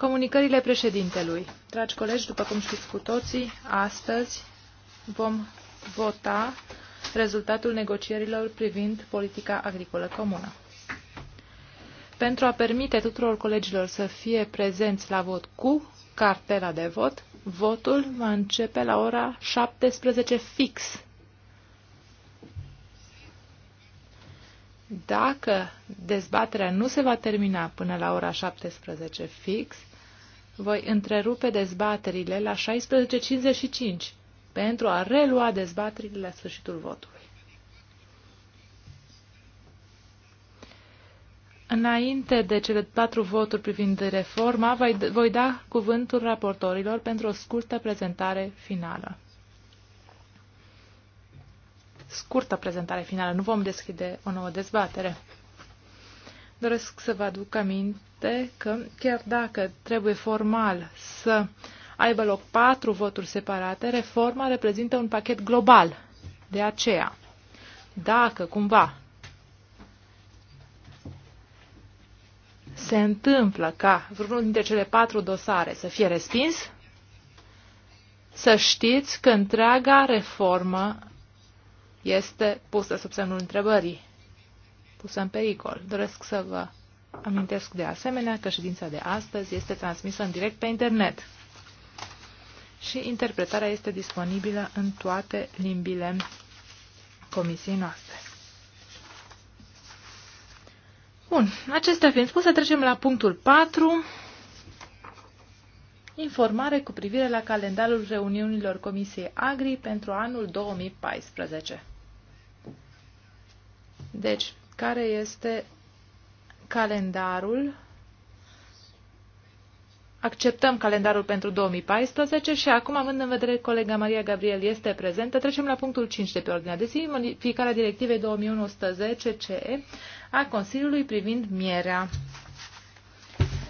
Comunicările președintelui. Dragi colegi, după cum știți cu toții, astăzi vom vota rezultatul negocierilor privind politica agricolă comună. Pentru a permite tuturor colegilor să fie prezenți la vot cu cartela de vot, votul va începe la ora 17 fix. Dacă dezbaterea nu se va termina până la ora 17 fix, voi întrerupe dezbaterile la 16.55 pentru a relua dezbaterile la sfârșitul votului. Înainte de cele patru voturi privind reforma, voi, voi da cuvântul raportorilor pentru o scurtă prezentare finală. Scurtă prezentare finală, nu vom deschide o nouă dezbatere doresc să vă aduc aminte că chiar dacă trebuie formal să aibă loc patru voturi separate, reforma reprezintă un pachet global. De aceea, dacă cumva se întâmplă ca vreunul dintre cele patru dosare să fie respins, să știți că întreaga reformă este pusă sub semnul întrebării pusă în pericol. Doresc să vă amintesc de asemenea că ședința de astăzi este transmisă în direct pe internet și interpretarea este disponibilă în toate limbile comisiei noastre. Bun, acestea fiind spuse, trecem la punctul 4. Informare cu privire la calendarul reuniunilor Comisiei Agri pentru anul 2014. Deci, care este calendarul. Acceptăm calendarul pentru 2014 și acum, având în vedere că colega Maria Gabriel este prezentă, trecem la punctul 5 de pe ordinea de zi, modificarea directivei 2110 CE a Consiliului privind mierea.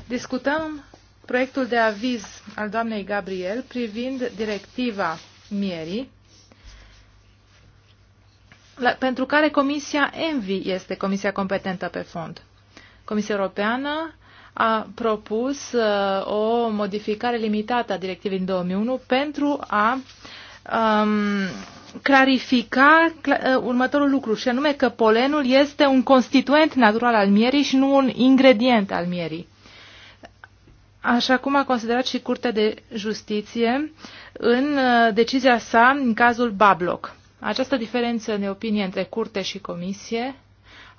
Discutăm proiectul de aviz al doamnei Gabriel privind directiva mierii la, pentru care Comisia ENVI este comisia competentă pe fond. Comisia Europeană a propus uh, o modificare limitată a directivei din 2001 pentru a um, clarifica cl uh, următorul lucru, și anume că polenul este un constituent natural al mierii și nu un ingredient al mierii. Așa cum a considerat și Curtea de Justiție în uh, decizia sa în cazul Babloc. Această diferență de opinie între curte și comisie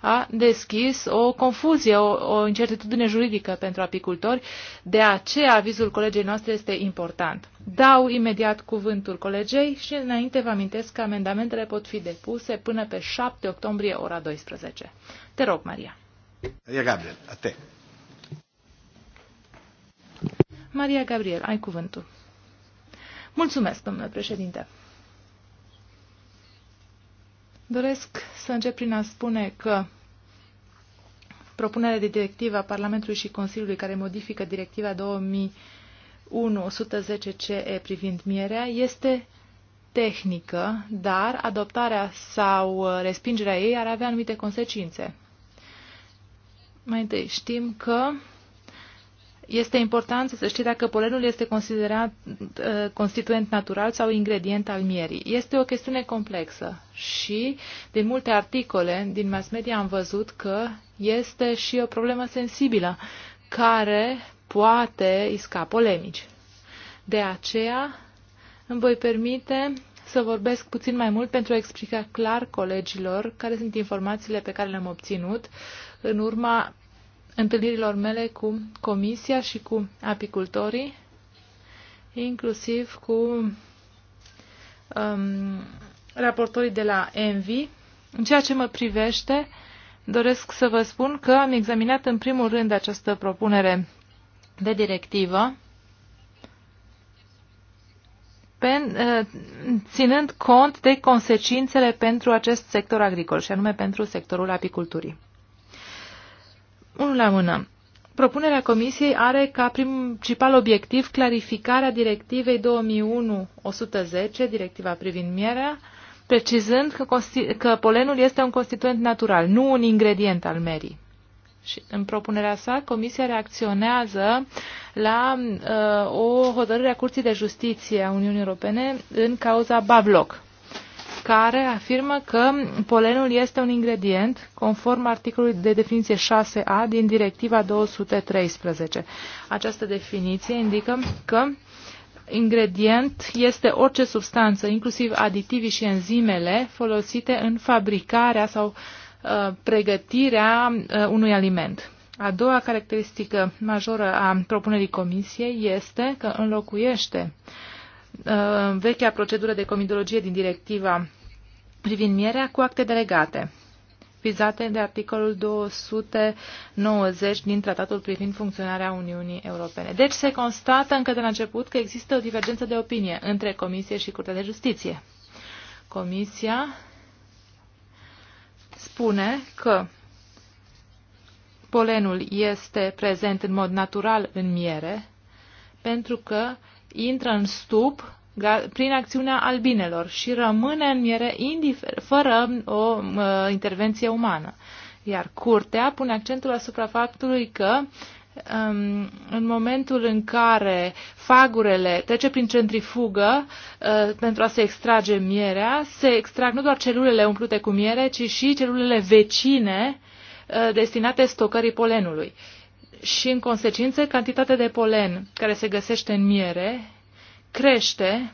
a deschis o confuzie, o, o incertitudine juridică pentru apicultori. De aceea, avizul colegei noastre este important. Dau imediat cuvântul colegei și înainte vă amintesc că amendamentele pot fi depuse până pe 7 octombrie, ora 12. Te rog, Maria. Maria Gabriel, a te. Maria Gabriel, ai cuvântul. Mulțumesc, domnule președinte. Doresc să încep prin a spune că propunerea de directivă a Parlamentului și Consiliului care modifică directiva 2001-110-CE privind mierea este tehnică, dar adoptarea sau respingerea ei ar avea anumite consecințe. Mai întâi, știm că este important să știi dacă polenul este considerat uh, constituent natural sau ingredient al mierii. Este o chestiune complexă și din multe articole din mass media am văzut că este și o problemă sensibilă care poate isca polemici. De aceea îmi voi permite să vorbesc puțin mai mult pentru a explica clar colegilor care sunt informațiile pe care le-am obținut în urma întâlnirilor mele cu comisia și cu apicultorii, inclusiv cu um, raportorii de la ENVI. În ceea ce mă privește, doresc să vă spun că am examinat în primul rând această propunere de directivă, pen, uh, ținând cont de consecințele pentru acest sector agricol, și anume pentru sectorul apiculturii. Unul la mână. Propunerea Comisiei are ca principal obiectiv clarificarea directivei 2001-110, directiva privind mierea, precizând că, că polenul este un constituent natural, nu un ingredient al merii. Și în propunerea sa, Comisia reacționează la uh, o hotărâre a Curții de Justiție a Uniunii Europene în cauza Bavloc care afirmă că polenul este un ingredient conform articolului de definiție 6a din Directiva 213. Această definiție indică că ingredient este orice substanță, inclusiv aditivii și enzimele, folosite în fabricarea sau uh, pregătirea uh, unui aliment. A doua caracteristică majoră a propunerii comisiei este că înlocuiește uh, Uh, vechea procedură de comitologie din directiva privind mierea cu acte delegate vizate de articolul 290 din Tratatul privind funcționarea Uniunii Europene. Deci se constată încă de la început că există o divergență de opinie între Comisie și Curtea de Justiție. Comisia spune că polenul este prezent în mod natural în miere pentru că intră în stup prin acțiunea albinelor și rămâne în miere fără o uh, intervenție umană. Iar curtea pune accentul asupra faptului că um, în momentul în care fagurele trece prin centrifugă uh, pentru a se extrage mierea, se extrag nu doar celulele umplute cu miere, ci și celulele vecine uh, destinate stocării polenului. Uh, și, în consecință, cantitatea de polen care se găsește în miere crește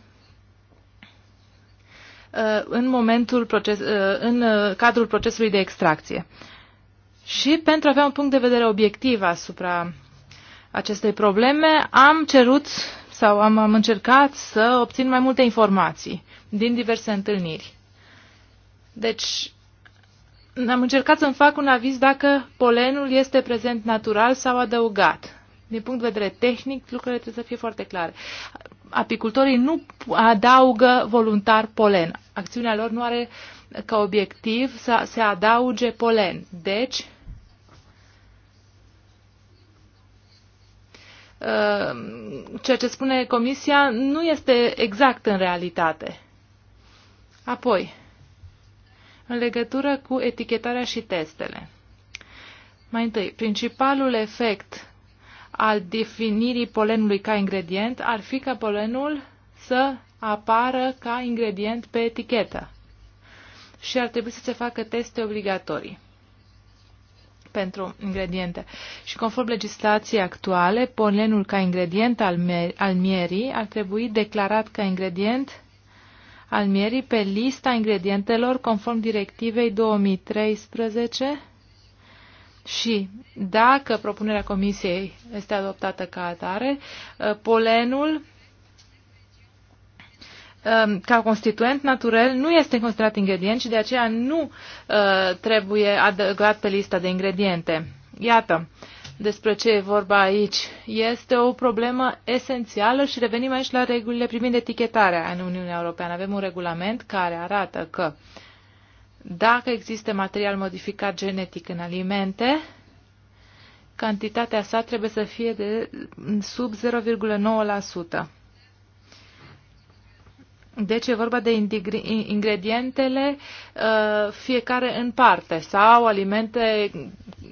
uh, în, momentul proces, uh, în uh, cadrul procesului de extracție. Și pentru a avea un punct de vedere obiectiv asupra acestei probleme, am cerut sau am, am încercat să obțin mai multe informații din diverse întâlniri. Deci, am încercat să-mi fac un aviz dacă polenul este prezent natural sau adăugat. Din punct de vedere tehnic, lucrurile trebuie să fie foarte clare. Apicultorii nu adaugă voluntar polen. Acțiunea lor nu are ca obiectiv să se adauge polen. Deci, uh, ceea ce spune Comisia nu este exact în realitate. Apoi, în legătură cu etichetarea și testele. Mai întâi, principalul efect al definirii polenului ca ingredient ar fi ca polenul să apară ca ingredient pe etichetă și ar trebui să se facă teste obligatorii pentru ingrediente. Și conform legislației actuale, polenul ca ingredient al, mier al mierii ar trebui declarat ca ingredient al mierii pe lista ingredientelor conform directivei 2013 și dacă propunerea comisiei este adoptată ca atare, ă, polenul ă, ca constituent naturel nu este considerat ingredient și de aceea nu ă, trebuie adăugat pe lista de ingrediente. Iată, uh, despre ce e vorba aici. Este o problemă esențială și revenim aici la regulile privind etichetarea în Uniunea Europeană. Avem un regulament care arată că dacă există material modificat genetic în alimente, cantitatea sa trebuie să fie de sub 0,9%. Deci e vorba de ingredientele uh, fiecare în parte sau alimente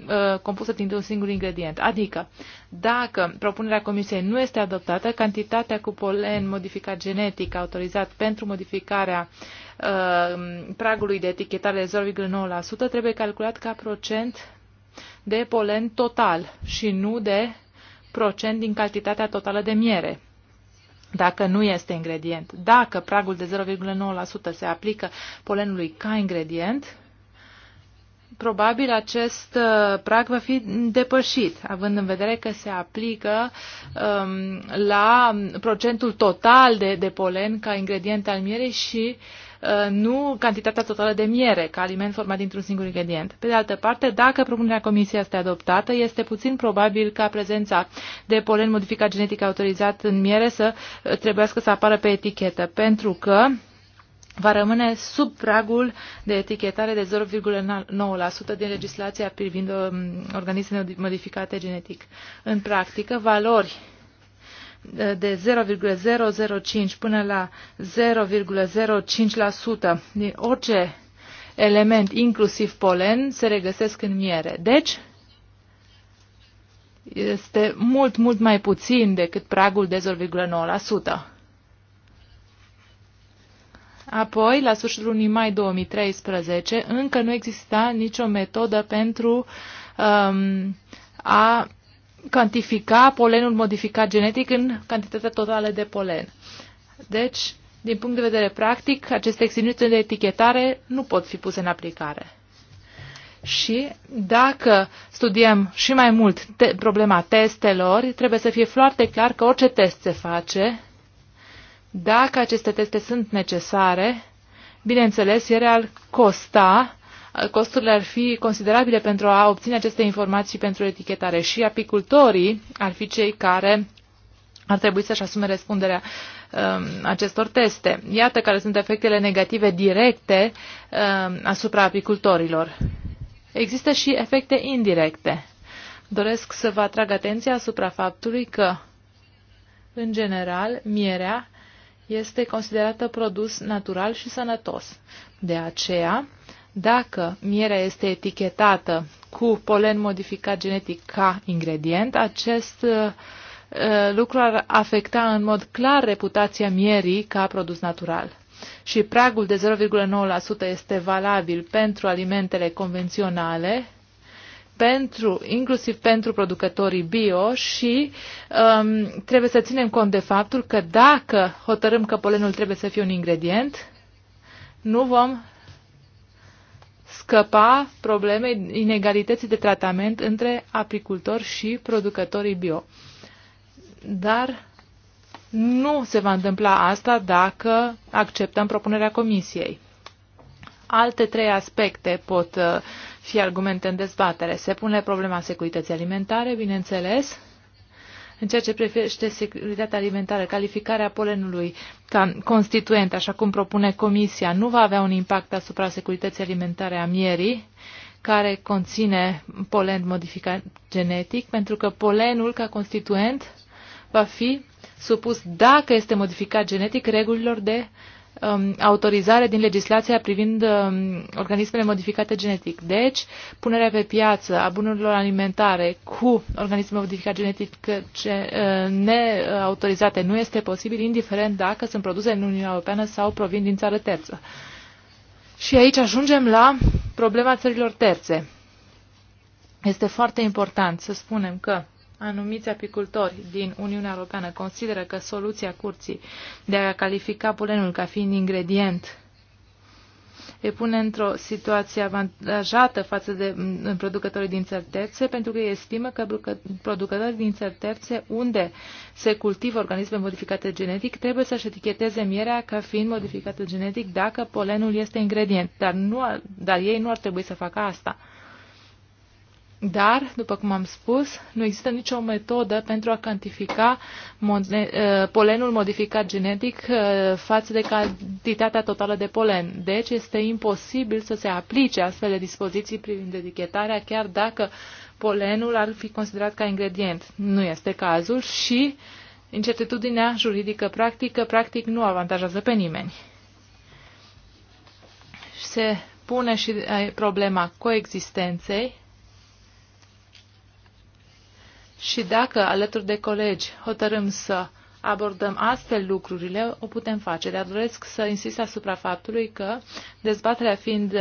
uh, compuse dintr-un singur ingredient. Adică, dacă propunerea comisiei nu este adoptată, cantitatea cu polen modificat genetic autorizat pentru modificarea uh, pragului de etichetare de 0,9% trebuie calculat ca procent de polen total și nu de procent din cantitatea totală de miere dacă nu este ingredient. Dacă pragul de 0,9% se aplică polenului ca ingredient, probabil acest uh, prag va fi depășit, având în vedere că se aplică um, la procentul total de, de polen ca ingredient al mierei și uh, Uh, nu cantitatea totală de miere ca aliment format dintr-un singur ingredient. Pe de altă parte, dacă propunerea comisiei este adoptată, este puțin probabil ca prezența de polen modificat genetic autorizat în miere să uh, trebuiască să apară pe etichetă, pentru că va rămâne sub pragul de etichetare de 0,9% din legislația privind um, organismele modificate genetic. În practică, valori de 0,005 până la 0,05% din orice element, inclusiv polen, se regăsesc în miere. Deci, este mult, mult mai puțin decât pragul de 0,9%. Apoi, la sfârșitul lunii mai 2013, încă nu exista nicio metodă pentru um, a cantifica polenul modificat genetic în cantitatea totală de polen. Deci, din punct de vedere practic, aceste exigențe de etichetare nu pot fi puse în aplicare. Și dacă studiem și mai mult te problema testelor, trebuie să fie foarte clar că orice test se face, dacă aceste teste sunt necesare, bineînțeles, ele ar costa costurile ar fi considerabile pentru a obține aceste informații pentru etichetare și apicultorii ar fi cei care ar trebui să-și asume răspunderea um, acestor teste. Iată care sunt efectele negative directe um, asupra apicultorilor. Există și efecte indirecte. Doresc să vă atrag atenția asupra faptului că, în general, mierea este considerată produs natural și sănătos. De aceea, dacă mierea este etichetată cu polen modificat genetic ca ingredient, acest uh, uh, lucru ar afecta în mod clar reputația mierii ca produs natural. Și pragul de 0,9% este valabil pentru alimentele convenționale, pentru, inclusiv pentru producătorii bio și um, trebuie să ținem cont de faptul că dacă hotărâm că polenul trebuie să fie un ingredient, nu vom scăpa problemei inegalității de tratament între apicultori și producătorii bio. Dar nu se va întâmpla asta dacă acceptăm propunerea Comisiei. Alte trei aspecte pot uh, fi argumente în dezbatere. Se pune problema securității alimentare, bineînțeles, în ceea ce privește securitatea alimentară, calificarea polenului ca constituent, așa cum propune Comisia, nu va avea un impact asupra securității alimentare a mierii, care conține polen modificat genetic, pentru că polenul ca constituent va fi supus, dacă este modificat genetic, regulilor de Um, autorizare din legislația privind um, organismele modificate genetic. Deci, punerea pe piață a bunurilor alimentare cu organisme modificate genetic uh, neautorizate nu este posibil, indiferent dacă sunt produse în Uniunea Europeană sau provin din țară terță. Și aici ajungem la problema țărilor terțe. Este foarte important să spunem că anumiți apicultori din Uniunea Europeană consideră că soluția curții de a califica polenul ca fiind ingredient îi pune într-o situație avantajată față de producătorii din țări terțe, pentru că ei estimă că producătorii din țări terțe, unde se cultivă organisme modificate genetic, trebuie să-și eticheteze mierea ca fiind modificată genetic dacă polenul este ingredient. Dar, nu, dar ei nu ar trebui să facă asta. Dar, după cum am spus, nu există nicio metodă pentru a cantifica eh, polenul modificat genetic eh, față de cantitatea totală de polen. Deci este imposibil să se aplice astfel de dispoziții privind etichetarea, chiar dacă polenul ar fi considerat ca ingredient. Nu este cazul și incertitudinea juridică practică practic nu avantajează pe nimeni. Se pune și eh, problema coexistenței și dacă, alături de colegi, hotărâm să abordăm astfel lucrurile, o putem face, dar doresc să insist asupra faptului că dezbaterea fiind uh,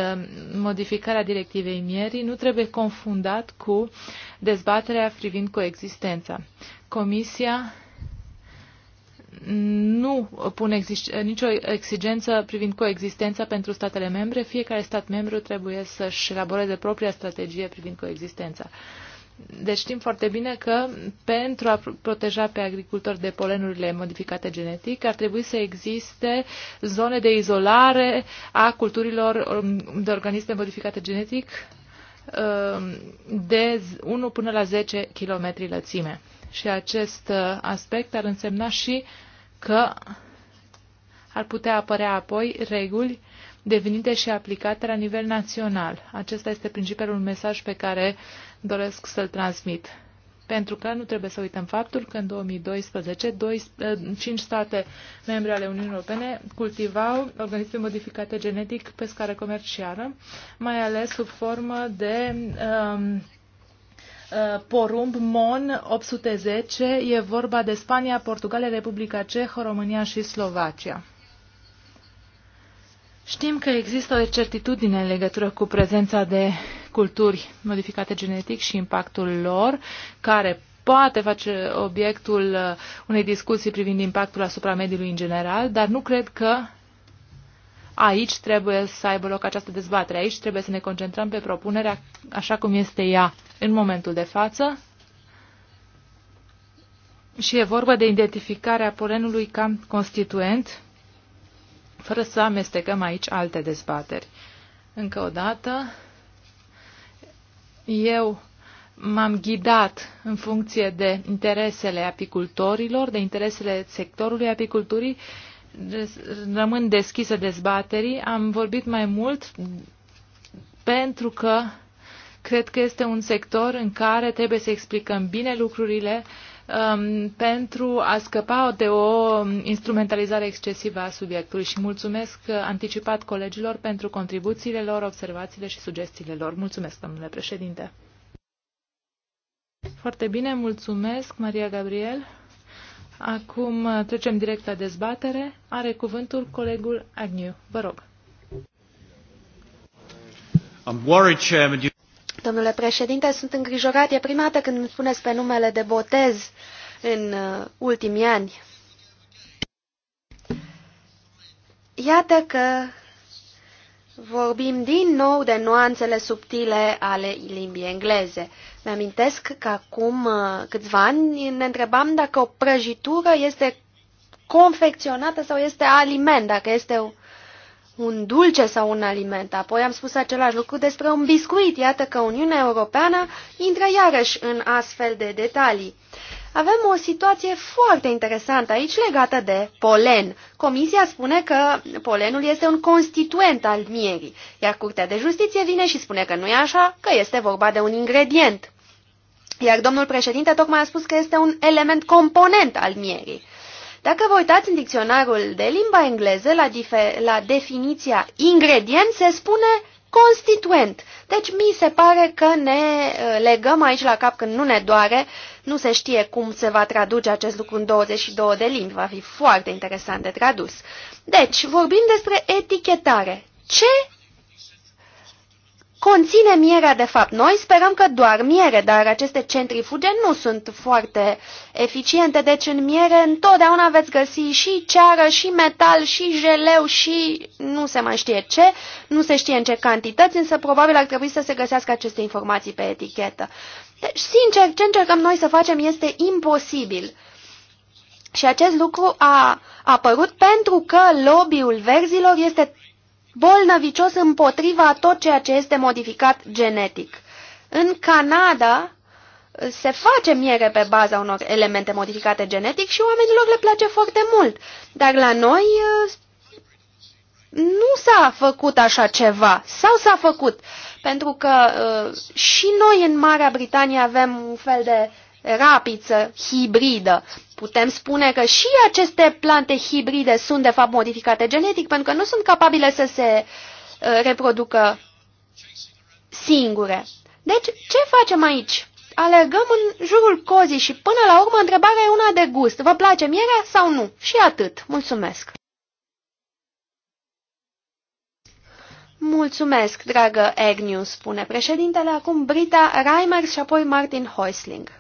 modificarea directivei mierii nu trebuie confundat cu dezbaterea privind coexistența. Comisia nu pune nicio exigență privind coexistența pentru statele membre. Fiecare stat membru trebuie să-și elaboreze propria strategie privind coexistența. Deci știm foarte bine că pentru a proteja pe agricultori de polenurile modificate genetic ar trebui să existe zone de izolare a culturilor um, de organisme modificate genetic um, de 1 până la 10 km lățime. Și acest uh, aspect ar însemna și că ar putea apărea apoi reguli devenite și aplicate la nivel național. Acesta este principalul mesaj pe care doresc să-l transmit. Pentru că nu trebuie să uităm faptul că în 2012 5 eh, state membre ale Uniunii Europene cultivau organisme modificate genetic pe scară comercială, mai ales sub formă de um, porumb MON 810. E vorba de Spania, Portugalia, Republica Cehă, România și Slovacia. Știm că există o certitudine în legătură cu prezența de culturi modificate genetic și impactul lor, care poate face obiectul uh, unei discuții privind impactul asupra mediului în general, dar nu cred că aici trebuie să aibă loc această dezbatere. Aici trebuie să ne concentrăm pe propunerea așa cum este ea în momentul de față. Și e vorba de identificarea polenului ca constituent, fără să amestecăm aici alte dezbateri. Încă o dată, eu m-am ghidat în funcție de interesele apicultorilor, de interesele sectorului apiculturii. Rămân deschisă dezbaterii. Am vorbit mai mult pentru că cred că este un sector în care trebuie să explicăm bine lucrurile, um, pentru a scăpa de o instrumentalizare excesivă a subiectului și mulțumesc anticipat colegilor pentru contribuțiile lor, observațiile și sugestiile lor. Mulțumesc, domnule președinte. Foarte bine, mulțumesc, Maria Gabriel. Acum trecem direct la dezbatere. Are cuvântul colegul Agnew. Vă rog. I'm worried, Chairman. Domnule președinte, sunt îngrijorat. E prima dată când îmi spuneți pe numele de botez în uh, ultimii ani. Iată că vorbim din nou de nuanțele subtile ale limbii engleze. Mi-amintesc că acum uh, câțiva ani ne întrebam dacă o prăjitură este confecționată sau este aliment, dacă este o un dulce sau un aliment. Apoi am spus același lucru despre un biscuit. Iată că Uniunea Europeană intră iarăși în astfel de detalii. Avem o situație foarte interesantă aici legată de polen. Comisia spune că polenul este un constituent al mierii, iar Curtea de Justiție vine și spune că nu e așa, că este vorba de un ingredient. Iar domnul președinte tocmai a spus că este un element component al mierii. Dacă vă uitați în dicționarul de limba engleză la, la definiția ingredient, se spune constituent. Deci mi se pare că ne uh, legăm aici la cap când nu ne doare. Nu se știe cum se va traduce acest lucru în 22 de limbi. Va fi foarte interesant de tradus. Deci, vorbim despre etichetare. Ce conține mierea de fapt. Noi sperăm că doar miere, dar aceste centrifuge nu sunt foarte eficiente, deci în miere întotdeauna veți găsi și ceară, și metal, și jeleu, și nu se mai știe ce, nu se știe în ce cantități, însă probabil ar trebui să se găsească aceste informații pe etichetă. Deci, sincer, ce încercăm noi să facem este imposibil. Și acest lucru a apărut pentru că lobby-ul verzilor este bolnăvicios împotriva tot ceea ce este modificat genetic. În Canada uh, se face miere pe baza unor elemente modificate genetic și oamenilor le place foarte mult. Dar la noi uh, nu s-a făcut așa ceva sau s-a făcut pentru că uh, și noi în Marea Britanie avem un fel de rapiță, hibridă. Putem spune că și aceste plante hibride sunt de fapt modificate genetic pentru că nu sunt capabile să se uh, reproducă singure. Deci, ce facem aici? Alergăm în jurul cozii și până la urmă întrebarea e una de gust. Vă place mierea sau nu? Și atât. Mulțumesc! Mulțumesc, dragă Agnew, spune președintele, acum Brita Reimers și apoi Martin Heusling.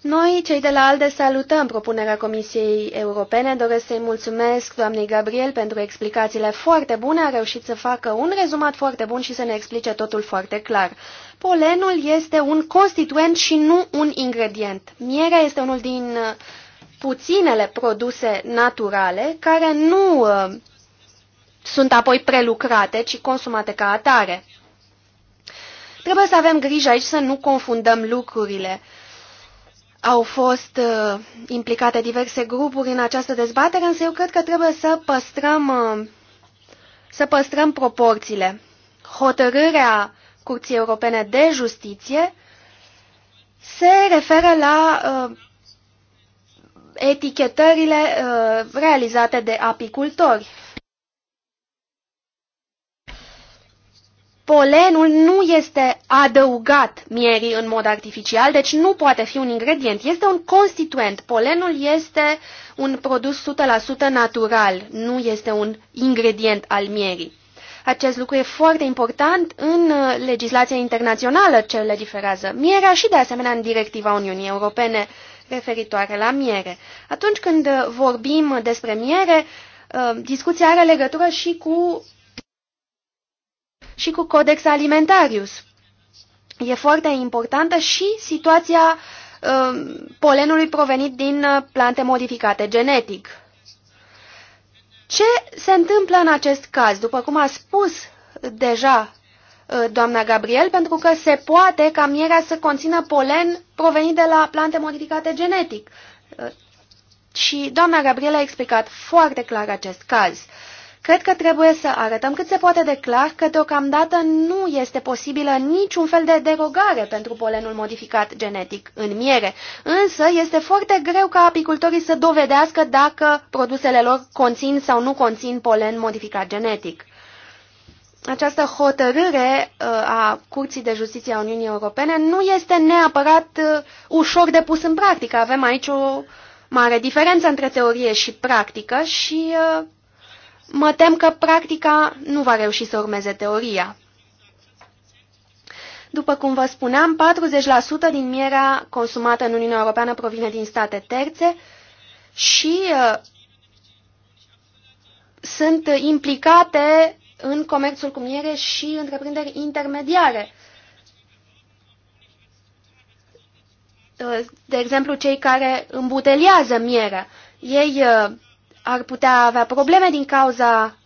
Noi, cei de la ALDE, salutăm propunerea Comisiei Europene. Doresc să-i mulțumesc doamnei Gabriel pentru explicațiile foarte bune. A reușit să facă un rezumat foarte bun și să ne explice totul foarte clar. Polenul este un constituent și nu un ingredient. Mierea este unul din uh, puținele produse naturale care nu uh, sunt apoi prelucrate, ci consumate ca atare. Trebuie să avem grijă aici să nu confundăm lucrurile. Au fost uh, implicate diverse grupuri în această dezbatere, însă eu cred că trebuie să păstrăm, uh, să păstrăm proporțiile. Hotărârea Curții Europene de Justiție se referă la uh, etichetările uh, realizate de apicultori polenul nu este adăugat mierii în mod artificial, deci nu poate fi un ingredient, este un constituent. Polenul este un produs 100% natural, nu este un ingredient al mierii. Acest lucru e foarte important în uh, legislația internațională ce legiferează mierea și de asemenea în directiva Uniunii Europene referitoare la miere. Atunci când uh, vorbim despre miere, uh, discuția are legătură și cu și cu Codex Alimentarius. E foarte importantă și situația um, polenului provenit din uh, plante modificate genetic. Ce se întâmplă în acest caz? După cum a spus deja uh, doamna Gabriel, pentru că se poate ca mierea să conțină polen provenit de la plante modificate genetic. Uh, și doamna Gabriel a explicat foarte clar acest caz. Cred că trebuie să arătăm cât se poate de clar că deocamdată nu este posibilă niciun fel de derogare pentru polenul modificat genetic în miere, însă este foarte greu ca apicultorii să dovedească dacă produsele lor conțin sau nu conțin polen modificat genetic. Această hotărâre uh, a Curții de Justiție a Uniunii Europene nu este neapărat uh, ușor de pus în practică. Avem aici o mare diferență între teorie și practică și uh, mă tem că practica nu va reuși să urmeze teoria. După cum vă spuneam, 40% din mierea consumată în Uniunea Europeană provine din state terțe și uh, sunt implicate în comerțul cu miere și întreprinderi intermediare. Uh, de exemplu, cei care îmbuteliază mierea. Ei uh, ar putea avea probleme din cauza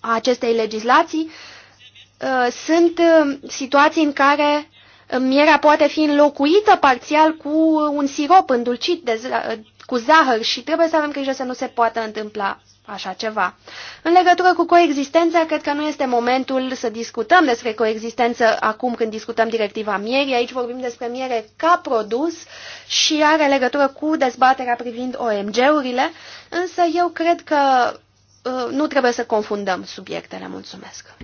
acestei legislații uh, sunt uh, situații în care uh, mierea poate fi înlocuită parțial cu un sirop îndulcit de, cu zahăr și trebuie să avem grijă să nu se poată întâmpla așa ceva. În legătură cu coexistența, cred că nu este momentul să discutăm despre coexistență acum când discutăm directiva mierii. Aici vorbim despre miere ca produs și are legătură cu dezbaterea privind OMG-urile, însă eu cred că uh, nu trebuie să confundăm subiectele. Mulțumesc!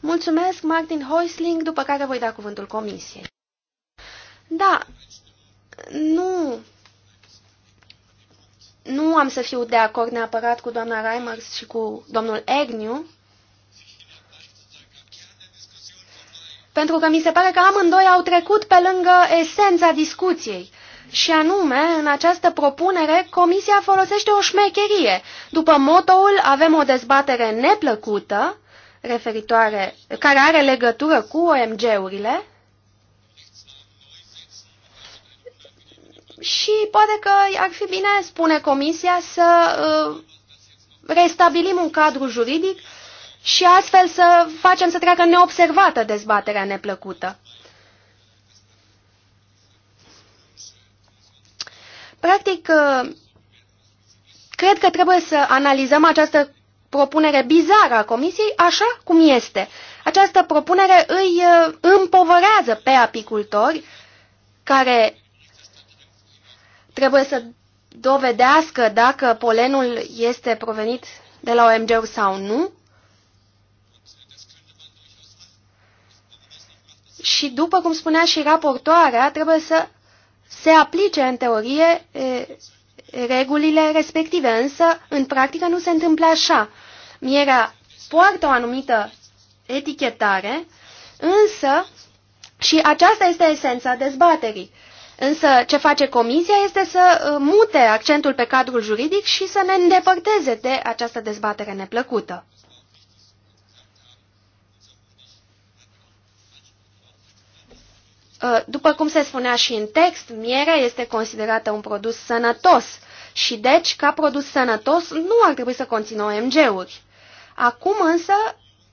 Mulțumesc, Martin Hoisling, după care voi da cuvântul comisiei. Da, nu nu am să fiu de acord neapărat cu doamna Reimers și cu domnul Egniu, pentru că mi se pare că amândoi au trecut pe lângă esența discuției. Și anume, în această propunere, Comisia folosește o șmecherie. După motoul, avem o dezbatere neplăcută, referitoare, care are legătură cu OMG-urile, Și poate că ar fi bine, spune Comisia, să uh, restabilim un cadru juridic și astfel să facem să treacă neobservată dezbaterea neplăcută. Practic, uh, cred că trebuie să analizăm această propunere bizară a Comisiei așa cum este. Această propunere îi uh, împovărează pe apicultori care trebuie să dovedească dacă polenul este provenit de la OMG-uri sau nu. Și după cum spunea și raportoarea, trebuie să se aplice în teorie e, regulile respective, însă în practică nu se întâmplă așa. Mierea poartă o anumită etichetare, însă și aceasta este esența dezbaterii. Însă ce face comisia este să uh, mute accentul pe cadrul juridic și să ne îndepărteze de această dezbatere neplăcută. Uh, după cum se spunea și în text, mierea este considerată un produs sănătos și deci, ca produs sănătos, nu ar trebui să conțină OMG-uri. Acum însă,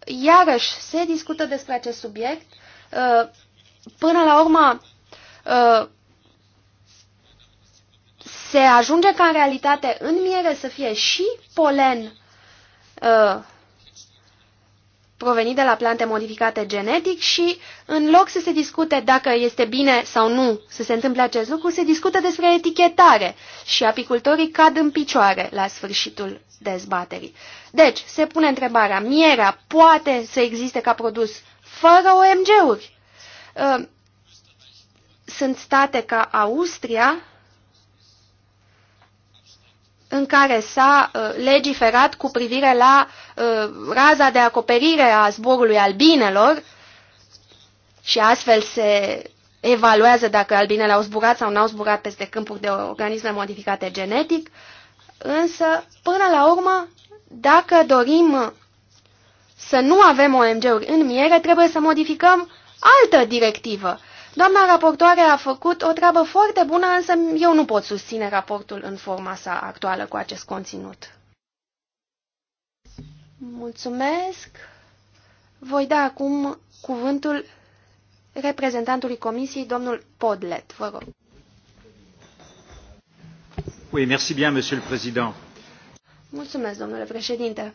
iarăși, se discută despre acest subiect. Uh, până la urmă, se ajunge ca în realitate în miere să fie și polen uh, provenit de la plante modificate genetic și în loc să se discute dacă este bine sau nu să se întâmple acest lucru, se discută despre etichetare și apicultorii cad în picioare la sfârșitul dezbaterii. Deci, se pune întrebarea, mierea poate să existe ca produs fără OMG-uri? Uh, sunt state ca Austria în care s-a uh, legiferat cu privire la uh, raza de acoperire a zborului albinelor și astfel se evaluează dacă albinele au zburat sau n-au zburat peste câmpuri de organisme modificate genetic, însă, până la urmă, dacă dorim să nu avem OMG-uri în miere, trebuie să modificăm altă directivă Doamna raportoare a făcut o treabă foarte bună, însă eu nu pot susține raportul în forma sa actuală cu acest conținut. Mulțumesc. Voi da acum cuvântul reprezentantului comisiei, domnul Podlet. Vă rog. Oui, merci bien, monsieur le président. Mulțumesc, domnule președinte.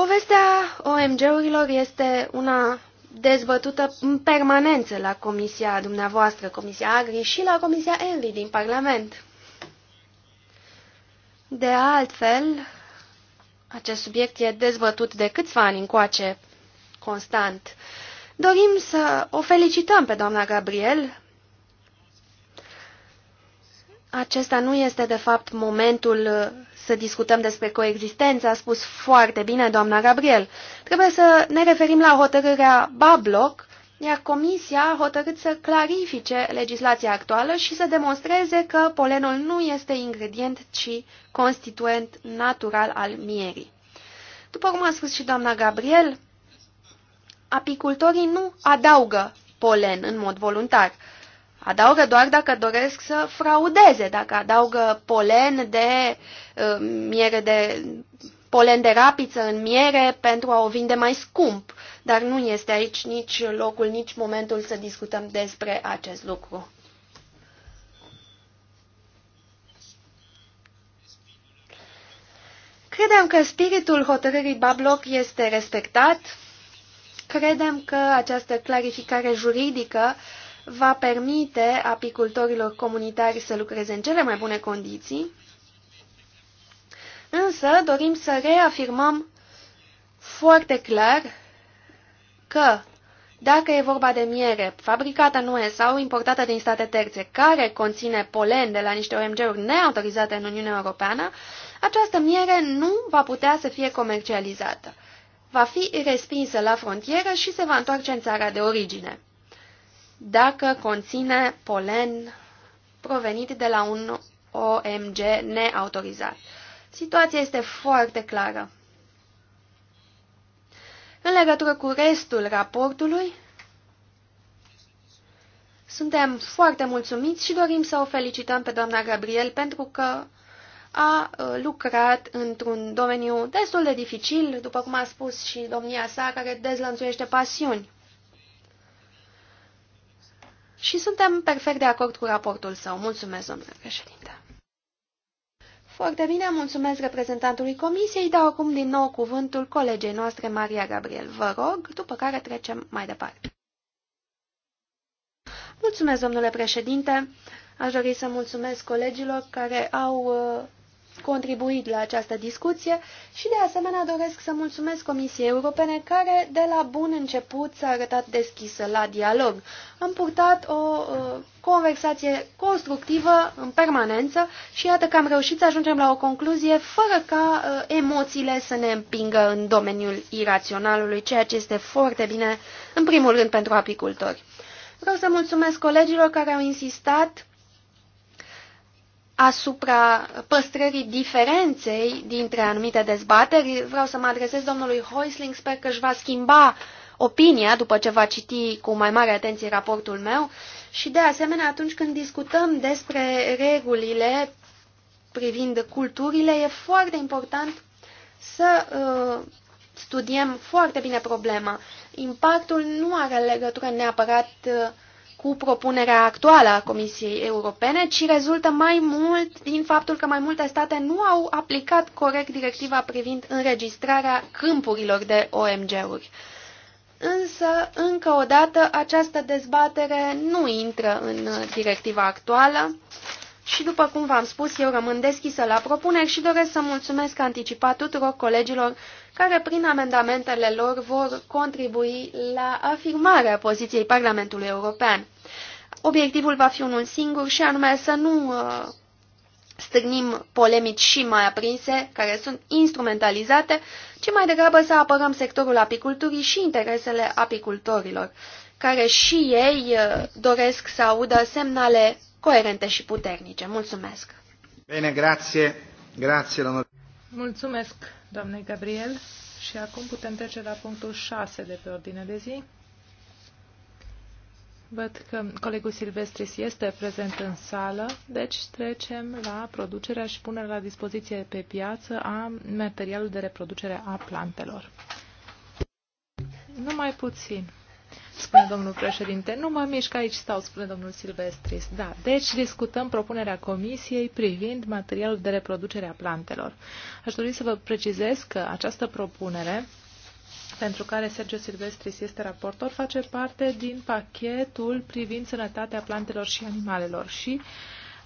Povestea OMG-urilor este una dezbătută în permanență la comisia dumneavoastră, comisia Agri și la comisia Envi din Parlament. De altfel, acest subiect e dezbătut de câțiva ani încoace, constant. Dorim să o felicităm pe doamna Gabriel. Acesta nu este, de fapt, momentul să discutăm despre coexistență, a spus foarte bine doamna Gabriel. Trebuie să ne referim la hotărârea Babloc, iar Comisia a hotărât să clarifice legislația actuală și să demonstreze că polenul nu este ingredient, ci constituent natural al mierii. După cum a spus și doamna Gabriel, apicultorii nu adaugă polen în mod voluntar. Adaugă doar dacă doresc să fraudeze, dacă adaugă polen de uh, miere de polen de rapiță în miere pentru a o vinde mai scump, dar nu este aici nici locul, nici momentul să discutăm despre acest lucru. Credem că spiritul hotărârii Babloc este respectat. Credem că această clarificare juridică va permite apicultorilor comunitari să lucreze în cele mai bune condiții, însă dorim să reafirmăm foarte clar că dacă e vorba de miere fabricată în UE sau importată din state terțe care conține polen de la niște OMG-uri neautorizate în Uniunea Europeană, această miere nu va putea să fie comercializată. Va fi respinsă la frontieră și se va întoarce în țara de origine dacă conține polen provenit de la un OMG neautorizat. Situația este foarte clară. În legătură cu restul raportului, suntem foarte mulțumiți și dorim să o felicităm pe doamna Gabriel pentru că a uh, lucrat într-un domeniu destul de dificil, după cum a spus și domnia sa, care dezlănțuiește pasiuni și suntem perfect de acord cu raportul său. Mulțumesc, domnule președinte. Foarte bine, mulțumesc reprezentantului comisiei, dau acum din nou cuvântul colegei noastre, Maria Gabriel. Vă rog, după care trecem mai departe. Mulțumesc, domnule președinte. Aș dori să mulțumesc colegilor care au uh, contribuit la această discuție și de asemenea doresc să mulțumesc Comisiei Europene care de la bun început s-a arătat deschisă la dialog. Am purtat o uh, conversație constructivă în permanență și iată că am reușit să ajungem la o concluzie fără ca uh, emoțiile să ne împingă în domeniul iraționalului, ceea ce este foarte bine în primul rând pentru apicultori. Vreau să mulțumesc colegilor care au insistat asupra păstrării diferenței dintre anumite dezbateri. Vreau să mă adresez domnului Hoisling, sper că își va schimba opinia după ce va citi cu mai mare atenție raportul meu și de asemenea atunci când discutăm despre regulile privind culturile, e foarte important să uh, studiem foarte bine problema. Impactul nu are legătură neapărat uh, cu propunerea actuală a Comisiei Europene, ci rezultă mai mult din faptul că mai multe state nu au aplicat corect directiva privind înregistrarea câmpurilor de OMG-uri. Însă, încă o dată, această dezbatere nu intră în directiva actuală și după cum v-am spus, eu rămân deschisă la propuneri și doresc să mulțumesc anticipat tuturor colegilor care prin amendamentele lor vor contribui la afirmarea poziției Parlamentului European. Obiectivul va fi unul singur și anume să nu uh, stârnim polemici și mai aprinse, care sunt instrumentalizate, ci mai degrabă să apărăm sectorul apiculturii și interesele apicultorilor, care și ei uh, doresc să audă semnale coerente și puternice. Mulțumesc! Bine, grație! Grație, domnul... Mulțumesc, doamne Gabriel! Și acum putem trece la punctul 6 de pe ordine de zi. Văd că colegul Silvestris este prezent în sală, deci trecem la producerea și punerea la dispoziție pe piață a materialului de reproducere a plantelor. Numai puțin spune domnul președinte. Nu mă mișc aici, stau, spune domnul Silvestris. Da, deci discutăm propunerea comisiei privind materialul de reproducere a plantelor. Aș dori să vă precizez că această propunere pentru care Sergio Silvestris este raportor, face parte din pachetul privind sănătatea plantelor și animalelor și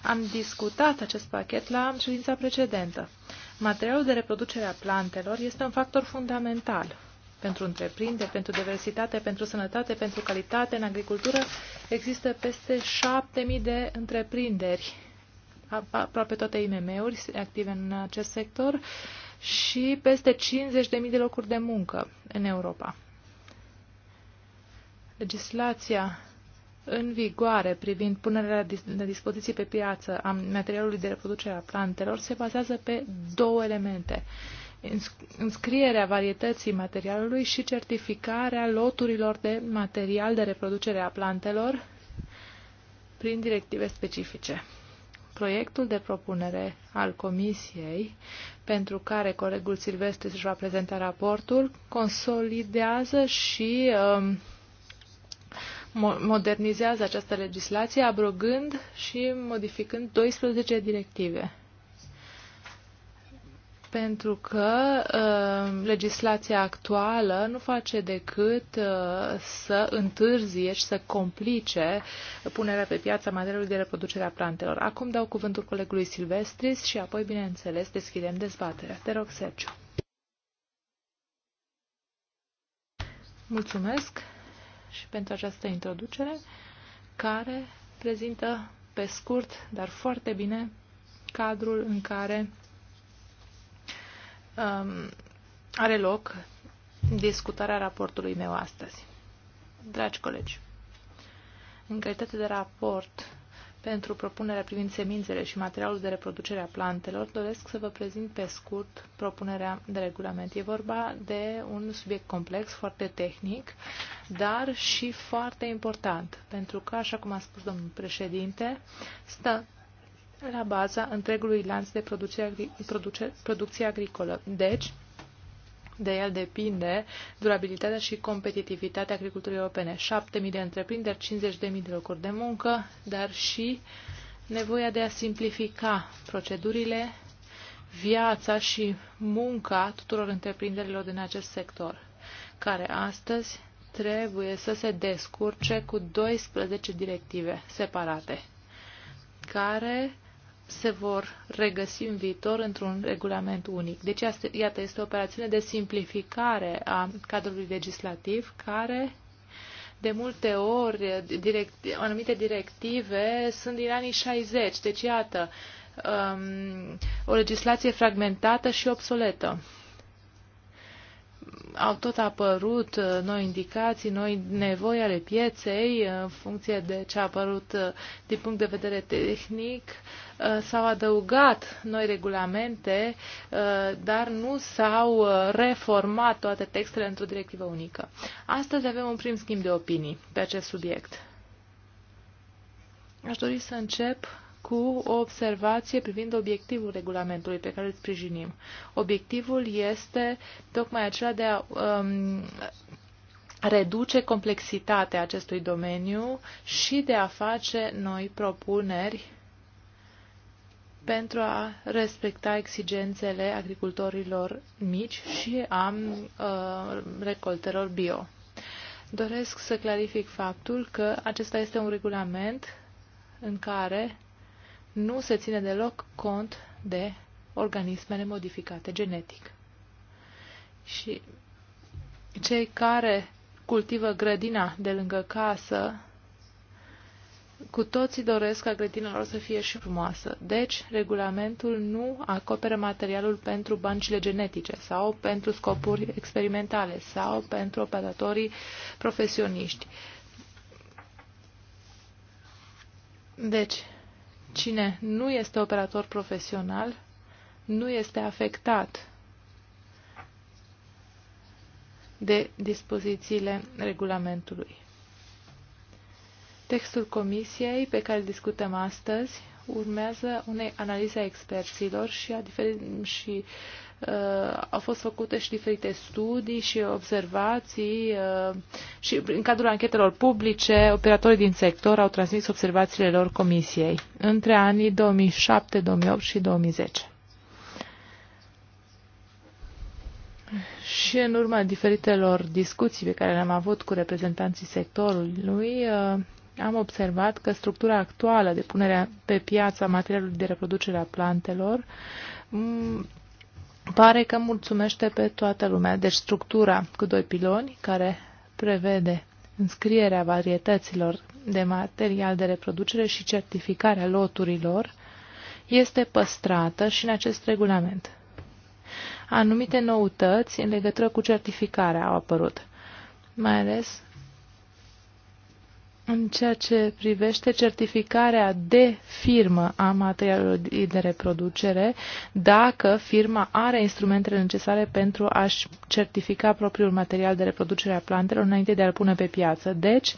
am discutat acest pachet la ședința precedentă. Materialul de reproducere a plantelor este un factor fundamental pentru întreprinderi, pentru diversitate, pentru sănătate, pentru calitate. În agricultură există peste 7.000 de întreprinderi, aproape toate IMM-uri active în acest sector și peste 50.000 de locuri de muncă în Europa. Legislația în vigoare privind punerea la dispoziție pe piață a materialului de reproducere a plantelor se bazează pe două elemente înscrierea varietății materialului și certificarea loturilor de material de reproducere a plantelor prin directive specifice. Proiectul de propunere al Comisiei, pentru care colegul Silvestre își va prezenta raportul, consolidează și um, modernizează această legislație, abrogând și modificând 12 directive pentru că uh, legislația actuală nu face decât uh, să întârzie și să complice punerea pe piață a materialului de reproducere a plantelor. Acum dau cuvântul colegului Silvestris și apoi, bineînțeles, deschidem dezbaterea. Te rog, Sergio. Mulțumesc și pentru această introducere care prezintă pe scurt, dar foarte bine, cadrul în care um, are loc discutarea raportului meu astăzi. Dragi colegi, în calitate de raport pentru propunerea privind semințele și materialul de reproducere a plantelor, doresc să vă prezint pe scurt propunerea de regulament. E vorba de un subiect complex, foarte tehnic, dar și foarte important, pentru că, așa cum a spus domnul președinte, stă la baza întregului lanț de producție, agri produce, producție agricolă. Deci, de el depinde durabilitatea și competitivitatea agriculturii europene. 7.000 de întreprinderi, 50.000 de locuri de muncă, dar și nevoia de a simplifica procedurile, viața și munca tuturor întreprinderilor din acest sector, care astăzi trebuie să se descurce cu 12 directive separate, care se vor regăsi în viitor într-un regulament unic. Deci, iată, este o operațiune de simplificare a cadrului legislativ care de multe ori direct, anumite directive sunt din anii 60. Deci, iată, um, o legislație fragmentată și obsoletă au tot apărut uh, noi indicații, noi nevoi ale pieței uh, în funcție de ce a apărut uh, din punct de vedere tehnic. S-au adăugat noi regulamente, dar nu s-au reformat toate textele într-o directivă unică. Astăzi avem un prim schimb de opinii pe acest subiect. Aș dori să încep cu o observație privind obiectivul regulamentului pe care îl sprijinim. Obiectivul este tocmai acela de a um, reduce complexitatea acestui domeniu și de a face noi propuneri pentru a respecta exigențele agricultorilor mici și a uh, recoltelor bio. Doresc să clarific faptul că acesta este un regulament în care nu se ține deloc cont de organismele modificate genetic. Și cei care cultivă grădina de lângă casă, cu toții doresc ca grădina lor să fie și frumoasă. Deci, regulamentul nu acoperă materialul pentru băncile genetice sau pentru scopuri experimentale sau pentru operatorii profesioniști. Deci, Cine nu este operator profesional nu este afectat de dispozițiile regulamentului. Textul comisiei pe care îl discutăm astăzi urmează unei analize a experților și a, diferit și Uh, au fost făcute și diferite studii și observații uh, și în cadrul anchetelor publice, operatorii din sector au transmis observațiile lor comisiei între anii 2007, 2008 și 2010. Și în urma diferitelor discuții pe care le-am avut cu reprezentanții sectorului, uh, am observat că structura actuală de punere pe piață a materialului de reproducere a plantelor pare că mulțumește pe toată lumea. Deci structura cu doi piloni care prevede înscrierea varietăților de material de reproducere și certificarea loturilor este păstrată și în acest regulament. Anumite noutăți în legătură cu certificarea au apărut, mai ales în ceea ce privește certificarea de firmă a materialului de reproducere, dacă firma are instrumentele necesare pentru a-și certifica propriul material de reproducere a plantelor înainte de a-l pune pe piață. Deci,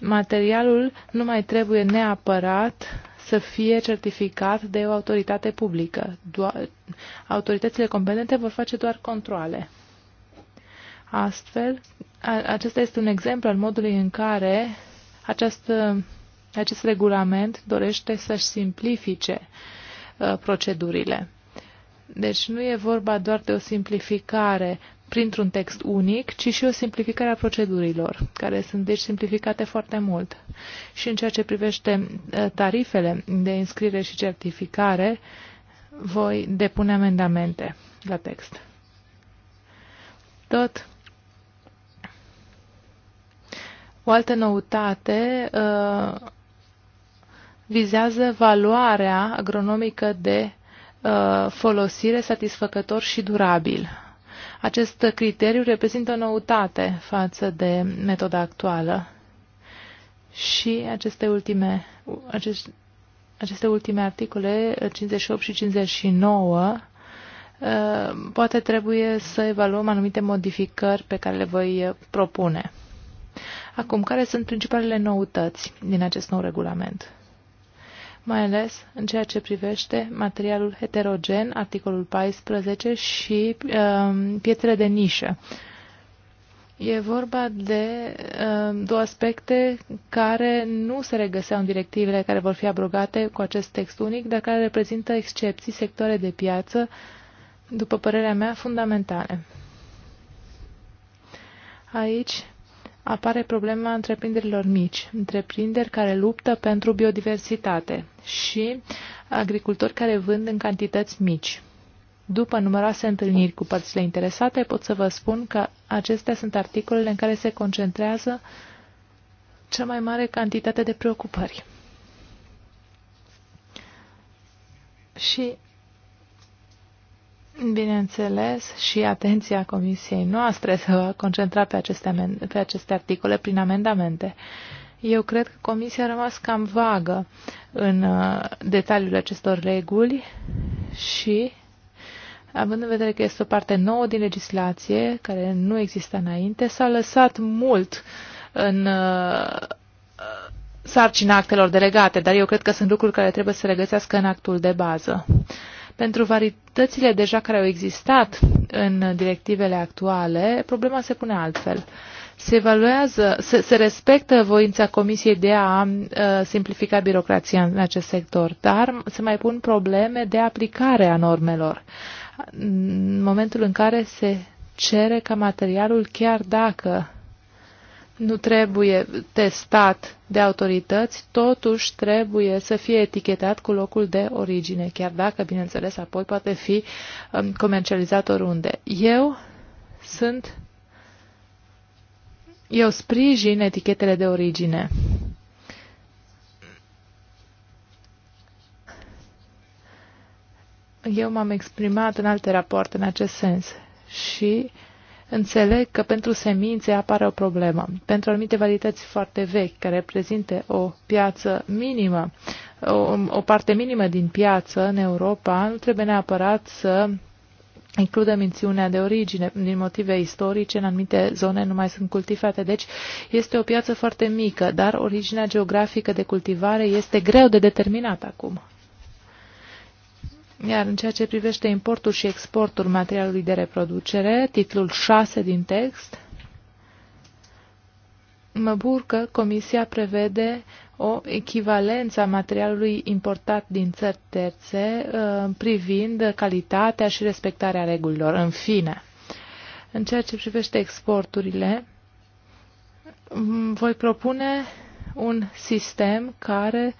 materialul nu mai trebuie neapărat să fie certificat de o autoritate publică. Do autoritățile competente vor face doar controle. Astfel, acesta este un exemplu al modului în care acest, acest regulament dorește să-și simplifice uh, procedurile. Deci nu e vorba doar de o simplificare printr-un text unic, ci și o simplificare a procedurilor, care sunt deci simplificate foarte mult. Și în ceea ce privește uh, tarifele de înscriere și certificare, voi depune amendamente la text. Tot O altă noutate uh, vizează valoarea agronomică de uh, folosire satisfăcător și durabil. Acest criteriu reprezintă o noutate față de metoda actuală. Și aceste ultime, acest, aceste ultime articole, 58 uh, și 59, uh, poate trebuie să evaluăm anumite modificări pe care le voi uh, propune. Acum, care sunt principalele noutăți din acest nou regulament? mai ales în ceea ce privește materialul heterogen, articolul 14, și um, pietrele de nișă. E vorba de uh, două aspecte care nu se regăseau în directivele care vor fi abrogate cu acest text unic, dar care reprezintă excepții, sectoare de piață, după părerea mea, fundamentale. Aici apare problema întreprinderilor mici, întreprinderi care luptă pentru biodiversitate și agricultori care vând în cantități mici. După numeroase întâlniri cu părțile interesate, pot să vă spun că acestea sunt articolele în care se concentrează cea mai mare cantitate de preocupări. Și Bineînțeles, și atenția comisiei noastre se va concentra pe aceste, pe aceste articole prin amendamente. Eu cred că comisia a rămas cam vagă în uh, detaliul acestor reguli și, având în vedere că este o parte nouă din legislație, care nu exista înainte, s-a lăsat mult în uh, sarcina actelor delegate, dar eu cred că sunt lucruri care trebuie să regăsească în actul de bază. Pentru varietățile deja care au existat în directivele actuale, problema se pune altfel. Se evaluează, se, se respectă voința Comisiei de a uh, simplifica birocrația în acest sector, dar se mai pun probleme de aplicare a normelor. În momentul în care se cere ca materialul, chiar dacă nu trebuie testat de autorități, totuși trebuie să fie etichetat cu locul de origine, chiar dacă, bineînțeles, apoi poate fi um, comercializat oriunde. Eu sunt... Eu sprijin etichetele de origine. Eu m-am exprimat în alte rapoarte în acest sens și uh, Înțeleg că pentru semințe apare o problemă. Pentru anumite varietăți foarte vechi, care reprezintă o piață minimă, o, o parte minimă din piață în Europa, nu trebuie neapărat să includă mențiunea de origine. Din motive istorice, în anumite zone nu mai sunt cultivate. Deci este o piață foarte mică, dar originea geografică de cultivare este greu de determinat acum. Iar în ceea ce privește importul și exportul materialului de reproducere, titlul 6 din text, mă bucur că Comisia prevede o echivalență a materialului importat din țări terțe uh, privind calitatea și respectarea regulilor. În fine, în ceea ce privește exporturile, voi propune un sistem care uh,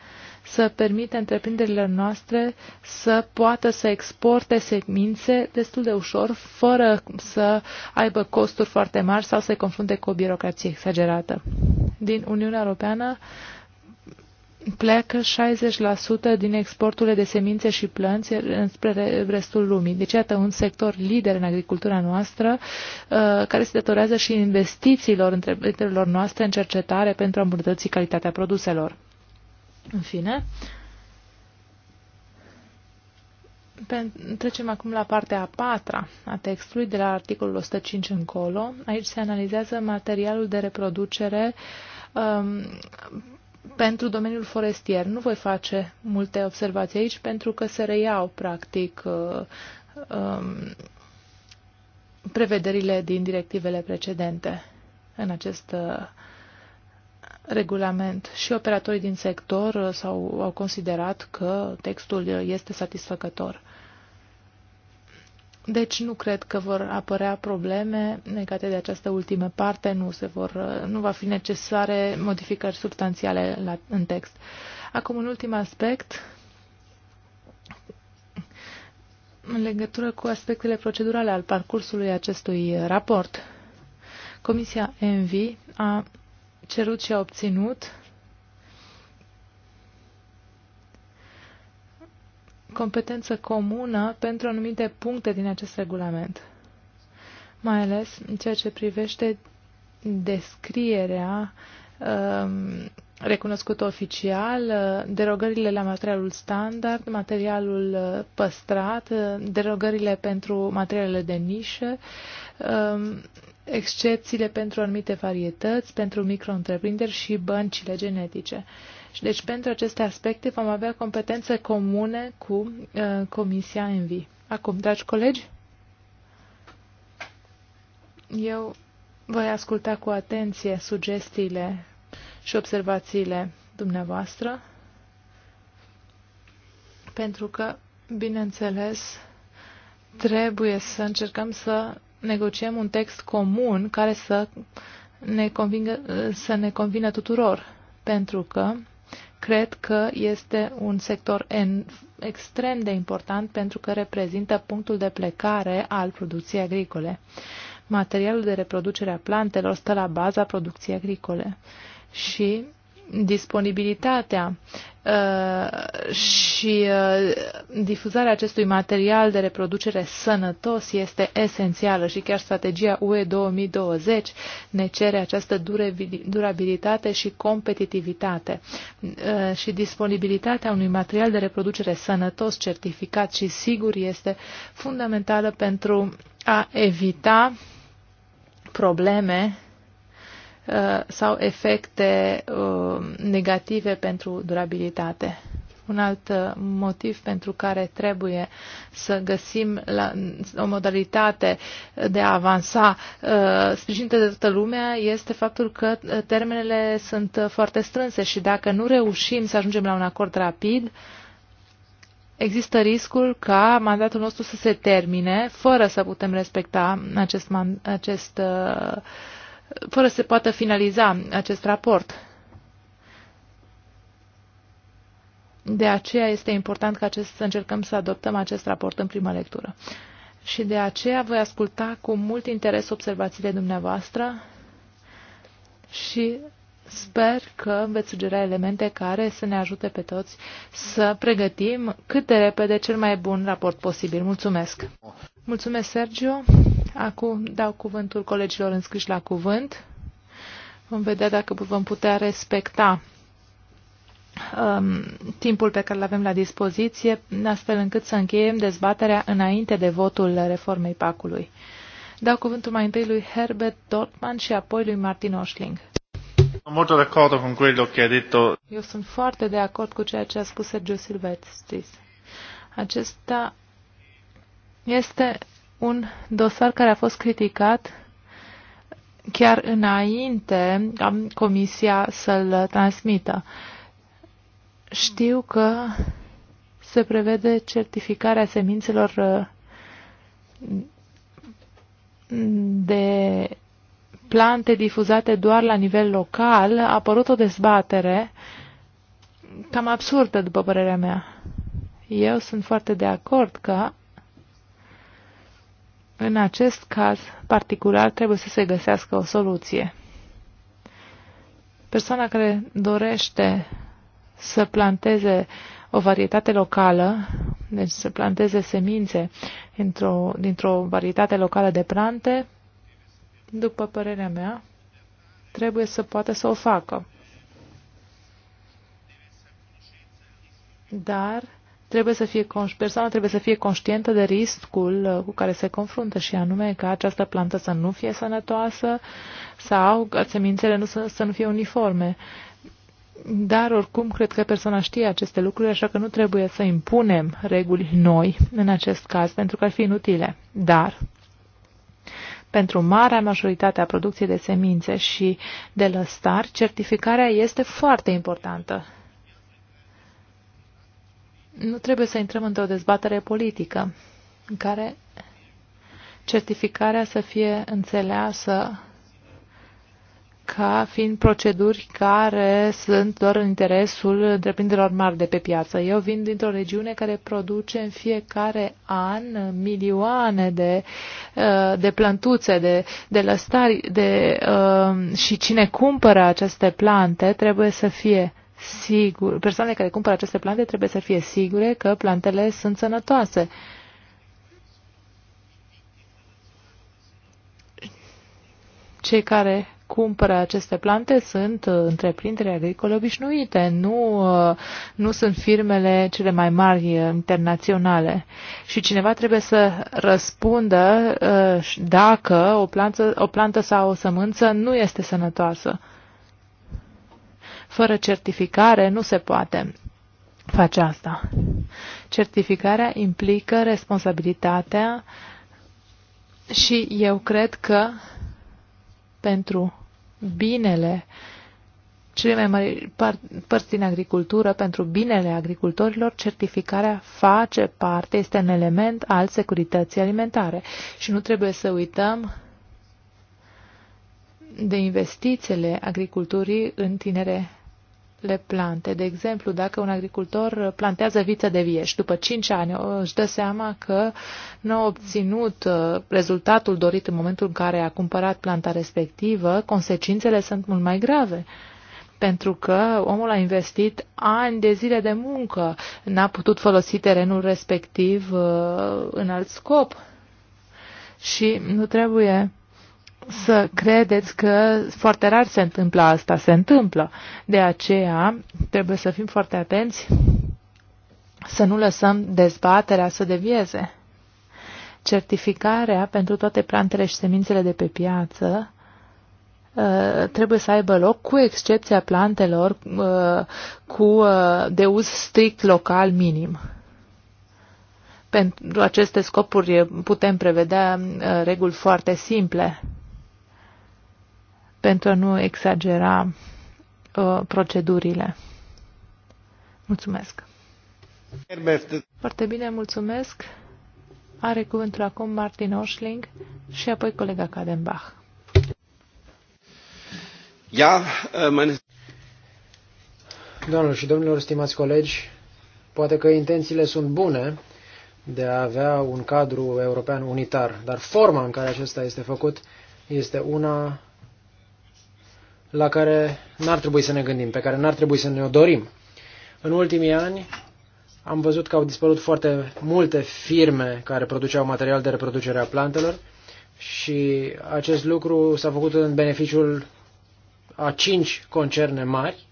să permite întreprinderilor noastre să poată să exporte semințe destul de ușor, fără să aibă costuri foarte mari sau să se confrunte cu o birocrație exagerată. Din Uniunea Europeană pleacă 60% din exporturile de semințe și plănți spre restul lumii. Deci, iată, un sector lider în agricultura noastră, uh, care se datorează și investițiilor întreprinderilor noastre în cercetare pentru a îmbunătăți calitatea produselor. În fine, trecem acum la partea a patra a textului, de la articolul 105 încolo. Aici se analizează materialul de reproducere um, pentru domeniul forestier. Nu voi face multe observații aici pentru că se reiau, practic, uh, um, prevederile din directivele precedente în acest uh, regulament și operatorii din sector uh, -au, au considerat că textul uh, este satisfăcător. Deci nu cred că vor apărea probleme legate de această ultimă parte, nu, se vor, uh, nu va fi necesare modificări substanțiale la, în text. Acum, un ultim aspect, în legătură cu aspectele procedurale al parcursului acestui raport. Comisia ENVI a cerut și a obținut. competență comună pentru anumite puncte din acest regulament, mai ales în ceea ce privește descrierea um, recunoscută oficial, derogările la materialul standard, materialul uh, păstrat, derogările pentru materialele de nișă, um, excepțiile pentru anumite varietăți, pentru micro-întreprinderi și băncile genetice. Și deci pentru aceste aspecte vom avea competențe comune cu uh, Comisia ENVI. Acum, dragi colegi, eu voi asculta cu atenție sugestiile și observațiile dumneavoastră, pentru că, bineînțeles, trebuie să încercăm să negociem un text comun care să ne, convingă, să ne convină tuturor, pentru că cred că este un sector en, extrem de important pentru că reprezintă punctul de plecare al producției agricole. Materialul de reproducere a plantelor stă la baza producției agricole și disponibilitatea uh, și uh, difuzarea acestui material de reproducere sănătos este esențială și chiar strategia UE 2020 ne cere această durabilitate și competitivitate uh, și disponibilitatea unui material de reproducere sănătos, certificat și sigur este fundamentală pentru a evita probleme Uh, sau efecte uh, negative pentru durabilitate. Un alt uh, motiv pentru care trebuie să găsim la, o modalitate de a avansa sprijinită de toată lumea este faptul că termenele sunt foarte strânse și dacă nu reușim să ajungem la un acord rapid, există riscul ca mandatul nostru să se termine fără să putem respecta acest, acest uh, fără să poată finaliza acest raport. De aceea este important ca acest, să încercăm să adoptăm acest raport în prima lectură. Și de aceea voi asculta cu mult interes observațiile dumneavoastră și sper că veți sugera elemente care să ne ajute pe toți să pregătim cât de repede cel mai bun raport posibil. Mulțumesc! Mulțumesc, Sergio! Acum dau cuvântul colegilor înscriși la cuvânt. Vom vedea dacă vom putea respecta um, timpul pe care îl avem la dispoziție, astfel încât să încheiem dezbaterea înainte de votul reformei PAC-ului. Dau cuvântul mai întâi lui Herbert Dortmann și apoi lui Martin Oschling. Eu sunt foarte de acord cu ceea ce a spus Sergio Silvestris. Acesta este un dosar care a fost criticat chiar înainte ca comisia să-l transmită. Știu că se prevede certificarea semințelor uh, de plante difuzate doar la nivel local, a apărut o dezbatere cam absurdă, după părerea mea. Eu sunt foarte de acord că în acest caz particular trebuie să se găsească o soluție. Persoana care dorește să planteze o varietate locală, deci să planteze semințe dintr-o, dintr varietate locală de plante, după părerea mea, trebuie să poată să o facă. Dar trebuie să fie, persoana trebuie să fie conștientă de riscul uh, cu care se confruntă și anume că această plantă să nu fie sănătoasă sau că semințele nu să, să nu fie uniforme. Dar oricum cred că persoana știe aceste lucruri, așa că nu trebuie să impunem reguli noi în acest caz, pentru că ar fi inutile. Dar pentru marea majoritate a producției de semințe și de lăstari, certificarea este foarte importantă nu trebuie să intrăm într-o dezbatere politică în care certificarea să fie înțeleasă ca fiind proceduri care sunt doar în interesul întreprinderilor mari de pe piață. Eu vin dintr-o regiune care produce în fiecare an milioane de, uh, de plantuțe, de, de lăstari de, uh, și cine cumpără aceste plante trebuie să fie sigur, persoanele care cumpără aceste plante trebuie să fie sigure că plantele sunt sănătoase. Cei care cumpără aceste plante sunt uh, întreprinderi agricole obișnuite, nu, uh, nu sunt firmele cele mai mari uh, internaționale. Și cineva trebuie să răspundă dacă o plantă, o plantă sau o sămânță nu este sănătoasă. Fără certificare nu se poate face asta. Certificarea implică responsabilitatea și eu cred că pentru binele cele mai mari părți din agricultură, pentru binele agricultorilor, certificarea face parte, este un element al securității alimentare. Și nu trebuie să uităm de investițiile agriculturii în tinere le plante. De exemplu, dacă un agricultor plantează viță de vie și după 5 ani își dă seama că nu a obținut uh, rezultatul dorit în momentul în care a cumpărat planta respectivă, consecințele sunt mult mai grave pentru că omul a investit ani de zile de muncă, n-a putut folosi terenul respectiv uh, în alt scop. Și nu trebuie să credeți că foarte rar se întâmplă asta. Se întâmplă. De aceea trebuie să fim foarte atenți să nu lăsăm dezbaterea să devieze. Certificarea pentru toate plantele și semințele de pe piață uh, trebuie să aibă loc, cu excepția plantelor uh, cu, uh, de uz strict local minim. Pentru aceste scopuri putem prevedea reguli foarte simple pentru a nu exagera uh, procedurile. Mulțumesc. Foarte bine, mulțumesc. Are cuvântul acum Martin Oșling și apoi colega Kadenbach. Ja, uh, meine... Doamnelor și domnilor, stimați colegi, poate că intențiile sunt bune de a avea un cadru european unitar, dar forma în care acesta este făcut este una la care n-ar trebui să ne gândim, pe care n-ar trebui să ne-o dorim. În ultimii ani am văzut că au dispărut foarte multe firme care produceau material de reproducere a plantelor și acest lucru s-a făcut în beneficiul a cinci concerne mari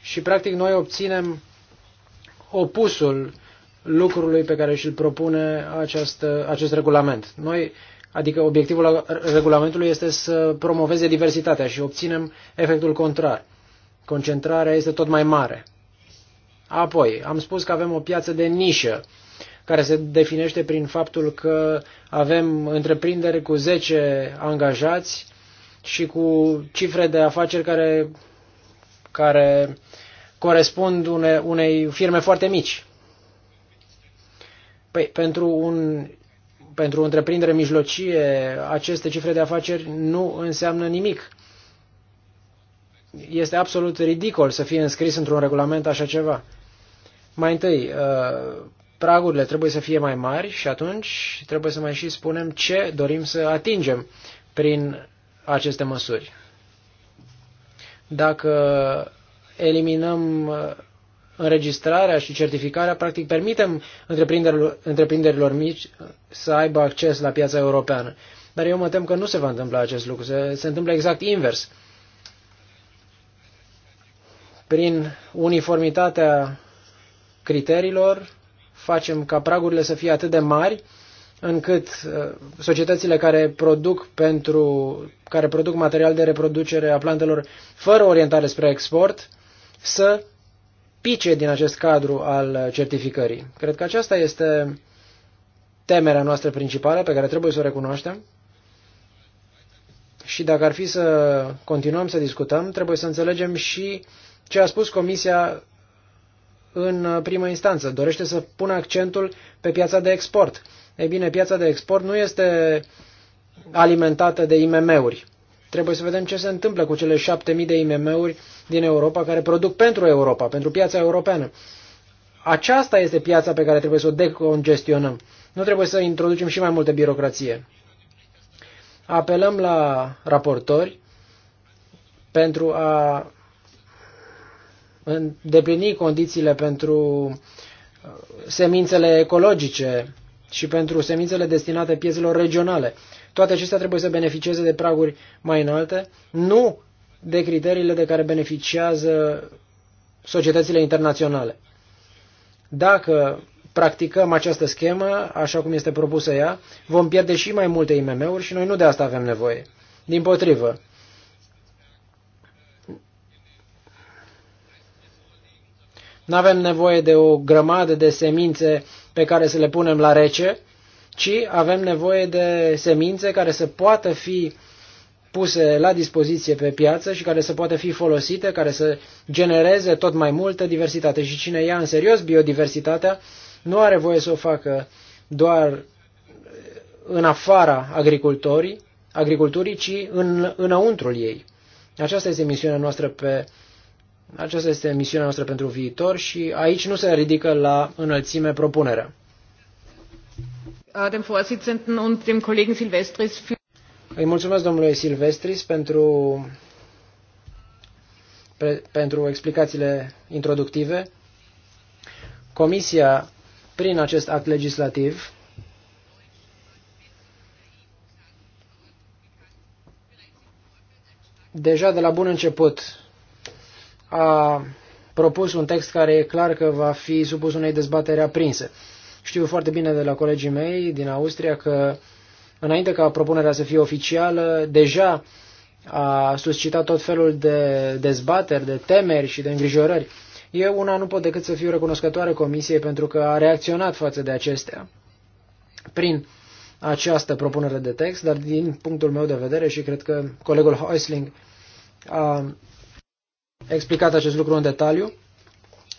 și practic noi obținem opusul lucrului pe care și-l propune această, acest regulament. Noi Adică obiectivul regulamentului este să promoveze diversitatea și obținem efectul contrar. Concentrarea este tot mai mare. Apoi, am spus că avem o piață de nișă, care se definește prin faptul că avem întreprinderi cu 10 angajați și cu cifre de afaceri care, care corespund une, unei firme foarte mici. Păi, pentru un pentru o întreprindere mijlocie aceste cifre de afaceri nu înseamnă nimic. Este absolut ridicol să fie înscris într-un regulament așa ceva. Mai întâi, uh, pragurile trebuie să fie mai mari și atunci trebuie să mai și spunem ce dorim să atingem prin aceste măsuri. Dacă eliminăm uh, înregistrarea și certificarea, practic permitem întreprinderilor, întreprinderilor mici să aibă acces la piața europeană. Dar eu mă tem că nu se va întâmpla acest lucru, se, se întâmplă exact invers. Prin uniformitatea criteriilor, facem ca pragurile să fie atât de mari încât uh, societățile care produc pentru care produc material de reproducere a plantelor fără orientare spre export să pice din acest cadru al certificării. Cred că aceasta este temerea noastră principală pe care trebuie să o recunoaștem. Și dacă ar fi să continuăm să discutăm, trebuie să înțelegem și ce a spus Comisia în primă instanță. Dorește să pună accentul pe piața de export. Ei bine, piața de export nu este alimentată de IMM-uri. Trebuie să vedem ce se întâmplă cu cele șapte mii de IMM-uri din Europa care produc pentru Europa, pentru piața europeană. Aceasta este piața pe care trebuie să o decongestionăm. Nu trebuie să introducem și mai multe birocrație. Apelăm la raportori pentru a îndeplini condițiile pentru uh, semințele ecologice și pentru semințele destinate piețelor regionale. Toate acestea trebuie să beneficieze de praguri mai înalte, nu de criteriile de care beneficiază societățile internaționale. Dacă practicăm această schemă, așa cum este propusă ea, vom pierde și mai multe IMM-uri și noi nu de asta avem nevoie. Din potrivă, nu avem nevoie de o grămadă de semințe pe care să le punem la rece, ci avem nevoie de semințe care să poată fi puse la dispoziție pe piață și care să poată fi folosite, care să genereze tot mai multă diversitate. Și cine ia în serios biodiversitatea nu are voie să o facă doar în afara agricultorii, agriculturii, ci în, înăuntrul ei. Aceasta este misiunea noastră pe aceasta este misiunea noastră pentru viitor și aici nu se ridică la înălțime propunerea. Äh, dem Vorsitzenden und dem Kollegen Silvestris für Îi mulțumesc domnului Silvestris pentru, pentru explicațiile introductive. Comisia, prin acest act legislativ, deja de la bun început a propus un text care e clar că va fi supus unei dezbatere aprinse. Știu foarte bine de la colegii mei din Austria că înainte ca propunerea să fie oficială, deja a suscitat tot felul de dezbateri, de temeri și de îngrijorări. Eu una nu pot decât să fiu recunoscătoare Comisiei pentru că a reacționat față de acestea prin această propunere de text, dar din punctul meu de vedere și cred că colegul Heusling a explicat acest lucru în detaliu,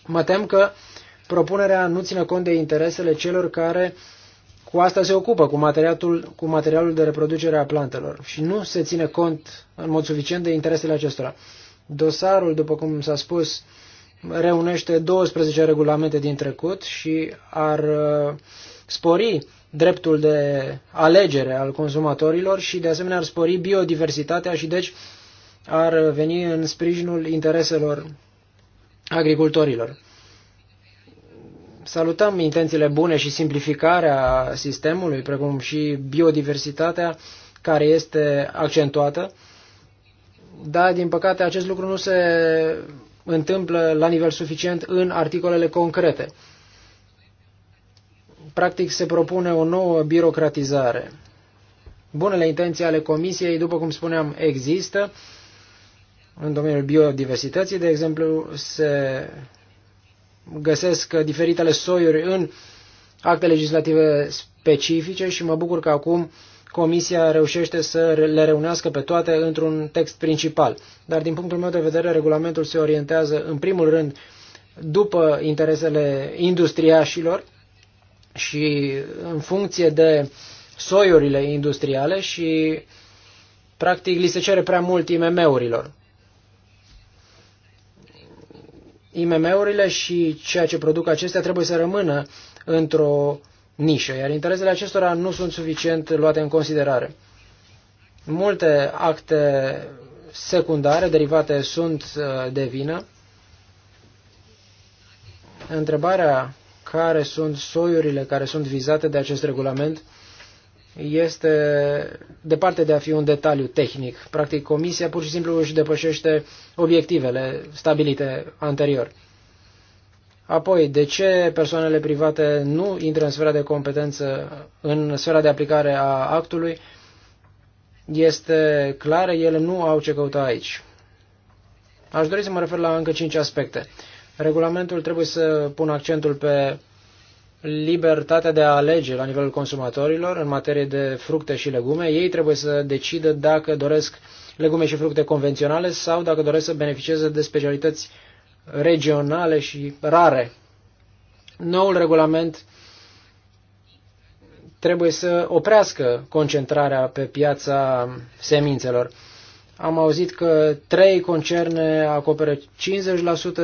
mă tem că propunerea nu ține cont de interesele celor care cu asta se ocupă, cu materialul, cu materialul de reproducere a plantelor și nu se ține cont în mod suficient de interesele acestora. Dosarul, după cum s-a spus, reunește 12 regulamente din trecut și ar uh, spori dreptul de alegere al consumatorilor și de asemenea ar spori biodiversitatea și deci ar veni în sprijinul intereselor agricultorilor. Salutăm intențiile bune și simplificarea sistemului, precum și biodiversitatea care este accentuată, dar din păcate acest lucru nu se întâmplă la nivel suficient în articolele concrete. Practic se propune o nouă birocratizare. Bunele intenții ale Comisiei, după cum spuneam, există. În domeniul biodiversității, de exemplu, se găsesc diferitele soiuri în acte legislative specifice și mă bucur că acum Comisia reușește să le reunească pe toate într-un text principal. Dar din punctul meu de vedere, regulamentul se orientează în primul rând după interesele industriașilor și în funcție de soiurile industriale și practic li se cere prea mult IMM-urilor. IMM-urile și ceea ce produc acestea trebuie să rămână într-o nișă, iar interesele acestora nu sunt suficient luate în considerare. Multe acte secundare derivate sunt uh, de vină. Întrebarea care sunt soiurile care sunt vizate de acest regulament este departe de a fi un detaliu tehnic. Practic, comisia pur și simplu își depășește obiectivele stabilite anterior. Apoi, de ce persoanele private nu intră în sfera de competență, în sfera de aplicare a actului? Este clar, ele nu au ce căuta aici. Aș dori să mă refer la încă cinci aspecte. Regulamentul trebuie să pună accentul pe libertatea de a alege la nivelul consumatorilor în materie de fructe și legume. Ei trebuie să decidă dacă doresc legume și fructe convenționale sau dacă doresc să beneficieze de specialități regionale și rare. Noul regulament trebuie să oprească concentrarea pe piața semințelor. Am auzit că trei concerne acoperă 50%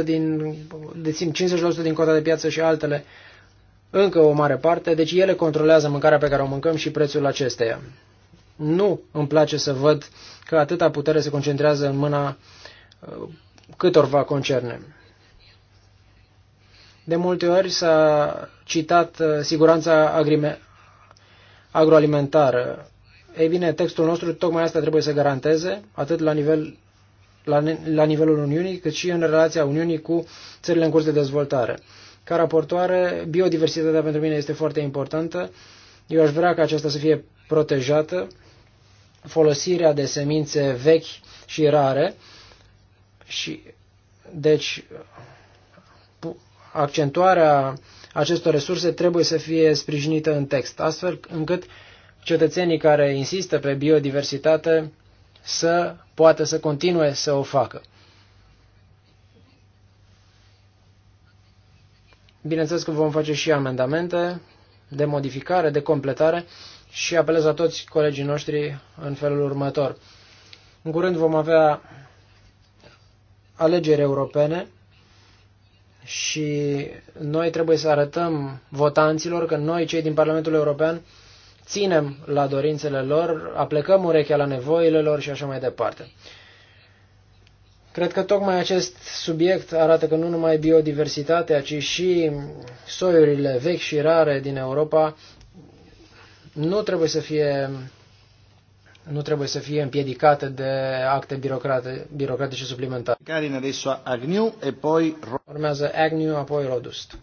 din, dețin 50% din cota de piață și altele încă o mare parte, deci ele controlează mâncarea pe care o mâncăm și prețul acesteia. Nu îmi place să văd că atâta putere se concentrează în mâna uh, câtorva concerne. De multe ori s-a citat uh, siguranța agroalimentară. Ei bine, textul nostru tocmai asta trebuie să garanteze, atât la, nivel, la, la nivelul Uniunii, cât și în relația Uniunii cu țările în curs de dezvoltare. Ca raportoare, biodiversitatea pentru mine este foarte importantă. Eu aș vrea ca aceasta să fie protejată. Folosirea de semințe vechi și rare și deci accentuarea acestor resurse trebuie să fie sprijinită în text, astfel încât cetățenii care insistă pe biodiversitate să poată să continue să o facă. Bineînțeles că vom face și amendamente de modificare, de completare și apelez la toți colegii noștri în felul următor. În curând vom avea alegeri europene și noi trebuie să arătăm votanților că noi, cei din Parlamentul European, ținem la dorințele lor, aplecăm urechea la nevoile lor și așa mai departe. Cred că tocmai acest subiect arată că nu numai biodiversitatea, ci și soiurile vechi și rare din Europa nu trebuie să fie nu trebuie să fie împiedicate de acte birocrate, birocratice suplimentare. Carin adesso Agnew e poi Urmează Agnew, apoi Rodust.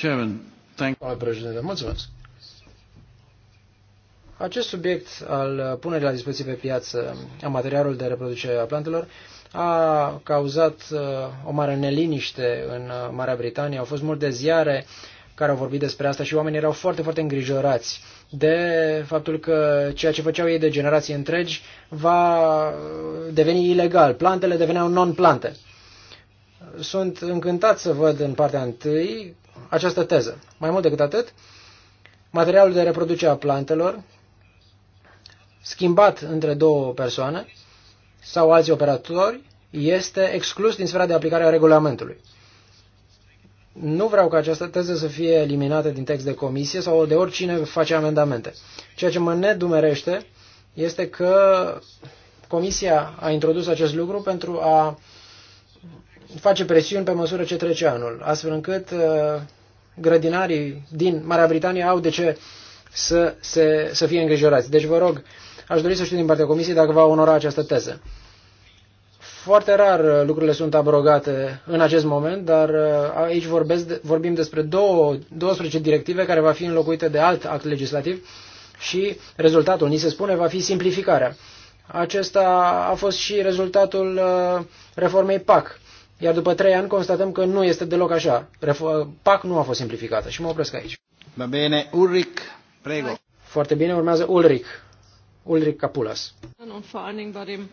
Chairman, thank... you. mulțumesc. Acest subiect al punerii la dispoziție pe piață a materialului de reproducere a plantelor a cauzat uh, o mare neliniște în uh, Marea Britanie. Au fost multe ziare care au vorbit despre asta și oamenii erau foarte, foarte îngrijorați de faptul că ceea ce făceau ei de generații întregi va uh, deveni ilegal. Plantele deveneau non-plante. Sunt încântat să văd în partea întâi această teză. Mai mult decât atât, materialul de reproducere a plantelor schimbat între două persoane sau alți operatori este exclus din sfera de aplicare a regulamentului. Nu vreau ca această teză să fie eliminată din text de comisie sau de oricine face amendamente. Ceea ce mă nedumerește este că comisia a introdus acest lucru pentru a face presiuni pe măsură ce trece anul, astfel încât uh, grădinarii din Marea Britanie au de ce să, se, să fie îngrijorați. Deci vă rog Aș dori să știu din partea Comisiei dacă va onora această teză. Foarte rar uh, lucrurile sunt abrogate în acest moment, dar uh, aici vorbesc, vorbim despre două, 12 directive care va fi înlocuite de alt act legislativ și rezultatul, ni se spune, va fi simplificarea. Acesta a fost și rezultatul uh, reformei PAC. Iar după trei ani constatăm că nu este deloc așa. PAC nu a fost simplificată și mă opresc aici. Va bine, Ulrich, prego. Foarte bine, urmează Ulrich. Ulrich Kapulas. Und vor allen Dingen bei dem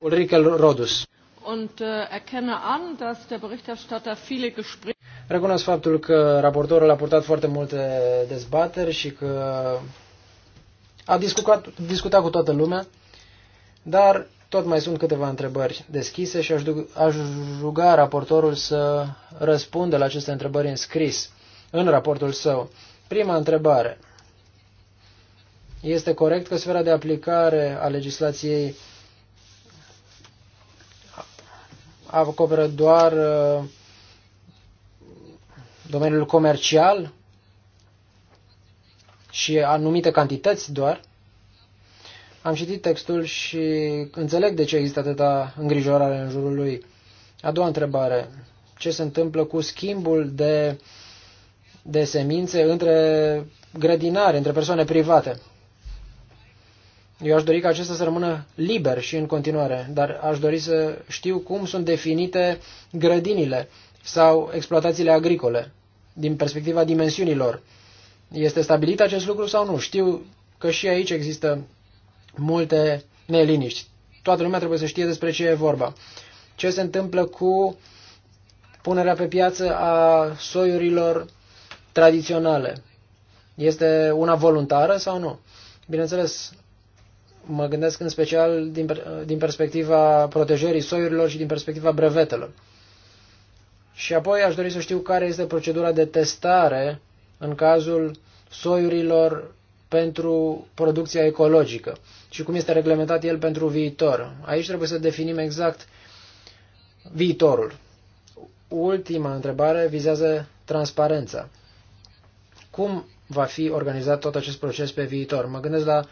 Ulrike Rodus. Und äh, erkenne an, dass der Berichterstatter viele Gespräche. Recunosc faptul că raportorul a purtat foarte multe dezbateri și că a discutat, discutat cu toată lumea, dar tot mai sunt câteva întrebări deschise și aș, aș ruga raportorul să răspundă la aceste întrebări în scris, în raportul său. Prima întrebare. Este corect că sfera de aplicare a legislației acoperă doar uh, domeniul comercial și anumite cantități doar. Am citit textul și înțeleg de ce există atâta îngrijorare în jurul lui. A doua întrebare. Ce se întâmplă cu schimbul de, de semințe între grădinare, între persoane private? Eu aș dori ca acesta să rămână liber și în continuare, dar aș dori să știu cum sunt definite grădinile sau exploatațiile agricole din perspectiva dimensiunilor. Este stabilit acest lucru sau nu? Știu că și aici există multe neliniști. Toată lumea trebuie să știe despre ce e vorba. Ce se întâmplă cu punerea pe piață a soiurilor tradiționale? Este una voluntară sau nu? Bineînțeles, Mă gândesc în special din, din perspectiva protejării soiurilor și din perspectiva brevetelor. Și apoi aș dori să știu care este procedura de testare în cazul soiurilor pentru producția ecologică și cum este reglementat el pentru viitor. Aici trebuie să definim exact viitorul. Ultima întrebare vizează transparența. Cum va fi organizat tot acest proces pe viitor? Mă gândesc la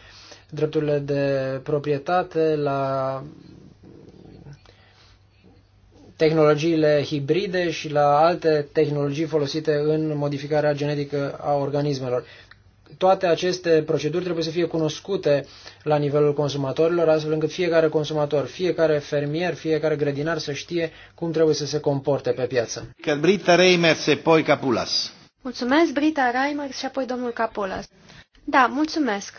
drepturile de proprietate, la tehnologiile hibride și la alte tehnologii folosite în modificarea genetică a organismelor. Toate aceste proceduri trebuie să fie cunoscute la nivelul consumatorilor, astfel încât fiecare consumator, fiecare fermier, fiecare grădinar să știe cum trebuie să se comporte pe piață. Brita Reimers e poi Capulas. Mulțumesc, Brita Reimers și apoi domnul Capulas. Da, mulțumesc.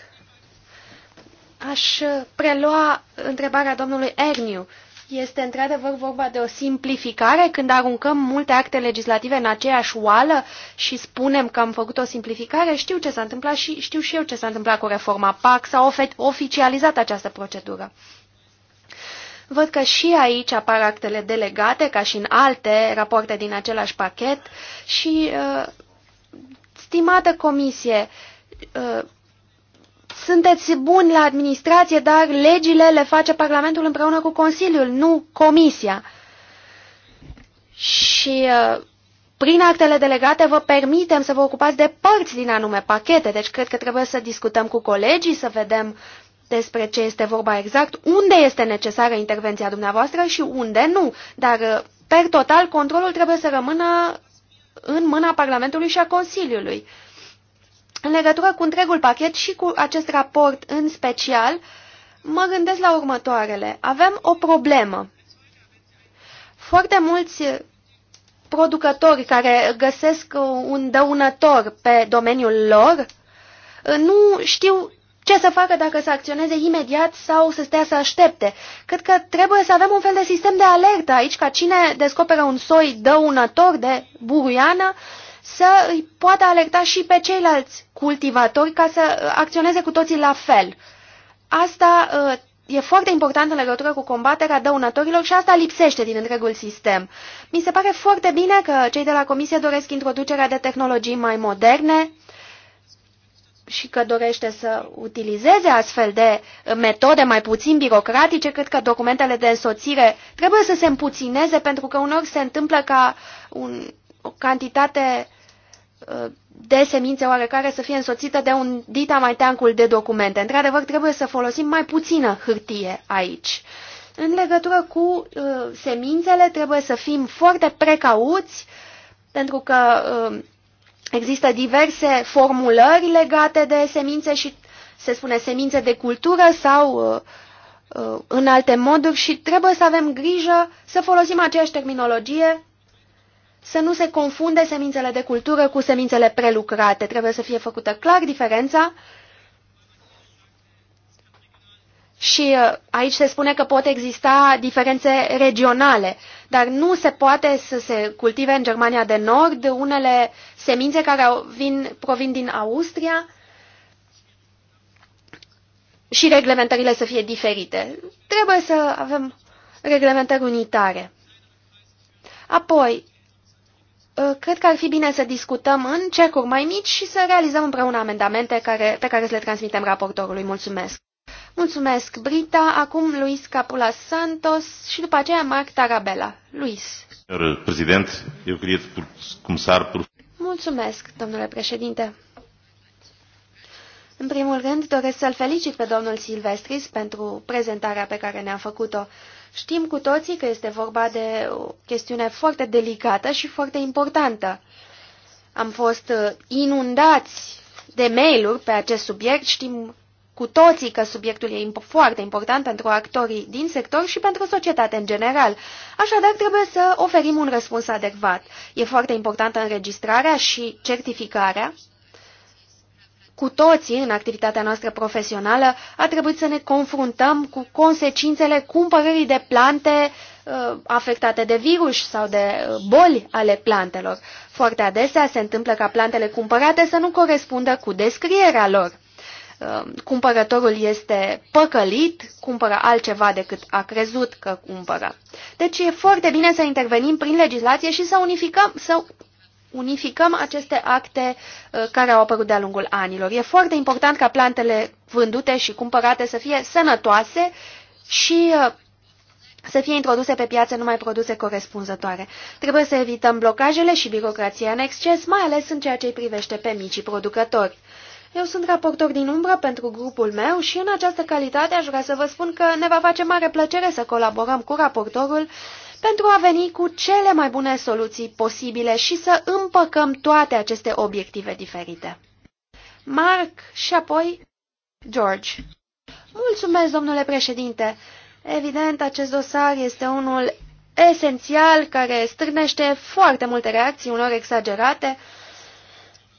Aș uh, prelua întrebarea domnului Erniu. Este într-adevăr vorba de o simplificare când aruncăm multe acte legislative în aceeași oală și spunem că am făcut o simplificare? Știu ce s-a întâmplat și știu și eu ce s-a întâmplat cu reforma PAC. S-a oficializat această procedură. Văd că și aici apar actele delegate, ca și în alte rapoarte din același pachet și, uh, stimată comisie, uh, sunteți buni la administrație, dar legile le face Parlamentul împreună cu Consiliul, nu Comisia. Și uh, prin actele delegate vă permitem să vă ocupați de părți din anume pachete, deci cred că trebuie să discutăm cu colegii, să vedem despre ce este vorba exact, unde este necesară intervenția dumneavoastră și unde nu. Dar, uh, per total, controlul trebuie să rămână în mâna Parlamentului și a Consiliului. În legătură cu întregul pachet și cu acest raport în special, mă gândesc la următoarele. Avem o problemă. Foarte mulți producători care găsesc un dăunător pe domeniul lor nu știu ce să facă dacă să acționeze imediat sau să stea să aștepte. Cred că trebuie să avem un fel de sistem de alertă aici, ca cine descoperă un soi dăunător de buruiană să îi poată alerta și pe ceilalți cultivatori ca să uh, acționeze cu toții la fel. Asta uh, e foarte important în legătură cu combaterea dăunătorilor și asta lipsește din întregul sistem. Mi se pare foarte bine că cei de la Comisie doresc introducerea de tehnologii mai moderne și că dorește să utilizeze astfel de uh, metode mai puțin birocratice. Cred că documentele de însoțire trebuie să se împuțineze pentru că unor se întâmplă ca un, o cantitate de semințe oarecare să fie însoțită de un dita mai teancul de documente. Într-adevăr, trebuie să folosim mai puțină hârtie aici. În legătură cu uh, semințele, trebuie să fim foarte precauți, pentru că uh, există diverse formulări legate de semințe și se spune semințe de cultură sau uh, uh în alte moduri și trebuie să avem grijă să folosim aceeași terminologie să nu se confunde semințele de cultură cu semințele prelucrate. Trebuie să fie făcută clar diferența și uh, aici se spune că pot exista diferențe regionale, dar nu se poate să se cultive în Germania de Nord unele semințe care vin, provin din Austria și reglementările să fie diferite. Trebuie să avem reglementări unitare. Apoi, Uh, cred că ar fi bine să discutăm în cercuri mai mici și să realizăm împreună amendamente care, pe care să le transmitem raportorului. Mulțumesc! Mulțumesc, Brita, acum Luis Capula Santos și după aceea Marc Tarabella. Luis. Președinte, eu cred s-ar Mulțumesc, domnule președinte. În primul rând, doresc să-l felicit pe domnul Silvestris pentru prezentarea pe care ne-a făcut-o. Știm cu toții că este vorba de o chestiune foarte delicată și foarte importantă. Am fost uh, inundați de mail-uri pe acest subiect, știm cu toții că subiectul e foarte important pentru actorii din sector și pentru societate în general. Așadar, trebuie să oferim un răspuns adecvat. E foarte importantă înregistrarea și certificarea cu toții, în activitatea noastră profesională, a trebuit să ne confruntăm cu consecințele cumpărării de plante uh, afectate de virus sau de uh, boli ale plantelor. Foarte adesea se întâmplă ca plantele cumpărate să nu corespundă cu descrierea lor. Uh, cumpărătorul este păcălit, cumpără altceva decât a crezut că cumpără. Deci e foarte bine să intervenim prin legislație și să unificăm, să unificăm aceste acte uh, care au apărut de-a lungul anilor. E foarte important ca plantele vândute și cumpărate să fie sănătoase și uh, să fie introduse pe piață numai produse corespunzătoare. Trebuie să evităm blocajele și birocrația în exces, mai ales în ceea ce îi privește pe micii producători. Eu sunt raportor din umbră pentru grupul meu și în această calitate aș vrea să vă spun că ne va face mare plăcere să colaborăm cu raportorul pentru a veni cu cele mai bune soluții posibile și să împăcăm toate aceste obiective diferite. Mark și apoi George. Mulțumesc, domnule președinte. Evident, acest dosar este unul esențial care strânește foarte multe reacții, unor exagerate.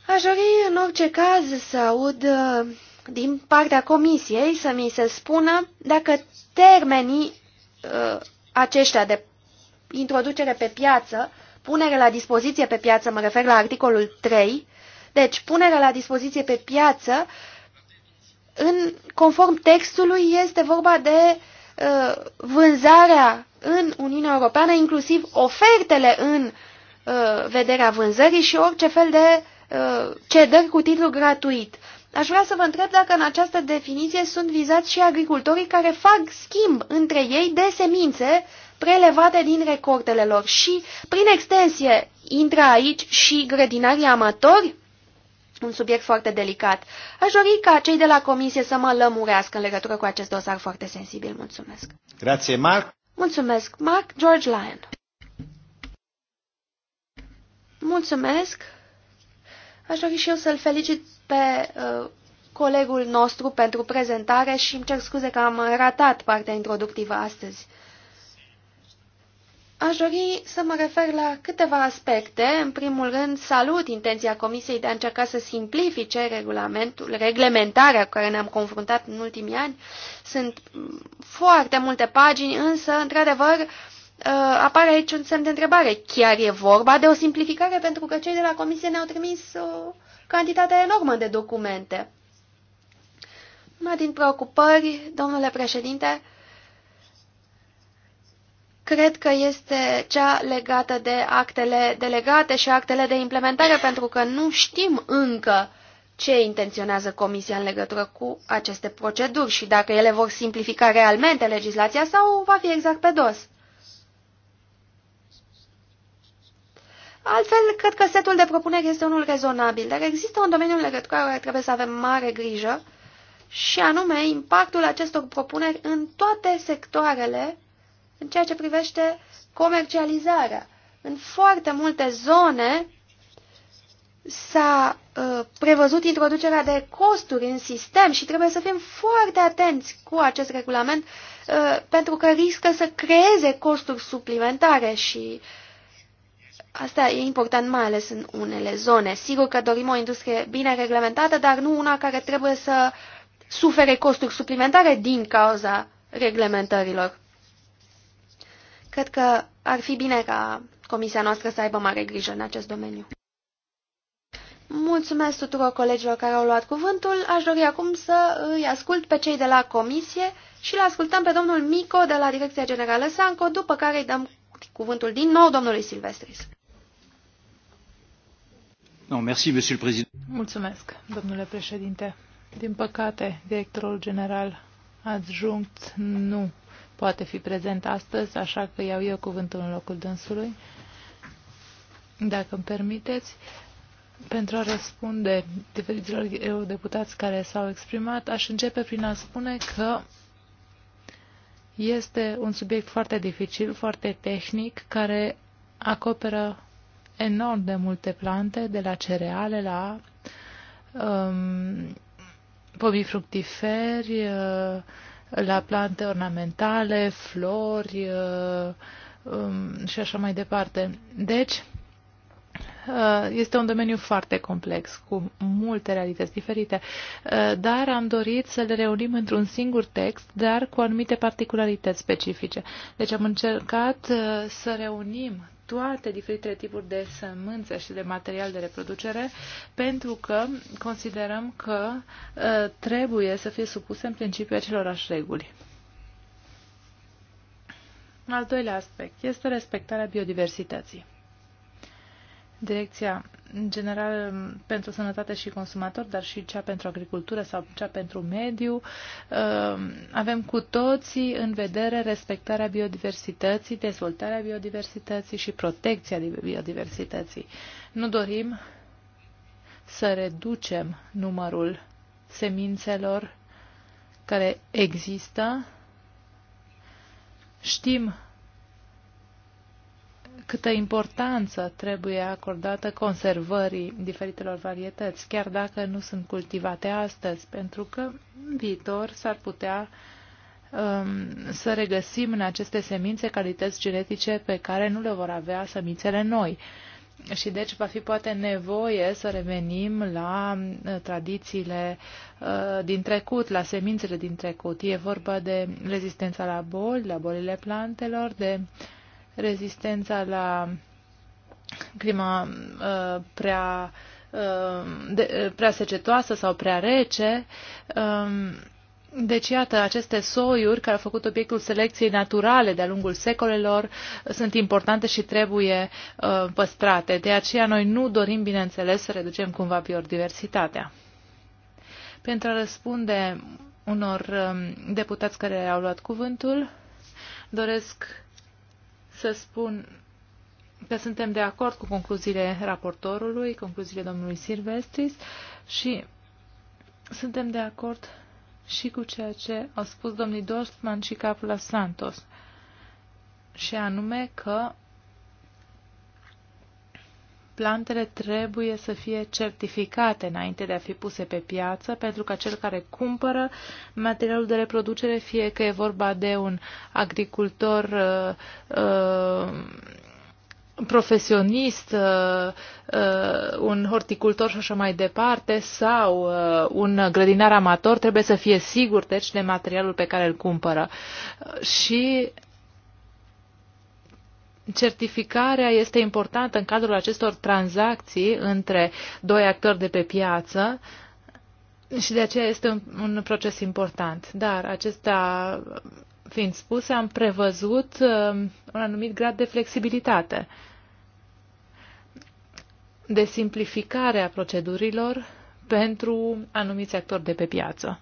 Aș dori, în orice caz, să aud uh, din partea comisiei să mi se spună dacă termenii uh, aceștia de introducere pe piață, punere la dispoziție pe piață, mă refer la articolul 3, deci punerea la dispoziție pe piață, în, conform textului, este vorba de uh, vânzarea în Uniunea Europeană, inclusiv ofertele în uh, vederea vânzării și orice fel de uh, cedări cu titlu gratuit. Aș vrea să vă întreb dacă în această definiție sunt vizați și agricultorii care fac schimb între ei de semințe uh, prelevate din recortele lor și, prin extensie, intră aici și grădinarii amatori? Un subiect foarte delicat. Aș dori ca cei de la comisie să mă lămurească în legătură cu acest dosar foarte sensibil. Mulțumesc. Grație, Mark. Mulțumesc, Mark George Lyon. Mulțumesc. Aș dori și eu să-l felicit pe uh, colegul nostru pentru prezentare și îmi cer scuze că am ratat partea introductivă astăzi. Aș dori să mă refer la câteva aspecte. În primul rând, salut intenția Comisiei de a încerca să simplifice regulamentul, reglementarea cu care ne-am confruntat în ultimii ani. Sunt foarte multe pagini, însă, într-adevăr, uh, apare aici un semn de întrebare. Chiar e vorba de o simplificare pentru că cei de la Comisie ne-au trimis o cantitate enormă de documente. Una din preocupări, domnule președinte, cred că este cea legată de actele delegate și actele de implementare, pentru că nu știm încă ce intenționează Comisia în legătură cu aceste proceduri și dacă ele vor simplifica realmente legislația sau va fi exact pe dos. Altfel, cred că setul de propuneri este unul rezonabil, dar există un domeniu în legătură care trebuie să avem mare grijă, și anume impactul acestor propuneri în toate sectoarele în ceea ce privește comercializarea. În foarte multe zone s-a uh, prevăzut introducerea de costuri în sistem și trebuie să fim foarte atenți cu acest regulament uh, pentru că riscă să creeze costuri suplimentare și asta e important mai ales în unele zone. Sigur că dorim o industrie bine reglementată, dar nu una care trebuie să sufere costuri suplimentare din cauza reglementărilor. Cred că ar fi bine ca comisia noastră să aibă mare grijă în acest domeniu. Mulțumesc tuturor colegilor care au luat cuvântul. Aș dori acum să îi ascult pe cei de la comisie și îl ascultăm pe domnul Mico de la Direcția Generală Sanco, după care îi dăm cuvântul din nou domnului Silvestris. No, merci, le Mulțumesc, domnule președinte. Din păcate, directorul general adjunct nu poate fi prezent astăzi, așa că iau eu cuvântul în locul dânsului. Dacă îmi permiteți, pentru a răspunde diferiților eurodeputați care s-au exprimat, aș începe prin a spune că este un subiect foarte dificil, foarte tehnic, care acoperă enorm de multe plante, de la cereale la um, pomii fructiferi, uh, la plante ornamentale, flori uh, um, și așa mai departe. Deci, uh, este un domeniu foarte complex, cu multe realități diferite, uh, dar am dorit să le reunim într-un singur text, dar cu anumite particularități specifice. Deci am încercat să reunim toate diferitele tipuri de sămânțe și de material de reproducere, pentru că considerăm că uh, trebuie să fie supuse în principiu acelorași reguli. Al doilea aspect este respectarea biodiversității. Direcția Generală pentru Sănătate și Consumator, dar și cea pentru agricultură sau cea pentru mediu, uh, avem cu toții în vedere respectarea biodiversității, dezvoltarea biodiversității și protecția biodiversității. Nu dorim să reducem numărul semințelor care există. Știm câtă importanță trebuie acordată conservării diferitelor varietăți, chiar dacă nu sunt cultivate astăzi, pentru că în viitor s-ar putea um, să regăsim în aceste semințe calități genetice pe care nu le vor avea semințele noi. Și deci va fi poate nevoie să revenim la uh, tradițiile uh, din trecut, la semințele din trecut. E vorba de rezistența la boli, la bolile plantelor, de uh, rezistența la clima uh, prea, uh, de, uh, prea secetoasă sau prea rece. Um, deci, iată, aceste soiuri care au făcut obiectul selecției naturale de-a lungul secolelor sunt importante și trebuie uh, păstrate. De aceea noi nu dorim, bineînțeles, să reducem cumva biodiversitatea. Pentru a răspunde unor um, deputați care au luat cuvântul, doresc să spun că suntem de acord cu concluziile raportorului, concluziile domnului Silvestris și suntem de acord și cu ceea ce au spus domnii Dorfman și Capula Santos, și anume că plantele trebuie să fie certificate înainte de a fi puse pe piață, pentru ca cel care cumpără materialul de reproducere, fie că e vorba de un agricultor uh, uh, profesionist, uh, uh, un horticultor și așa mai departe, sau uh, un grădinar amator, trebuie să fie sigur, deci, de materialul pe care îl cumpără. Și certificarea este importantă în cadrul acestor tranzacții între doi actori de pe piață și de aceea este un, un proces important. Dar acesta fiind spuse, am prevăzut uh, un anumit grad de flexibilitate, de simplificare a procedurilor pentru anumiți actori de pe piață.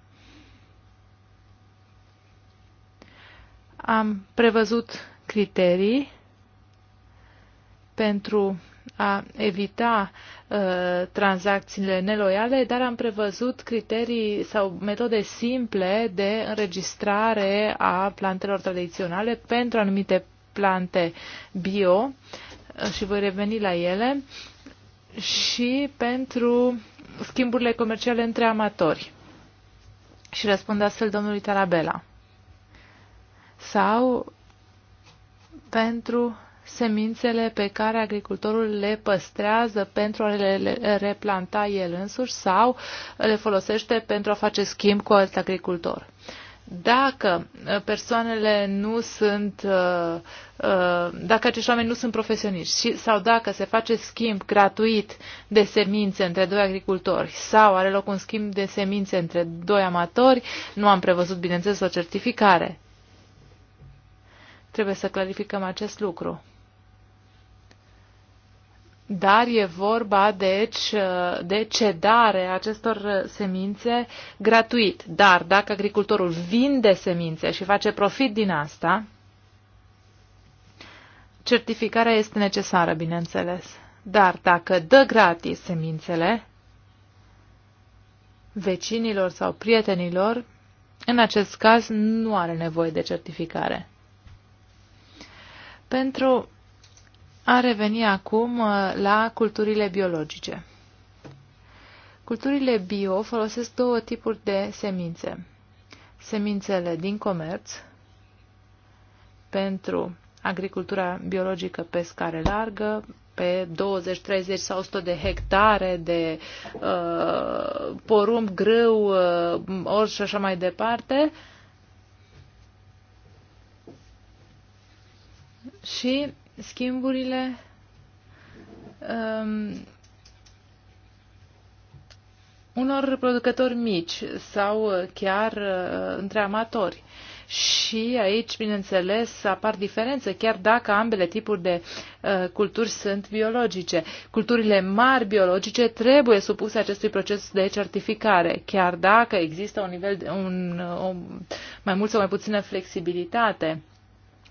Am prevăzut criterii pentru a evita uh, tranzacțiile neloiale, dar am prevăzut criterii sau metode simple de înregistrare a plantelor tradiționale pentru anumite plante bio uh, și voi reveni la ele și pentru schimburile comerciale între amatori. Și răspund astfel domnului Tarabela. Sau pentru semințele pe care agricultorul le păstrează pentru a le replanta el însuși sau le folosește pentru a face schimb cu alt agricultor. Dacă uh, persoanele nu sunt, uh, uh, dacă acești oameni nu sunt profesioniști sau dacă se face schimb gratuit de semințe între doi agricultori sau are loc un schimb de semințe între doi amatori, nu am prevăzut, bineînțeles, o certificare. Trebuie să clarificăm acest lucru. Dar e vorba, deci, de cedare acestor semințe gratuit. Dar dacă agricultorul vinde semințe și face profit din asta, certificarea este necesară, bineînțeles. Dar dacă dă gratis semințele vecinilor sau prietenilor, în acest caz nu are nevoie de certificare. Pentru a reveni acum uh, la culturile biologice. Culturile bio folosesc două tipuri de semințe. Semințele din comerț pentru agricultura biologică pe scară largă, pe 20, 30 sau 100 de hectare de uh, porumb grâu, uh, ori și așa mai departe. Și schimburile um, unor producători mici sau chiar uh, între amatori. Și aici, bineînțeles, apar diferențe, chiar dacă ambele tipuri de uh, culturi sunt biologice. Culturile mari biologice trebuie supuse acestui proces de certificare, chiar dacă există un nivel de un, o, mai mult sau mai puțină flexibilitate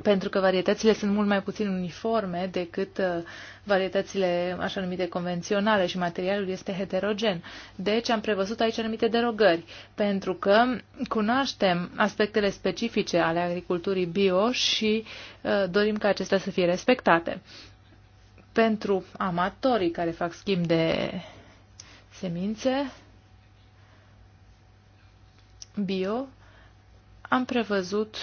pentru că varietățile sunt mult mai puțin uniforme decât uh, varietățile așa numite convenționale și materialul este heterogen. Deci am prevăzut aici anumite derogări, pentru că cunoaștem aspectele specifice ale agriculturii bio și uh, dorim ca acestea să fie respectate. Pentru amatorii care fac schimb de semințe bio, am prevăzut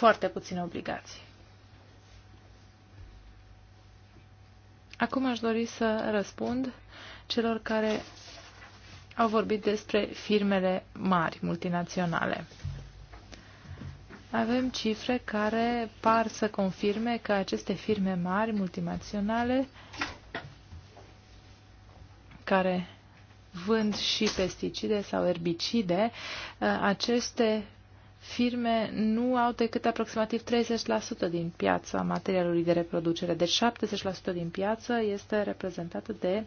foarte puține obligații. Acum aș dori să răspund celor care au vorbit despre firmele mari, multinaționale. Avem cifre care par să confirme că aceste firme mari, multinaționale, care vând și pesticide sau erbicide, aceste firme nu au decât aproximativ 30% din piața materialului de reproducere. Deci 70% din piață este reprezentată de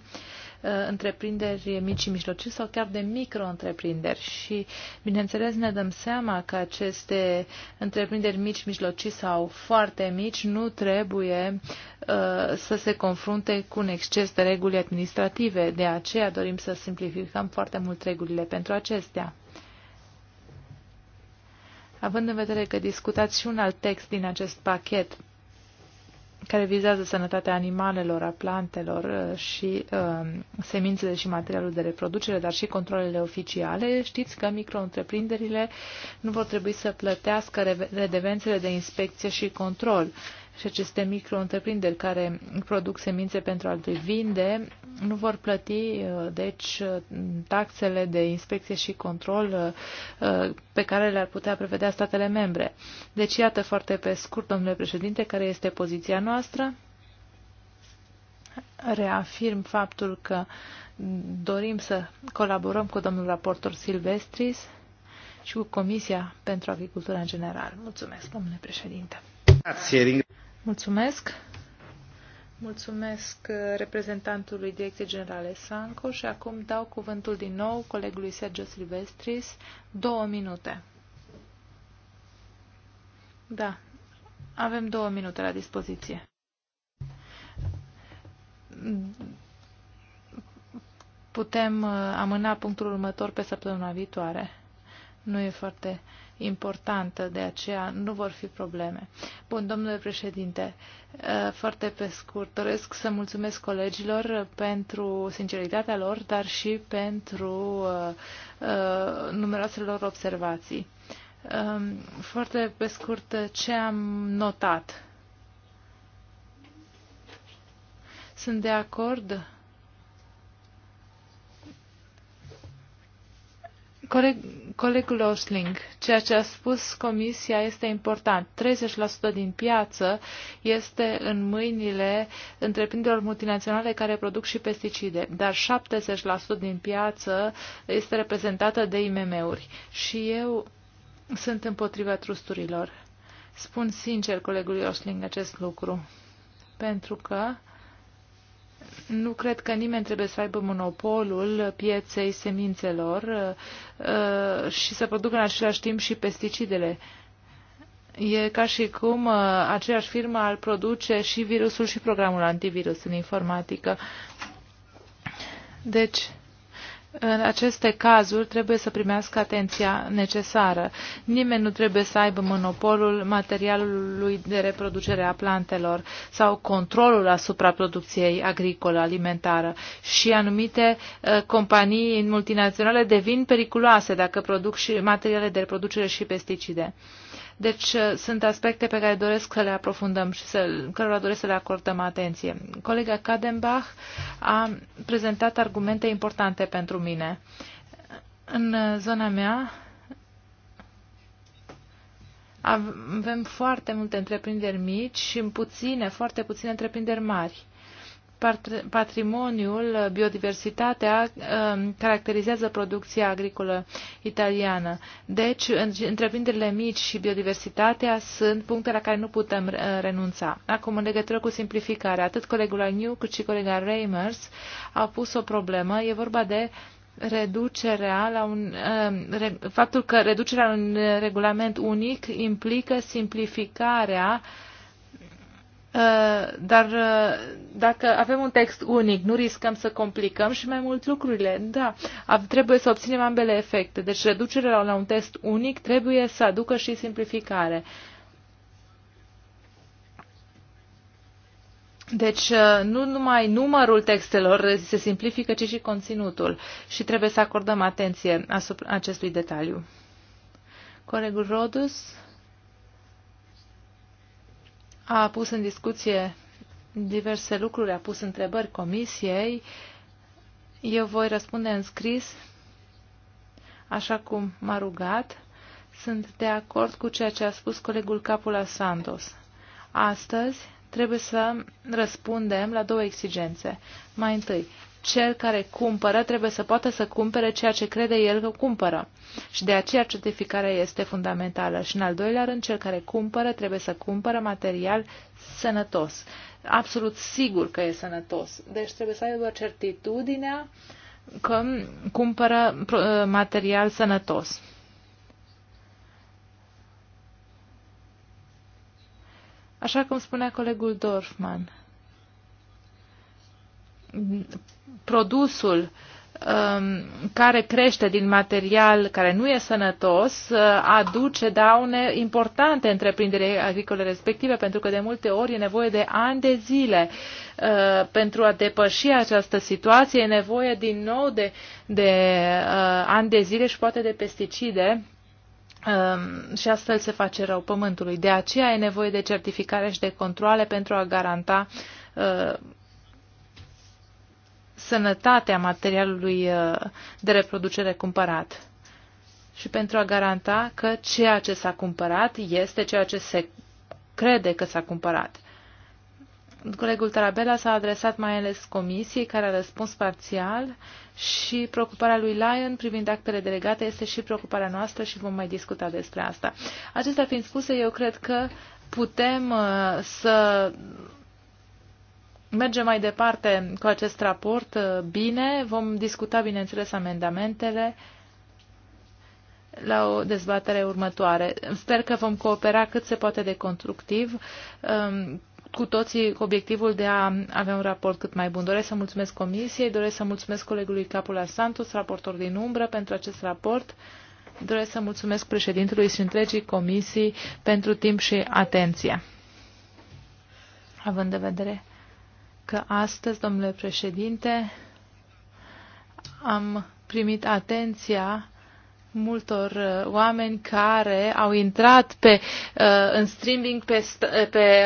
uh, întreprinderi mici și mijlocii sau chiar de micro-întreprinderi. Și, bineînțeles, ne dăm seama că aceste întreprinderi mici, mijlocii sau foarte mici nu trebuie uh, să se confrunte cu un exces de reguli administrative. De aceea dorim să simplificăm foarte mult regulile pentru acestea având în vedere că discutați și un alt text din acest pachet care vizează sănătatea animalelor, a plantelor uh, și uh, semințele și materialul de reproducere, dar și controlele oficiale, știți că micro-întreprinderile nu vor trebui să plătească redevențele de inspecție și control. Uh, și aceste micro-întreprinderi care produc semințe pentru a le vinde nu vor plăti, uh, deci, uh, taxele de inspecție și control uh, pe care le-ar putea prevedea statele membre. Deci, iată foarte pe scurt, domnule președinte, care este poziția noastră. Reafirm faptul că dorim să colaborăm cu domnul raportor Silvestris și cu Comisia pentru Agricultură în general. Mulțumesc, domnule președinte. Mulțumesc. Mulțumesc uh, reprezentantului Direcției Generale Sanco și acum dau cuvântul din nou colegului Sergio Silvestris, două minute. Da, avem două minute la dispoziție. Putem uh, amâna punctul următor pe săptămâna viitoare. Nu e foarte importantă, de aceea nu vor fi probleme. Bun, domnule președinte, eh, foarte pe scurt, doresc să mulțumesc colegilor pentru sinceritatea lor, dar și pentru eh, eh, numeroasele lor observații. Ehm, foarte pe scurt, ce am notat? Sunt de acord Coleg, colegul Osling, ceea ce a spus Comisia este important. 30% din piață este în mâinile întreprinderilor multinaționale care produc și pesticide, dar 70% din piață este reprezentată de IMM-uri. Și eu sunt împotriva trusturilor. Spun sincer colegului Osling acest lucru, pentru că nu cred că nimeni trebuie să aibă monopolul pieței semințelor uh, și să producă în același timp și pesticidele. E ca și cum uh, aceeași firmă ar produce și virusul și programul antivirus în informatică. Deci, în aceste cazuri trebuie să primească atenția necesară. Nimeni nu trebuie să aibă monopolul materialului de reproducere a plantelor sau controlul asupra producției agricole alimentară și anumite uh, companii multinaționale devin periculoase dacă produc și materiale de reproducere și pesticide. Deci uh, sunt aspecte pe care doresc să le aprofundăm și să, cărora doresc să le acordăm atenție. Colega Kadenbach a prezentat argumente importante pentru mine. În uh, zona mea avem foarte multe întreprinderi mici și puține, foarte puține întreprinderi mari patrimoniul, biodiversitatea um, caracterizează producția agricolă italiană. Deci, întreprinderile mici și biodiversitatea sunt puncte la care nu putem uh, renunța. Acum, în legătură cu simplificarea, atât colegul Agniu cât și colega Reimers au pus o problemă. E vorba de reducerea la un, um, faptul că reducerea la un regulament unic implică simplificarea Uh, dar uh, dacă avem un text unic, nu riscăm să complicăm și mai mult lucrurile. Da, trebuie să obținem ambele efecte. Deci reducerea la un text unic trebuie să aducă și simplificare. Deci uh, nu numai numărul textelor se simplifică, ci și conținutul și trebuie să acordăm atenție asupra acestui detaliu. Colegul Rodus? a pus în discuție diverse lucruri, a pus întrebări comisiei. Eu voi răspunde în scris, așa cum m-a rugat. Sunt de acord cu ceea ce a spus colegul Capula Santos. Astăzi trebuie să răspundem la două exigențe. Mai întâi, cel care cumpără trebuie să poată să cumpere ceea ce crede el că cumpără. Și de aceea certificarea este fundamentală. Și în al doilea rând, cel care cumpără trebuie să cumpără material sănătos. Absolut sigur că e sănătos. Deci trebuie să aibă certitudinea că cumpără uh, material sănătos. Așa cum spunea colegul Dorfman produsul um, care crește din material care nu e sănătos uh, aduce daune importante întreprinderii agricole respective, pentru că de multe ori e nevoie de ani de zile uh, pentru a depăși această situație, e nevoie din nou de, de uh, ani de zile și poate de pesticide um, și astfel se face rău pământului. De aceea e nevoie de certificare și de controle pentru a garanta sănătatea materialului uh, de reproducere cumpărat și pentru a garanta că ceea ce s-a cumpărat este ceea ce se crede că s-a cumpărat. Colegul Tarabella s-a adresat mai ales comisiei, care a răspuns parțial și preocuparea lui Lyon privind actele delegate este și preocuparea noastră și vom mai discuta despre asta. Acestea fiind spuse, eu cred că putem uh, să mergem mai departe cu acest raport uh, bine. Vom discuta, bineînțeles, amendamentele la o dezbatere următoare. Sper că vom coopera cât se poate de constructiv um, cu toții cu obiectivul de a avea un raport cât mai bun. Doresc să mulțumesc comisiei, doresc să mulțumesc colegului Capula Santos, raportor din umbră, pentru acest raport. Doresc să mulțumesc președintelui și întregii comisii pentru timp și atenție. Având de vedere că astăzi, domnule președinte, am primit atenția multor uh, oameni care au intrat pe, uh, în streaming pe, uh, pe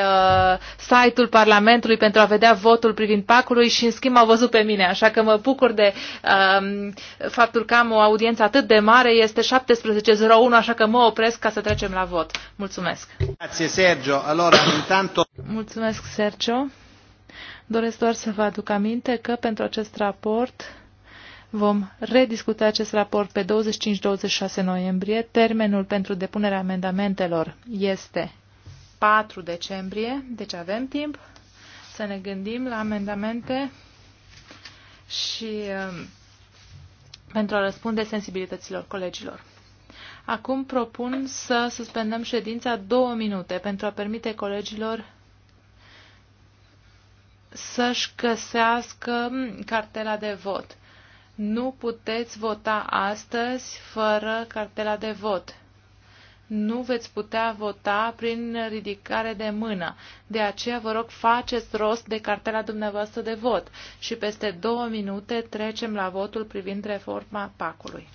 site-ul Parlamentului pentru a vedea votul privind pacului și în schimb au văzut pe mine. Așa că mă bucur de uh, faptul că am o audiență atât de mare. Este 17.01, așa că mă opresc ca să trecem la vot. Mulțumesc! Grazie, Sergio. intanto... Mulțumesc, Sergio. Doresc doar să vă aduc aminte că pentru acest raport vom rediscuta acest raport pe 25-26 noiembrie. Termenul pentru depunerea amendamentelor este 4 decembrie, deci avem timp să ne gândim la amendamente și um, pentru a răspunde sensibilităților colegilor. Acum propun să suspendăm ședința două minute pentru a permite colegilor să-și găsească cartela de vot. Nu puteți vota astăzi fără cartela de vot. Nu veți putea vota prin ridicare de mână. De aceea vă rog faceți rost de cartela dumneavoastră de vot și peste două minute trecem la votul privind reforma pacului.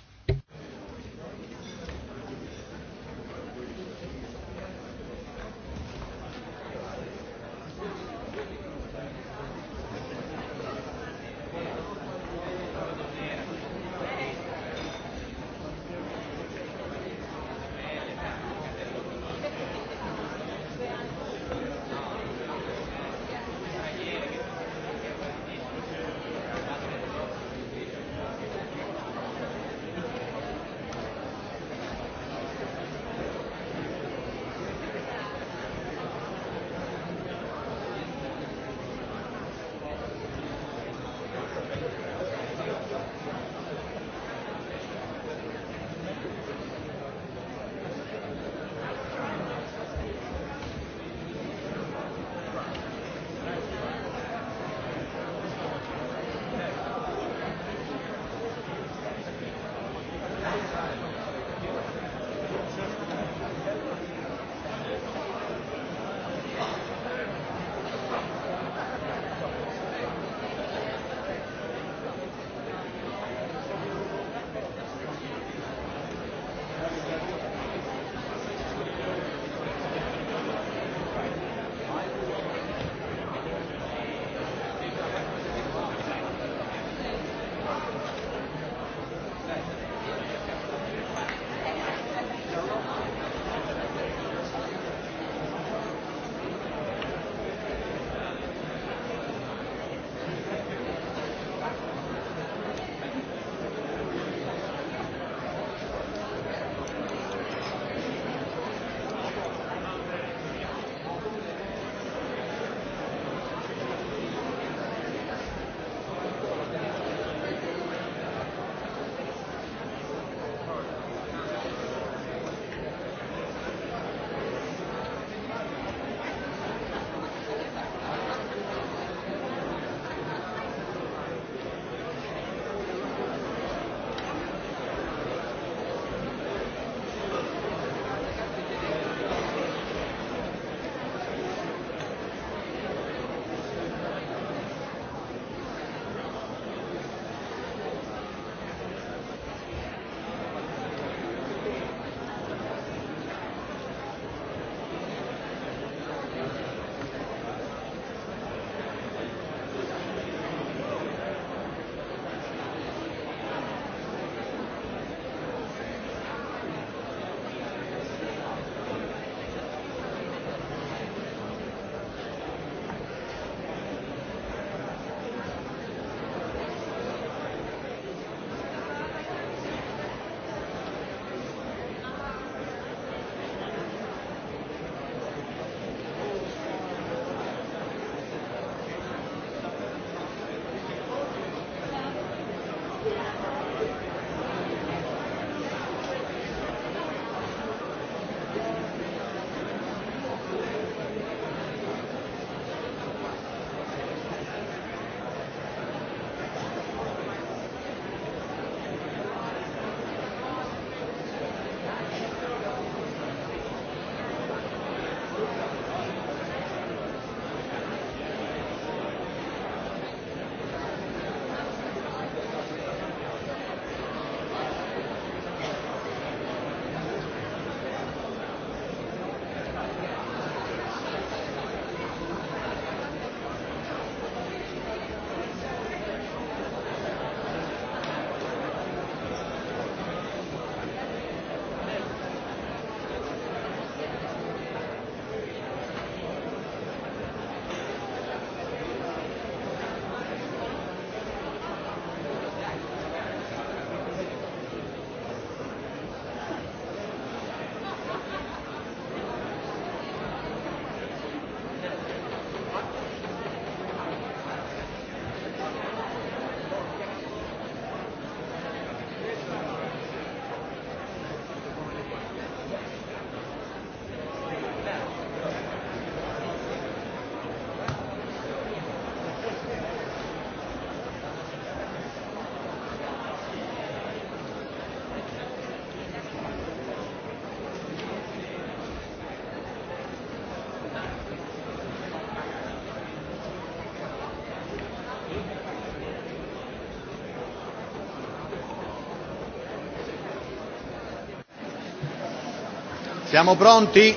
Siamo pronti?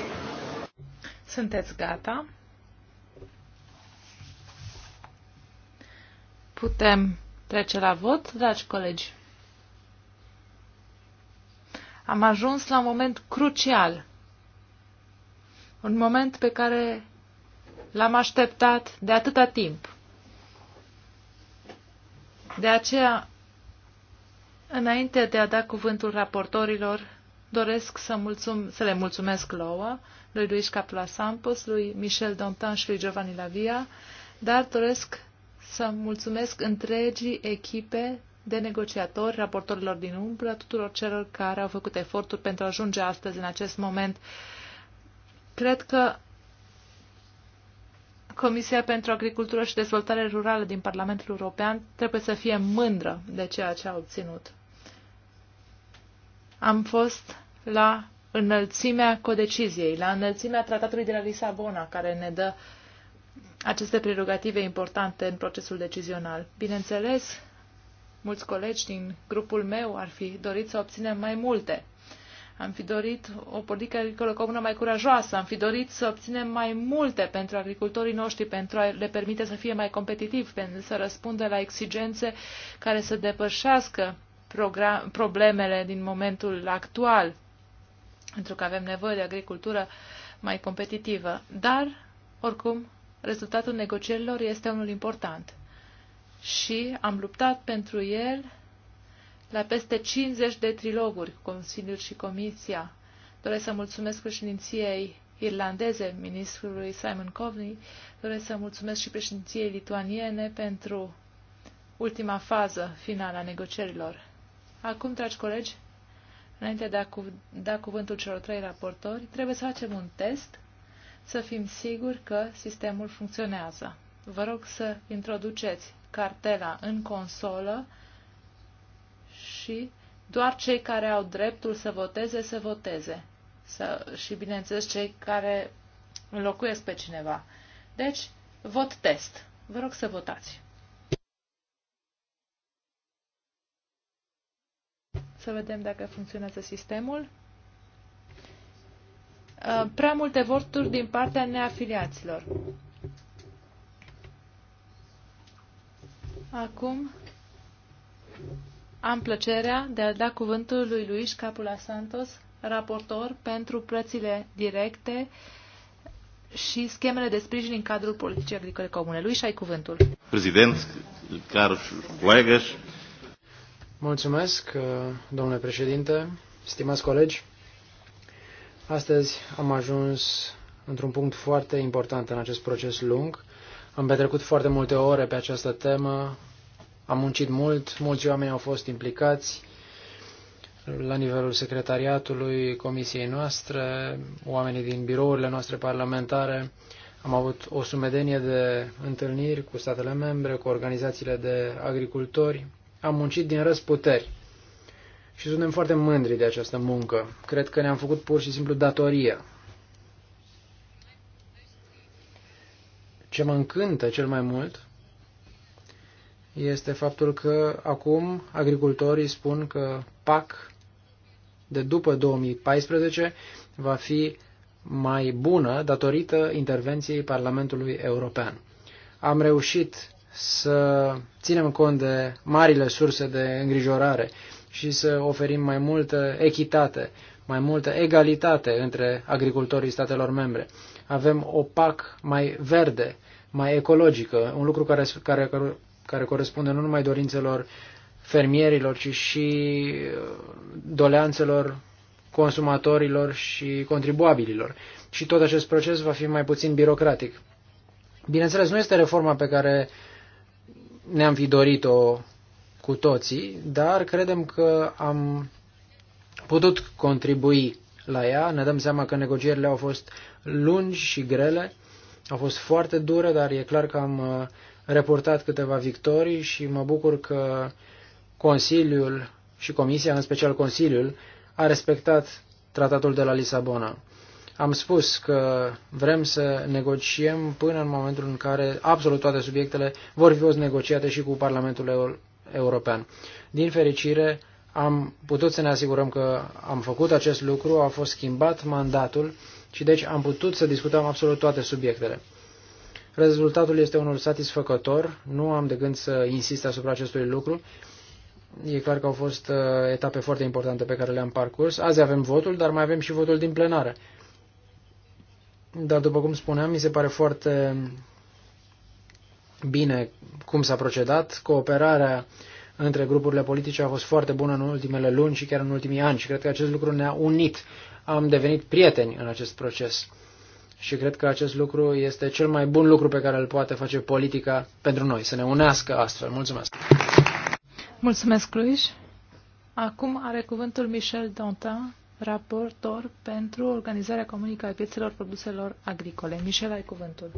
Sunteți gata? Putem trece la vot, dragi colegi. Am ajuns la un moment crucial. Un moment pe care l-am așteptat de atâta timp. De aceea, înainte de a da cuvântul raportorilor, doresc să, mulțum, să le mulțumesc Loa, lui Luis Capula lui Michel Dantan și lui Giovanni Lavia, dar doresc să mulțumesc întregii echipe de negociatori, raportorilor din umbră, tuturor celor care au făcut eforturi pentru a ajunge astăzi în acest moment. Cred că Comisia pentru Agricultură și Dezvoltare Rurală din Parlamentul European trebuie să fie mândră de ceea ce a obținut am fost la înălțimea codeciziei, la înălțimea tratatului de la Lisabona, care ne dă aceste prerogative importante în procesul decizional. Bineînțeles, mulți colegi din grupul meu ar fi dorit să obținem mai multe. Am fi dorit o politică agricolă comună mai curajoasă, am fi dorit să obținem mai multe pentru agricultorii noștri, pentru a le permite să fie mai competitivi, pentru să răspundă la exigențe care să depășească problemele din momentul actual, pentru că avem nevoie de agricultură mai competitivă. Dar, oricum, rezultatul negocierilor este unul important. Și am luptat pentru el la peste 50 de triloguri, Consiliul și Comisia. Doresc să mulțumesc președinției irlandeze, ministrului Simon Coveney. Doresc să mulțumesc și președinției lituaniene pentru ultima fază finală a negocierilor. Acum, dragi colegi, înainte de a cu da cuvântul celor trei raportori, trebuie să facem un test să fim siguri că sistemul funcționează. Vă rog să introduceți cartela în consolă și doar cei care au dreptul să voteze, să voteze. Să, și, bineînțeles, cei care înlocuiesc pe cineva. Deci, vot test. Vă rog să votați. să vedem dacă funcționează sistemul. Uh, prea multe voturi din partea neafiliaților. Acum am plăcerea de a da cuvântul lui Luis Capula Santos, raportor pentru plățile directe și schemele de sprijin în cadrul politicii agricole comune. Luis, ai cuvântul. Prezident, cari colegas, Mulțumesc, uh, domnule președinte, stimați colegi. Astăzi am ajuns într-un punct foarte important în acest proces lung. Am petrecut foarte multe ore pe această temă, am muncit mult, mulți oameni au fost implicați la nivelul secretariatului comisiei noastre, oamenii din birourile noastre parlamentare. Am avut o sumedenie de întâlniri cu statele membre, cu organizațiile de agricultori, am muncit din răsputeri și suntem foarte mândri de această muncă. Cred că ne-am făcut pur și simplu datoria. Ce mă încântă cel mai mult este faptul că acum agricultorii spun că PAC de după 2014 va fi mai bună datorită intervenției Parlamentului European. Am reușit să ținem cont de marile surse de îngrijorare și să oferim mai multă echitate, mai multă egalitate între agricultorii statelor membre. Avem o PAC mai verde, mai ecologică, un lucru care, care, care corespunde nu numai dorințelor fermierilor, ci și uh, doleanțelor consumatorilor și contribuabililor. Și tot acest proces va fi mai puțin birocratic. Bineînțeles, nu este reforma pe care ne-am fi dorit-o cu toții, dar credem că am putut contribui la ea. Ne dăm seama că negocierile au fost lungi și grele, au fost foarte dure, dar e clar că am uh, reportat câteva victorii și mă bucur că Consiliul și Comisia, în special Consiliul, a respectat tratatul de la Lisabona. Am spus că vrem să negociem până în momentul în care absolut toate subiectele vor fi fost negociate și cu Parlamentul European. Din fericire, am putut să ne asigurăm că am făcut acest lucru, a fost schimbat mandatul și deci am putut să discutăm absolut toate subiectele. Rezultatul este unul satisfăcător, nu am de gând să insist asupra acestui lucru. E clar că au fost uh, etape foarte importante pe care le-am parcurs. Azi avem votul, dar mai avem și votul din plenară. Dar, după cum spuneam, mi se pare foarte bine cum s-a procedat. Cooperarea între grupurile politice a fost foarte bună în ultimele luni și chiar în ultimii ani și cred că acest lucru ne-a unit. Am devenit prieteni în acest proces și cred că acest lucru este cel mai bun lucru pe care îl poate face politica pentru noi, să ne unească astfel. Mulțumesc! Mulțumesc, Luis! Acum are cuvântul Michel Dantin raportor pentru organizarea comunică a piețelor produselor agricole. Michel, ai cuvântul.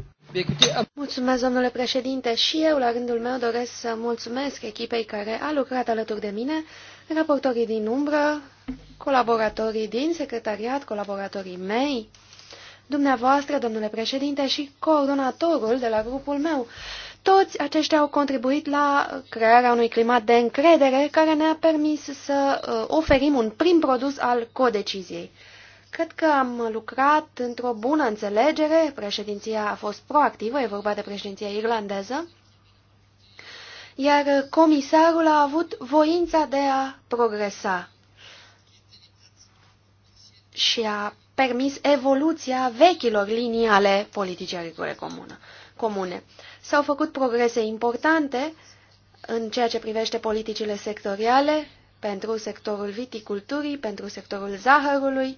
Mulțumesc, domnule președinte, și eu, la rândul meu, doresc să mulțumesc echipei care a lucrat alături de mine, raportorii din umbră, colaboratorii din secretariat, colaboratorii mei, dumneavoastră, domnule președinte, și coordonatorul de la grupul meu, toți aceștia au contribuit la crearea unui climat de încredere care ne-a permis să uh, oferim un prim produs al codeciziei. Cred că am lucrat într-o bună înțelegere, președinția a fost proactivă, e vorba de președinția irlandeză, iar comisarul a avut voința de a progresa și a permis evoluția vechilor linii ale politicii agricole comune. S-au făcut progrese importante în ceea ce privește politicile sectoriale pentru sectorul viticulturii, pentru sectorul zahărului,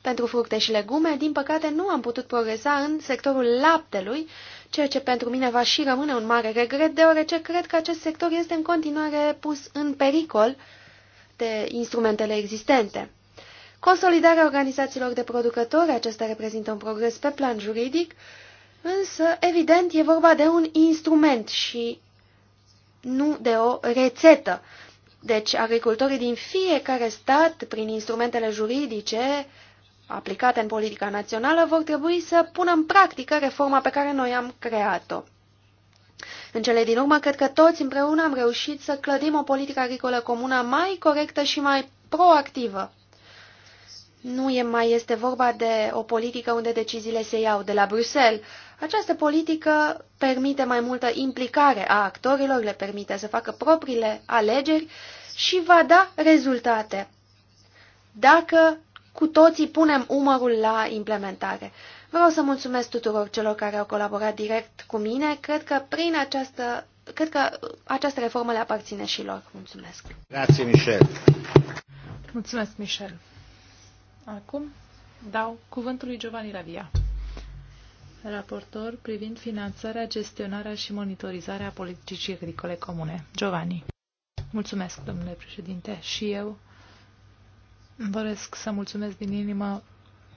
pentru fructe și legume. Din păcate, nu am putut progresa în sectorul laptelui, ceea ce pentru mine va și rămâne un mare regret, deoarece cred că acest sector este în continuare pus în pericol de instrumentele existente. Consolidarea organizațiilor de producători, acesta reprezintă un progres pe plan juridic Însă, evident, e vorba de un instrument și nu de o rețetă. Deci, agricultorii din fiecare stat, prin instrumentele juridice aplicate în politica națională, vor trebui să pună în practică reforma pe care noi am creat-o. În cele din urmă, cred că toți împreună am reușit să clădim o politică agricolă comună mai corectă și mai proactivă. Nu e mai este vorba de o politică unde deciziile se iau de la Bruxelles, această politică permite mai multă implicare a actorilor, le permite să facă propriile alegeri și va da rezultate dacă cu toții punem umărul la implementare. Vreau să mulțumesc tuturor celor care au colaborat direct cu mine. Cred că prin această cred că această reformă le aparține și lor. Mulțumesc. Grazie, Michel. Mulțumesc, Michel. Acum dau cuvântul lui Giovanni Lavia raportor privind finanțarea, gestionarea și monitorizarea politicii agricole comune. Giovanni. Mulțumesc, domnule președinte, și eu doresc să mulțumesc din inimă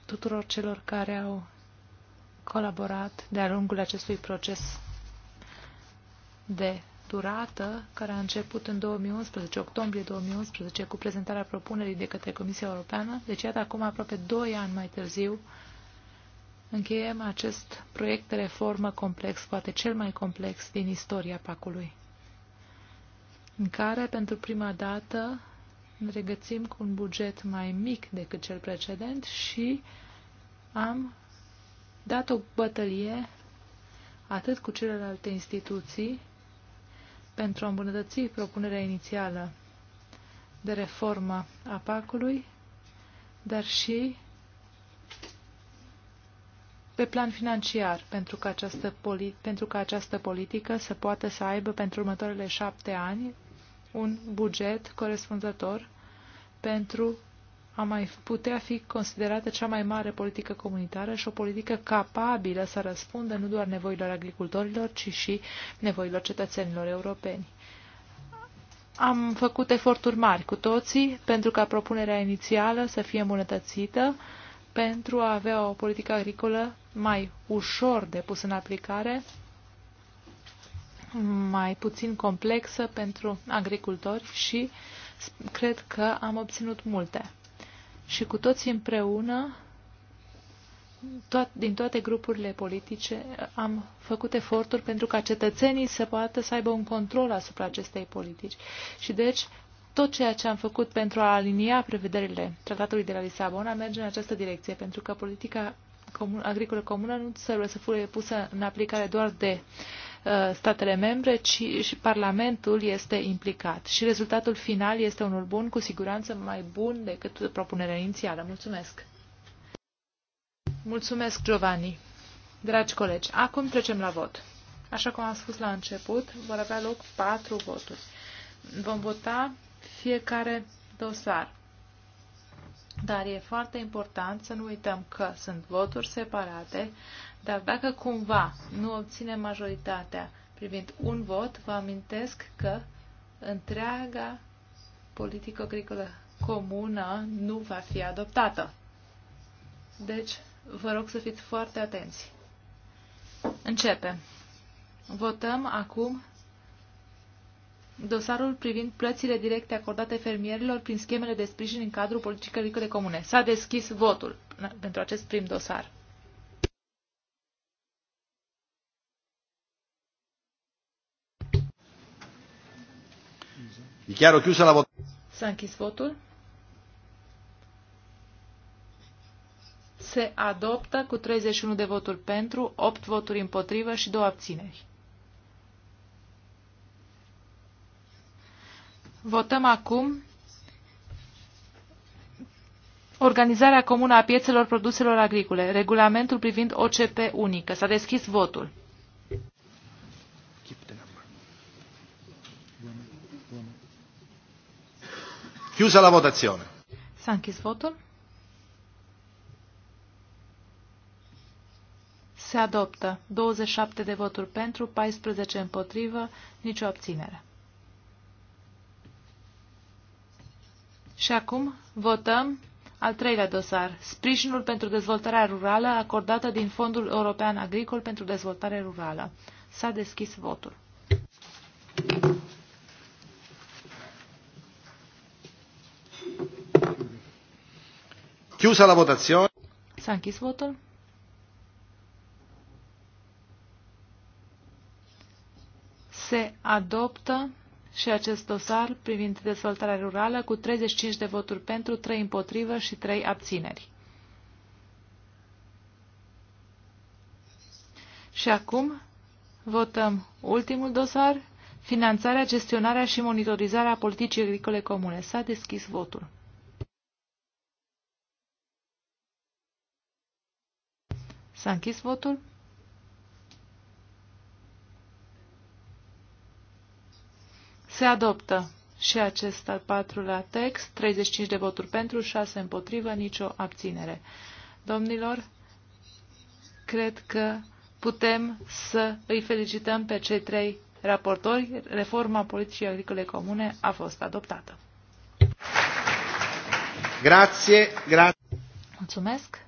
tuturor celor care au colaborat de-a lungul acestui proces de durată, care a început în 2011, octombrie 2011, cu prezentarea propunerii de către Comisia Europeană. Deci, iată, acum aproape 2 ani mai târziu, încheiem acest proiect de reformă complex, poate cel mai complex din istoria pacului, în care, pentru prima dată, ne regăsim cu un buget mai mic decât cel precedent și am dat o bătălie atât cu celelalte instituții pentru a îmbunătăți propunerea inițială de reformă a pacului, dar și pe plan financiar pentru că, această pentru că această politică să poată să aibă pentru următoarele șapte ani un buget corespunzător pentru a mai putea fi considerată cea mai mare politică comunitară și o politică capabilă să răspundă nu doar nevoilor agricultorilor, ci și nevoilor cetățenilor europeni. Am făcut eforturi mari cu toții pentru ca propunerea inițială să fie îmbunătățită pentru a avea o politică agricolă mai ușor de pus în aplicare, mai puțin complexă pentru agricultori și cred că am obținut multe. Și cu toți împreună, toat, din toate grupurile politice, am făcut eforturi pentru ca cetățenii să poată să aibă un control asupra acestei politici. Și deci tot ceea ce am făcut pentru a alinia prevederile Tratatului de la Lisabona merge în această direcție, pentru că politica comun, agricolă comună nu trebuie să fie pusă în aplicare doar de uh, statele membre, ci și Parlamentul este implicat. Și rezultatul final este unul bun, cu siguranță mai bun decât propunerea inițială. Mulțumesc! Mulțumesc, Giovanni! Dragi colegi, acum trecem la vot. Așa cum am spus la început, vor avea loc patru voturi. Vom vota fiecare dosar. Dar e foarte important să nu uităm că sunt voturi separate, dar dacă cumva nu obținem majoritatea privind un vot, vă amintesc că întreaga politică agricolă comună nu va fi adoptată. Deci, vă rog să fiți foarte atenți. Începem. Votăm acum dosarul privind plățile directe acordate fermierilor prin schemele de sprijin în cadrul politicii agricole comune. S-a deschis votul pentru acest prim dosar. chiusa la vot. S-a închis votul. Se adoptă cu 31 de voturi pentru, 8 voturi împotrivă și 2 abțineri. Votăm acum organizarea comună a piețelor produselor agricole, regulamentul privind OCP unică. S-a deschis votul. Chiusa la votazione. S-a închis votul. Se adoptă 27 de voturi pentru, 14 împotrivă, nicio abținere. Și acum votăm al treilea dosar, sprijinul pentru dezvoltarea rurală acordată din Fondul European Agricol pentru Dezvoltare Rurală. S-a deschis votul. Chiusa la votazione. S-a închis votul. Se adoptă și acest dosar privind dezvoltarea rurală cu 35 de voturi pentru, 3 împotrivă și 3 abțineri. Și acum votăm ultimul dosar, finanțarea, gestionarea și monitorizarea politicii agricole comune. S-a deschis votul. S-a închis votul. Se adoptă și acest al patrulea text, 35 de voturi pentru, 6 împotrivă, nicio abținere. Domnilor, cred că putem să îi felicităm pe cei trei raportori. Reforma politicii agricole comune a fost adoptată. Grazie, grazie. Mulțumesc.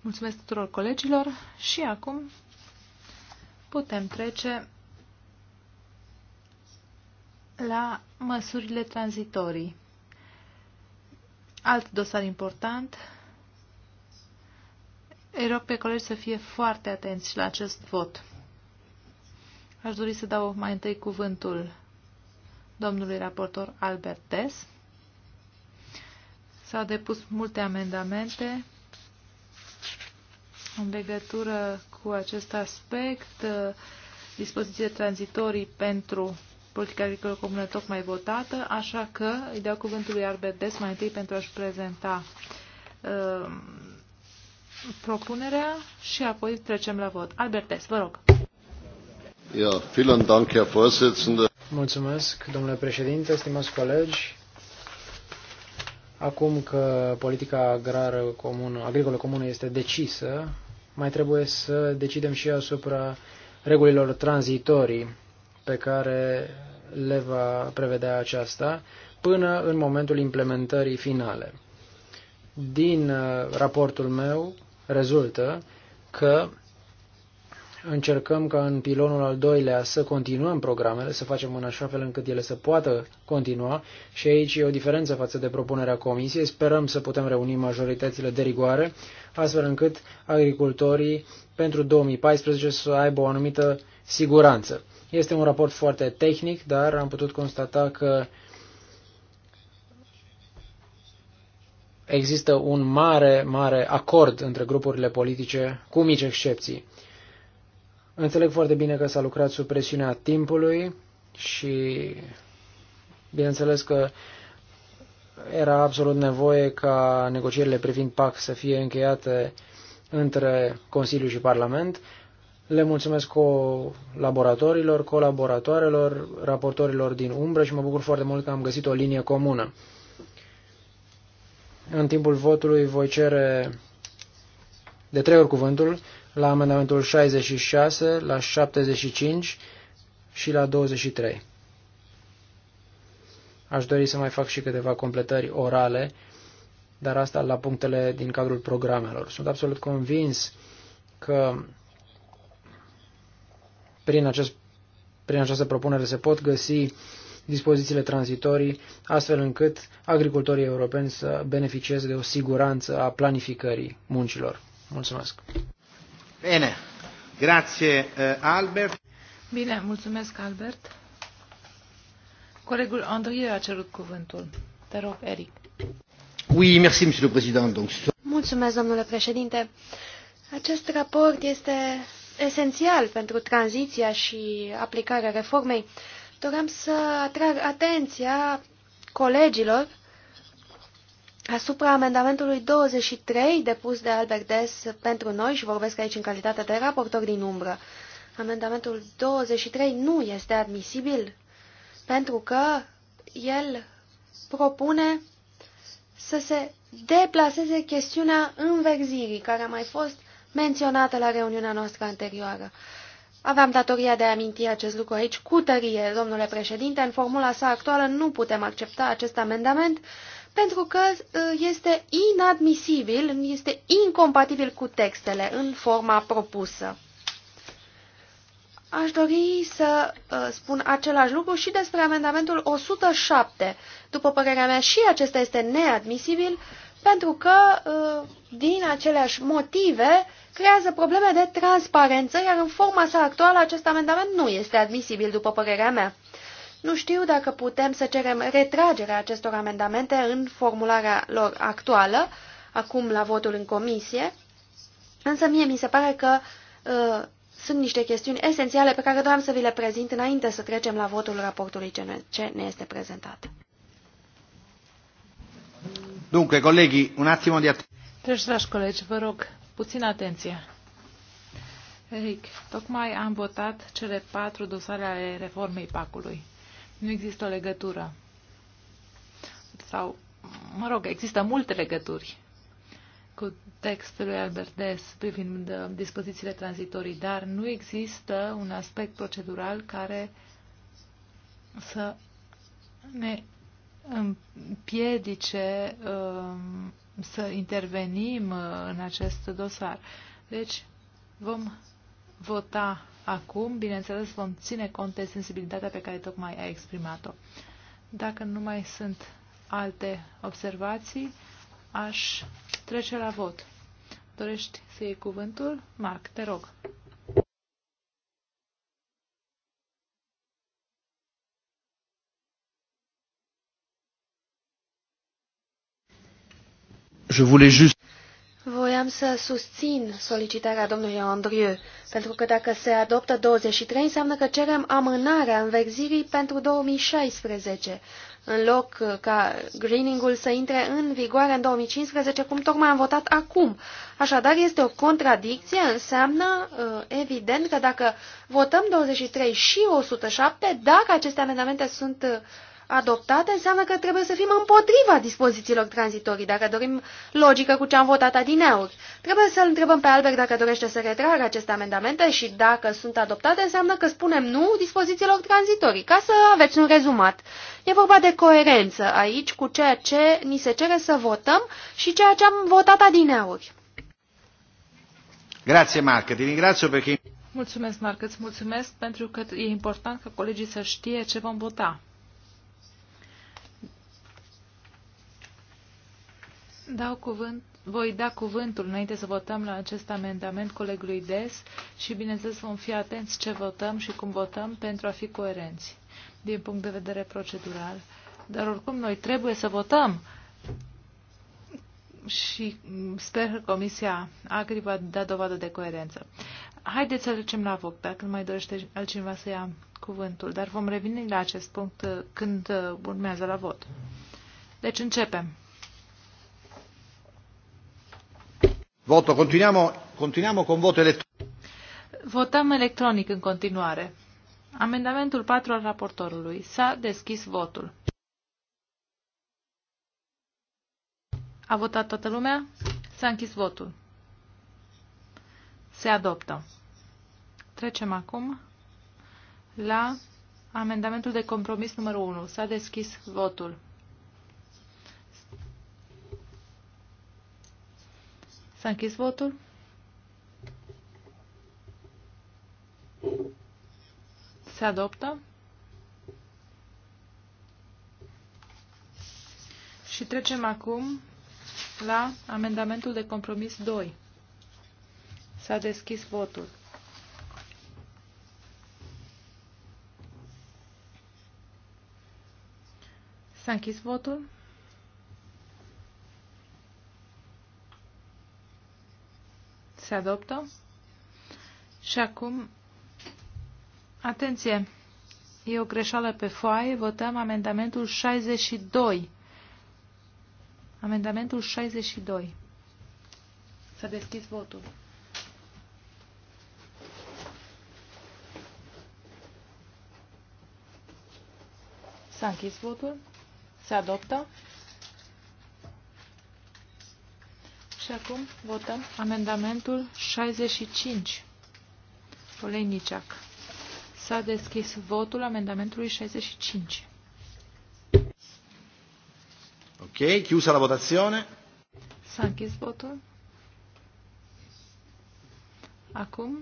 Mulțumesc tuturor colegilor și acum putem trece la măsurile tranzitorii. Alt dosar important. Îi rog pe colegi să fie foarte atenți și la acest vot. Aș dori să dau mai întâi cuvântul domnului raportor Albert Des. S-au depus multe amendamente în legătură cu acest aspect, dispoziție tranzitorii pentru politica agricolă comună tocmai votată, așa că îi dau cuvântul lui Albert Des mai întâi pentru a-și prezenta uh, propunerea și apoi trecem la vot. Albert Des, vă rog. Mulțumesc, domnule președinte, stimați colegi. Acum că politica agrară comună, agricolă comună este decisă, mai trebuie să decidem și asupra regulilor tranzitorii pe care le va prevedea aceasta până în momentul implementării finale. Din uh, raportul meu rezultă că încercăm ca în pilonul al doilea să continuăm programele, să facem în așa fel încât ele să poată continua și aici e o diferență față de propunerea comisiei. Sperăm să putem reuni majoritățile de rigoare, astfel încât agricultorii pentru 2014 să aibă o anumită siguranță. Este un raport foarte tehnic, dar am putut constata că există un mare, mare acord între grupurile politice, cu mici excepții. Înțeleg foarte bine că s-a lucrat sub presiunea timpului și bineînțeles că era absolut nevoie ca negocierile privind PAC să fie încheiate între Consiliu și Parlament. Le mulțumesc colaboratorilor, colaboratoarelor, raportorilor din umbră și mă bucur foarte mult că am găsit o linie comună. În timpul votului voi cere de trei ori cuvântul la amendamentul 66, la 75 și la 23. Aș dori să mai fac și câteva completări orale, dar asta la punctele din cadrul programelor. Sunt absolut convins că prin, acest, prin această propunere se pot găsi dispozițiile tranzitorii, astfel încât agricultorii europeni să beneficieze de o siguranță a planificării muncilor. Mulțumesc! Bine! Grazie, eh, Albert! Bine, mulțumesc, Albert! Colegul Andrie a cerut cuvântul. Te rog, Eric. Oui, merci, monsieur le président. Mulțumesc, domnule președinte. Acest raport este esențial pentru tranziția și aplicarea reformei, doream să atrag atenția colegilor asupra amendamentului 23 depus de Albert Des pentru noi și vorbesc aici în calitate de raportor din umbră. Amendamentul 23 nu este admisibil pentru că el propune să se deplaseze chestiunea înverzirii care a mai fost uh, menționată la reuniunea noastră anterioară. Aveam datoria de a aminti acest lucru aici cu tărie, domnule președinte. În formula sa actuală nu putem accepta acest amendament pentru că uh, este inadmisibil, este incompatibil cu textele în forma propusă. Aș dori să uh, spun același lucru și despre amendamentul 107. După părerea mea și acesta este neadmisibil pentru că uh, din aceleași motive creează probleme de transparență, iar în forma sa actuală acest amendament nu este admisibil, după părerea mea. Nu știu dacă putem să cerem retragerea acestor amendamente în formularea lor actuală, acum la votul în comisie, însă mie mi se pare că uh, sunt niște chestiuni esențiale pe care doream să vi le prezint înainte să trecem la votul raportului ce ne este prezentat. Dunque, colleghi, un attimo di attenzione. dragi colegi, vă rog, puțin atenție. Eric, tocmai am votat cele patru dosare ale reformei PAC-ului. Nu există o legătură. Sau, mă rog, există multe legături cu textul lui Albert Des privind uh, dispozițiile tranzitorii, dar nu există un aspect procedural care să ne împiedice um, să intervenim uh, în acest dosar. Deci, vom vota acum, bineînțeles vom ține cont de sensibilitatea pe care tocmai a exprimat-o. Dacă nu mai sunt alte observații, aș trece la vot. Dorești să iei cuvântul? Marc, te rog. Je voulais juste... Voiam să susțin solicitarea domnului Andrieu, pentru că dacă se adoptă 23, înseamnă că cerem amânarea înverzirii pentru 2016, în loc ca greening-ul să intre în vigoare în 2015, cum tocmai am votat acum. Așadar, este o contradicție, înseamnă uh, evident că dacă votăm 23 și 107, dacă aceste amendamente sunt uh, adoptate, înseamnă că trebuie să fim împotriva dispozițiilor tranzitorii, dacă dorim logică cu ce am votat adineauri. Trebuie să-l întrebăm pe Albert dacă dorește să retragă aceste amendamente și dacă sunt adoptate, înseamnă că spunem nu dispozițiilor tranzitorii, ca să aveți un rezumat. E vorba de coerență aici cu ceea ce ni se cere să votăm și ceea ce am votat adineauri. Grazie, Marca. Te ringrazio perché... Mulțumesc, Marc. Îți mulțumesc pentru că e important ca colegii să știe ce vom vota. Dau cuvânt, voi da cuvântul înainte să votăm la acest amendament colegului Des și, bineînțeles, vom fi atenți ce votăm și cum votăm pentru a fi coerenți din punct de vedere procedural. Dar, oricum, noi trebuie să votăm și sper că Comisia Agri va da dovadă de coerență. Haideți să trecem la vot, dacă nu mai dorește altcineva să ia cuvântul, dar vom reveni la acest punct uh, când uh, urmează la vot. Deci începem. Voto, continuiamo, continuiamo con voto elettronico. Votăm electronic în continuare. Amendamentul 4 al raportorului. S-a deschis votul. A votat toată lumea? S-a închis votul. Se adoptă. Trecem acum la amendamentul de compromis numărul 1. S-a deschis votul. S-a închis votul. Se adoptă. Și trecem acum la amendamentul de compromis 2. S-a deschis votul. S-a închis votul. Se adoptă. Și acum, atenție, e o greșeală pe foaie, votăm amendamentul 62. Amendamentul 62. Să deschis votul. S-a închis votul. Se adoptă. Și acum votăm amendamentul 65. Olejniciac. S-a deschis votul amendamentului 65. Ok, chiusa la votazione. S-a închis votul. Acum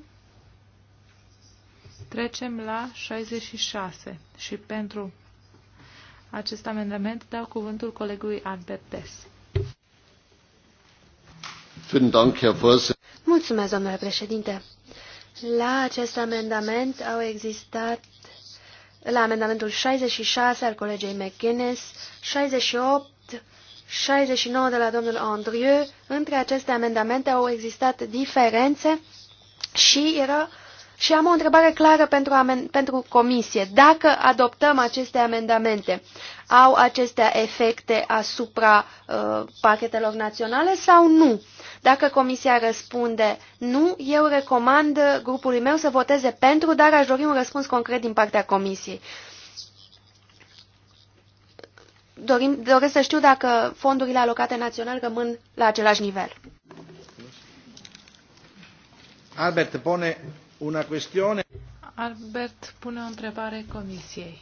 trecem la 66 și pentru acest amendament dau cuvântul colegului Albert Des. Mulțumesc, domnule președinte. La acest amendament au existat, la amendamentul 66 al colegei McGuinness, 68, 69 de la domnul Andrieu, între aceste amendamente au existat diferențe și era și am o întrebare clară pentru, pentru comisie. Dacă adoptăm aceste amendamente, au acestea efecte asupra uh, pachetelor naționale sau nu? Dacă comisia răspunde nu, eu recomand grupului meu să voteze pentru, dar aș dori un răspuns concret din partea comisiei. Dorim, doresc să știu dacă fondurile alocate național rămân la același nivel. Albert pone una questione. Albert pune o întrebare comisiei.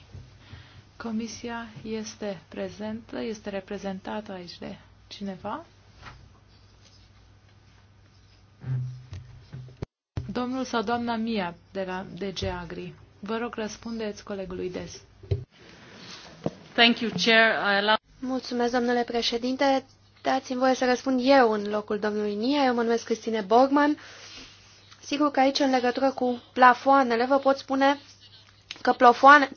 Comisia este prezentă, este reprezentată aici de cineva? Domnul sau doamna Mia de la DG Agri. Vă rog răspundeți colegului Des. Thank you, Chair. I allow... Mulțumesc, domnule președinte. Dați-mi voie să răspund eu în locul domnului Nia. Eu mă numesc Cristine Borgman. Uh, Sigur că aici, în legătură cu plafoanele, vă pot spune că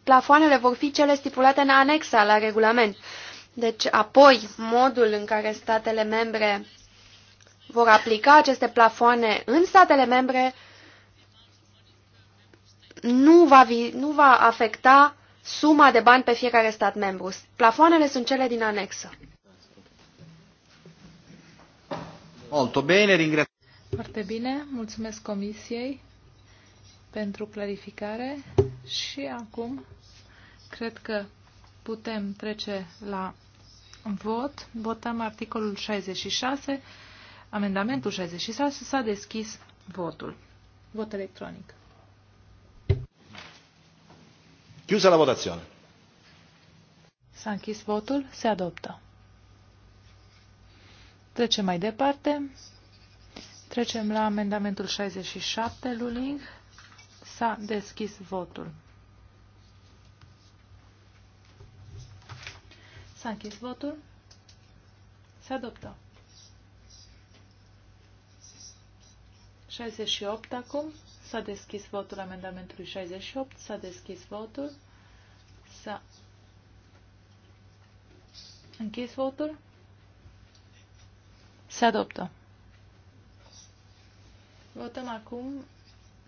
plafoanele vor fi cele stipulate în anexa la regulament. Deci, apoi, modul în care statele membre vor aplica aceste plafoane în statele membre nu va, vi, nu va afecta suma de bani pe fiecare stat membru. Plafoanele sunt cele din anexă. Molto bene, ringrazio. Foarte bine, mulțumesc Comisiei pentru clarificare și acum cred că putem trece la vot. Votăm articolul 66, amendamentul 66, s-a deschis votul. Vot electronic. Chiusa la votazione. S-a închis votul, se adoptă. Trecem mai departe. Trecem la amendamentul 67, Luling. S-a deschis votul. S-a închis votul. Se adoptă. 68 acum. S-a deschis votul amendamentului 68. S-a deschis votul. S-a închis votul. Se adoptă. Votăm acum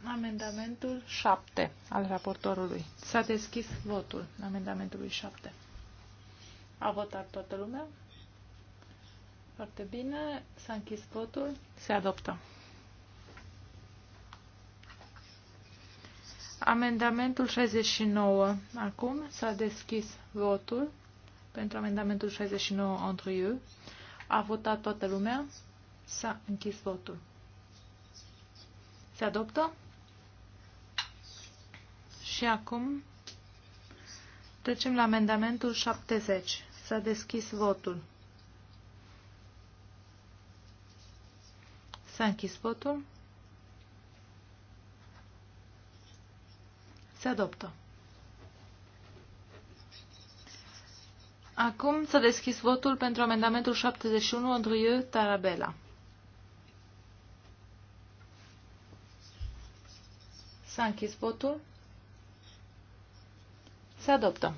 amendamentul 7 al raportorului. S-a deschis votul amendamentului 7. A votat toată lumea? Foarte bine. S-a închis votul. Se adoptă. Amendamentul 69. Acum s-a deschis votul pentru amendamentul 69 Andrieu. A votat toată lumea. S-a închis votul. Se adoptă. Și acum trecem la amendamentul 70. S-a deschis votul. S-a închis votul. Se adoptă. Acum să deschis votul pentru amendamentul 71 Andrieu Tarabella. S-a închis votul. Se adoptă.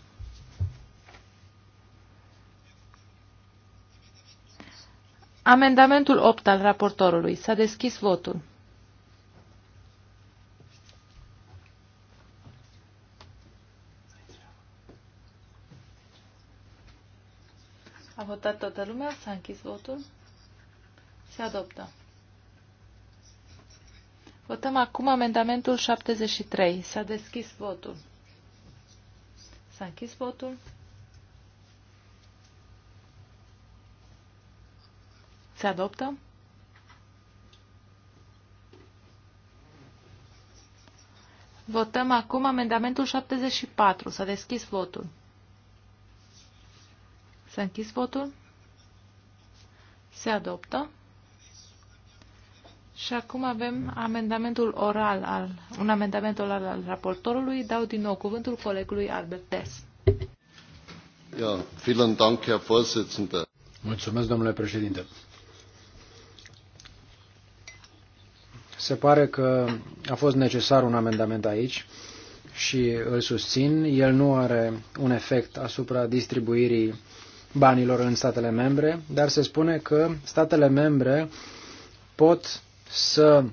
Amendamentul 8 al raportorului. S-a deschis votul. A votat toată lumea, s-a închis votul, se adoptă. Votăm acum amendamentul 73. S-a deschis votul. S-a închis votul. Se adoptă? Votăm acum amendamentul 74. S-a deschis votul. S-a închis votul. Se adoptă. Și acum avem amendamentul oral al, un amendament oral al raportorului. Dau din nou cuvântul colegului Albert Des. Ja, vielen Dank, Herr Vorsitzender. Mulțumesc, domnule președinte. Se pare că a fost necesar un amendament aici și îl susțin. El nu are un efect asupra distribuirii banilor în statele membre, dar se spune că statele membre pot să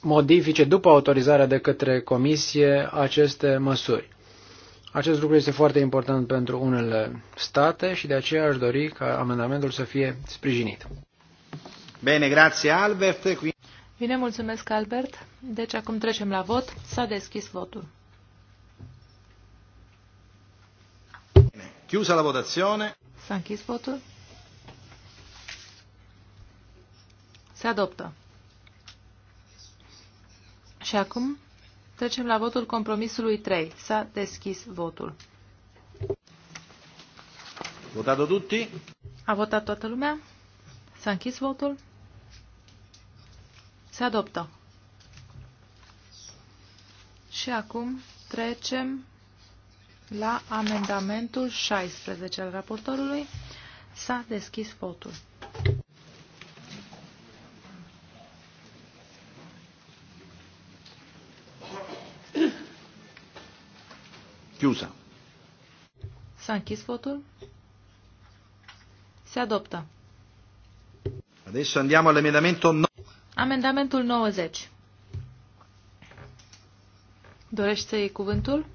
modifice după autorizarea de către comisie aceste măsuri. Acest lucru este foarte important pentru unele state și de aceea aș dori ca amendamentul să fie sprijinit. Bine, grație Albert. Bine, mulțumesc Albert. Deci acum trecem la vot. S-a deschis votul. Chiusa la votazione. S-a închis votul. Se adoptă. Și acum trecem la votul compromisului 3. S-a deschis votul. Votat o tutti? A votat toată lumea? S-a închis votul? Se adoptă. Și acum trecem la amendamentul 16 al raportorului. S-a deschis votul. Chiusa. S-a închis votul? Se adoptă. Adesso andiamo all'emendamento 9. Amendamentul 90. Dorești să iei cuvântul?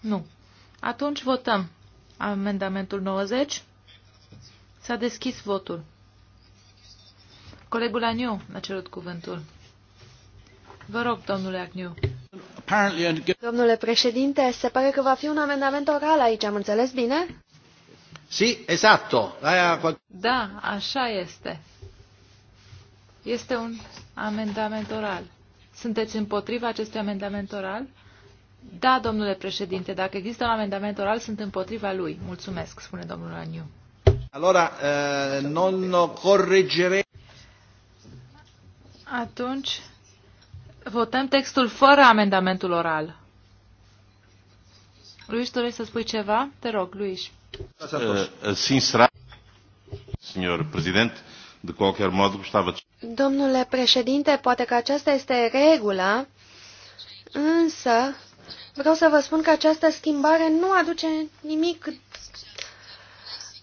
Nu. Atunci votăm. Amendamentul 90. S-a deschis votul. Colegul Agniu a cerut cuvântul. Vă rog, domnule Agniu. Domnule președinte, se pare că va fi un amendament oral aici, am înțeles bine? Si, exacto. Da, așa este. Este un amendament oral. Sunteți împotriva acestui amendament oral? Da, domnule președinte, dacă există un amendament oral, sunt împotriva lui. Mulțumesc, spune domnul Aniu. Allora, eh, non correggere... Atunci, Votăm textul fără amendamentul oral. Luis, dorești să spui ceva? Te rog, Luis. Eh, eh, Sincer, senhor de qualquer mod gustava. Domnule președinte, poate că aceasta este regula, însă vreau să vă spun că această schimbare nu aduce nimic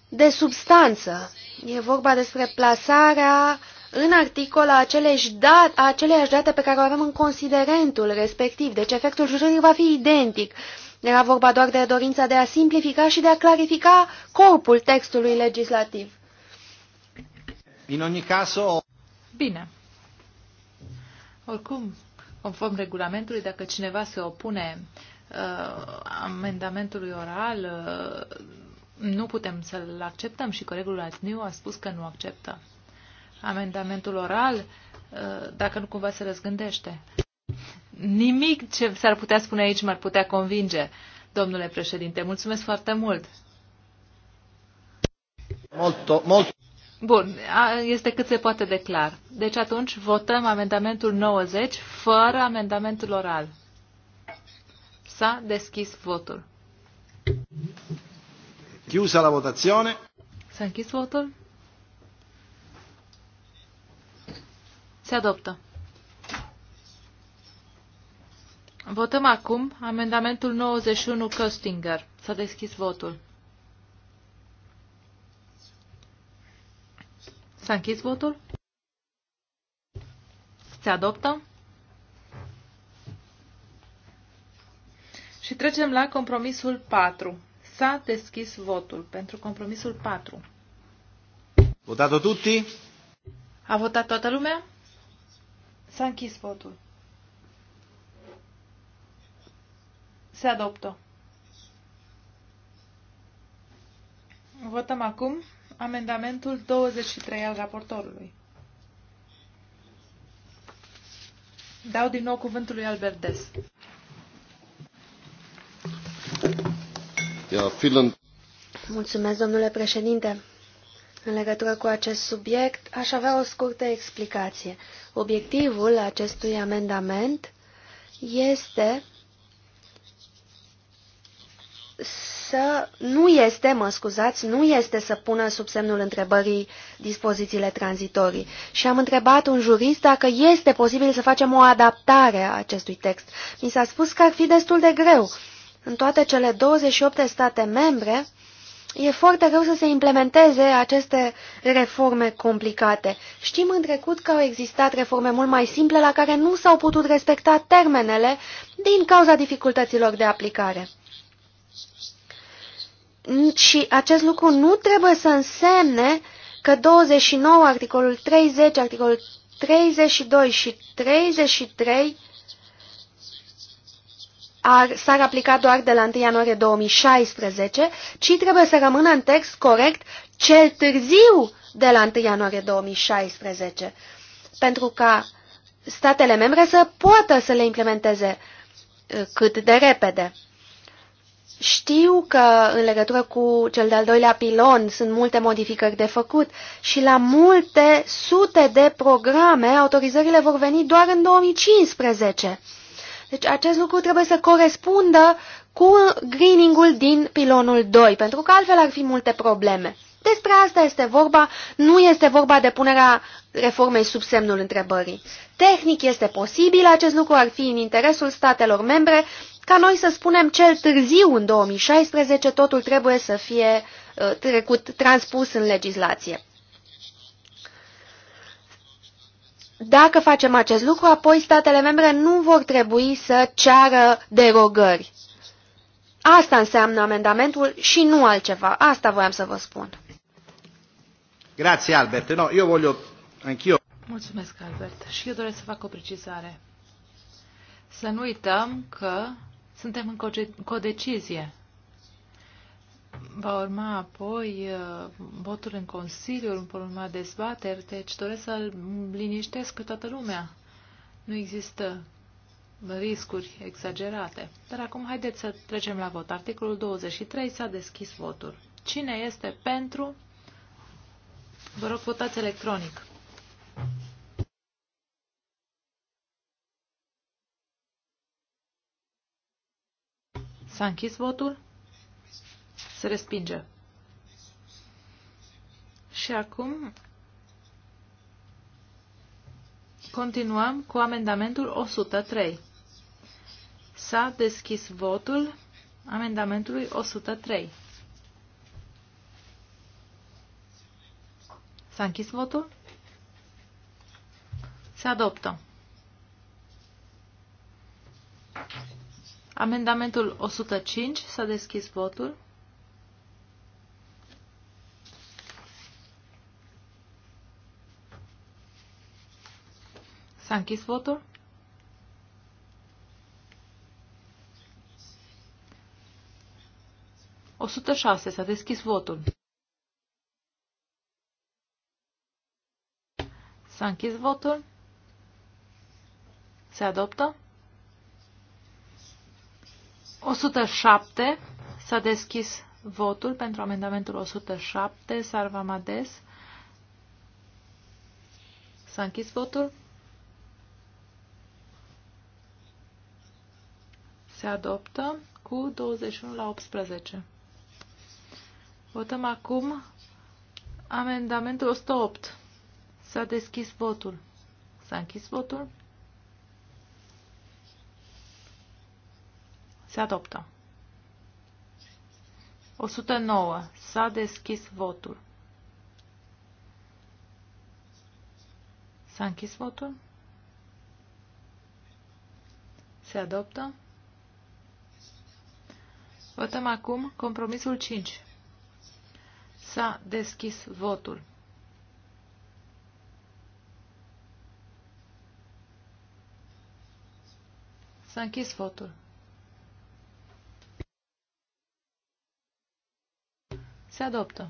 de substanță. E vorba despre plasarea uh, în articol a aceleași, dat, a aceleași date pe care o avem în considerentul respectiv. Deci efectul juridic va fi identic. Era vorba doar de dorința de a simplifica și de a clarifica corpul textului legislativ. În ogni caso... Bine. Oricum, conform regulamentului, dacă cineva se opune uh, amendamentului oral, uh, nu putem să-l acceptăm și colegul Atniu a spus că nu acceptă amendamentul oral, uh, dacă nu cumva se răzgândește. Nimic ce s-ar putea spune aici m-ar putea convinge, domnule președinte. Mulțumesc foarte mult. Molto, molto. Bun, este cât se poate de clar. Deci atunci votăm amendamentul 90 fără amendamentul oral. S-a deschis votul. Chiusa la votazione. S-a închis votul. Se adoptă. Votăm acum amendamentul 91 Köstinger. S-a deschis votul. S-a închis votul? Se adoptă? Și trecem la compromisul 4. S-a deschis votul pentru compromisul 4. Votat-o tutti? A votat toată lumea? S-a închis votul. Se adoptă. Votăm acum amendamentul 23 al raportorului. Dau din nou cuvântul lui Albert Des. Mulțumesc, domnule președinte. În legătură cu acest subiect, aș avea o scurtă explicație. Obiectivul acestui amendament este să nu este, mă scuzați, nu este să pună sub semnul întrebării dispozițiile tranzitorii. Și am întrebat un jurist dacă este posibil să facem o adaptare a acestui text. Mi s-a spus că ar fi destul de greu. În toate cele 28 state membre, E foarte greu să se implementeze aceste reforme complicate. Știm în trecut că au existat reforme mult mai simple la care nu s-au putut respecta termenele din cauza dificultăților de aplicare. Și acest lucru nu trebuie să însemne că 29, articolul 30, articolul 32 și 33 s-ar aplica doar de la 1 ianuarie 2016, ci trebuie să rămână în text corect cel târziu de la 1 ianuarie 2016, pentru ca statele membre să poată să le implementeze uh, cât de repede. Știu că în legătură cu cel de-al doilea pilon sunt multe modificări de făcut și la multe sute de programe autorizările vor veni doar în 2015. Deci acest lucru trebuie să corespundă cu greening-ul din pilonul 2, pentru că altfel ar fi multe probleme. Despre asta este vorba, nu este vorba de punerea reformei sub semnul întrebării. Tehnic este posibil, acest lucru ar fi în interesul statelor membre, ca noi să spunem cel târziu în 2016 totul trebuie să fie uh, trecut, transpus în legislație. Dacă facem acest lucru, apoi statele membre nu vor trebui să ceară derogări. Asta înseamnă amendamentul și nu altceva. Asta voiam să vă spun. Grazie, Albert. No, eu voglio anch'io. Mulțumesc, Albert. Și eu doresc să fac o precizare. Să nu uităm că suntem în codecizie. Va urma apoi uh, votul în Consiliu, vor urma dezbateri, deci doresc să liniștesc cu toată lumea. Nu există riscuri exagerate. Dar acum haideți să trecem la vot. Articolul 23 s-a deschis votul. Cine este pentru? Vă rog, votați electronic. S-a închis votul? Se respinge. Și acum continuăm cu amendamentul 103. S-a deschis votul amendamentului 103. S-a închis votul? Se adoptă. Amendamentul 105. S-a deschis votul. S-a închis votul? O șase S-a deschis votul. S-a închis votul. Se adoptă. 107. S-a deschis votul pentru amendamentul 107. Mades. S-a închis votul. Se adoptă cu 21 la 18. Votăm acum amendamentul 108. S-a deschis votul. S-a închis votul. Se adoptă. 109. S-a deschis votul. S-a închis votul. Se adoptă. Votăm acum compromisul 5. S-a deschis votul. S-a închis votul. Se adoptă.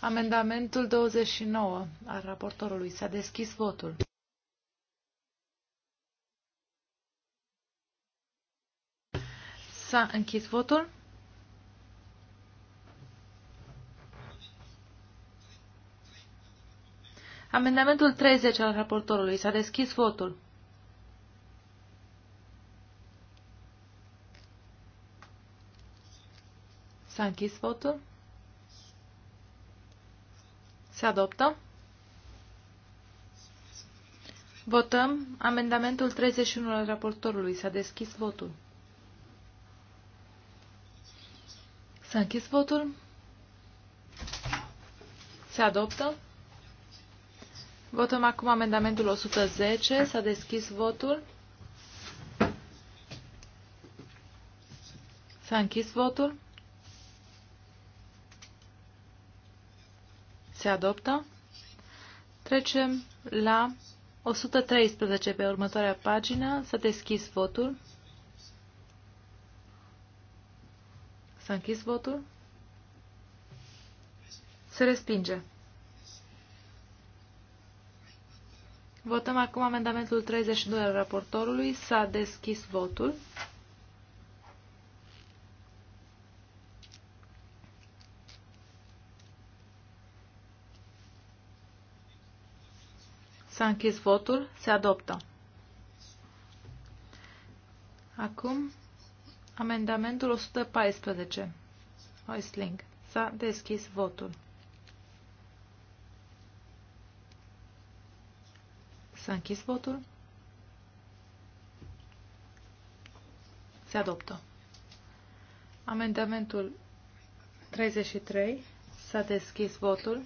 Amendamentul 29 al raportorului. S-a deschis votul. S-a închis votul. Amendamentul 30 al raportorului. S-a deschis votul. S-a închis votul. Se adoptă. Votăm amendamentul 31 al raportorului. S-a deschis votul. S-a închis votul. Se adoptă. Votăm acum amendamentul 110. S-a deschis votul. S-a închis votul. Se adoptă. Trecem la 113 pe următoarea pagină. S-a deschis votul. S-a închis votul. Se respinge. Votăm acum amendamentul 32 al raportorului. S-a deschis votul. S-a închis votul. Se adoptă. Acum Amendamentul 114. Oisling. S-a deschis votul. S-a închis votul. Se adoptă. Amendamentul 33. S-a deschis votul.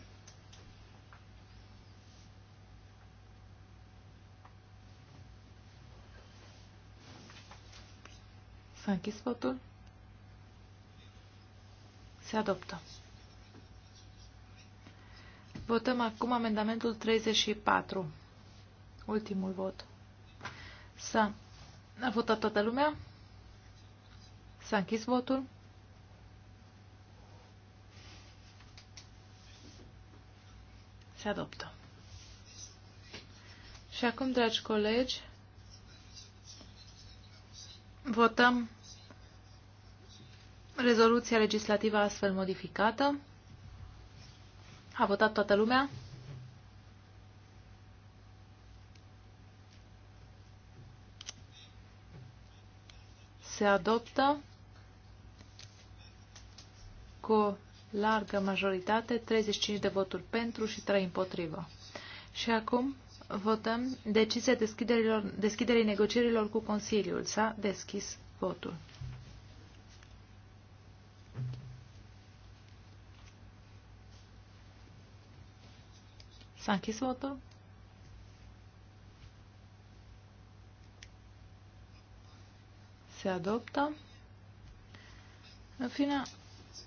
S-a închis votul. Se adoptă. Votăm acum amendamentul 34. Ultimul vot. S-a a votat toată lumea? S-a închis votul? Se adoptă. Și acum, dragi colegi, Votăm rezoluția legislativă astfel modificată. A votat toată lumea? Se adoptă cu largă majoritate, 35 de voturi pentru și 3 împotrivă. Și acum Votăm decizia deschiderii negocierilor cu Consiliul. S-a deschis votul. S-a închis votul? Se adoptă. În fine,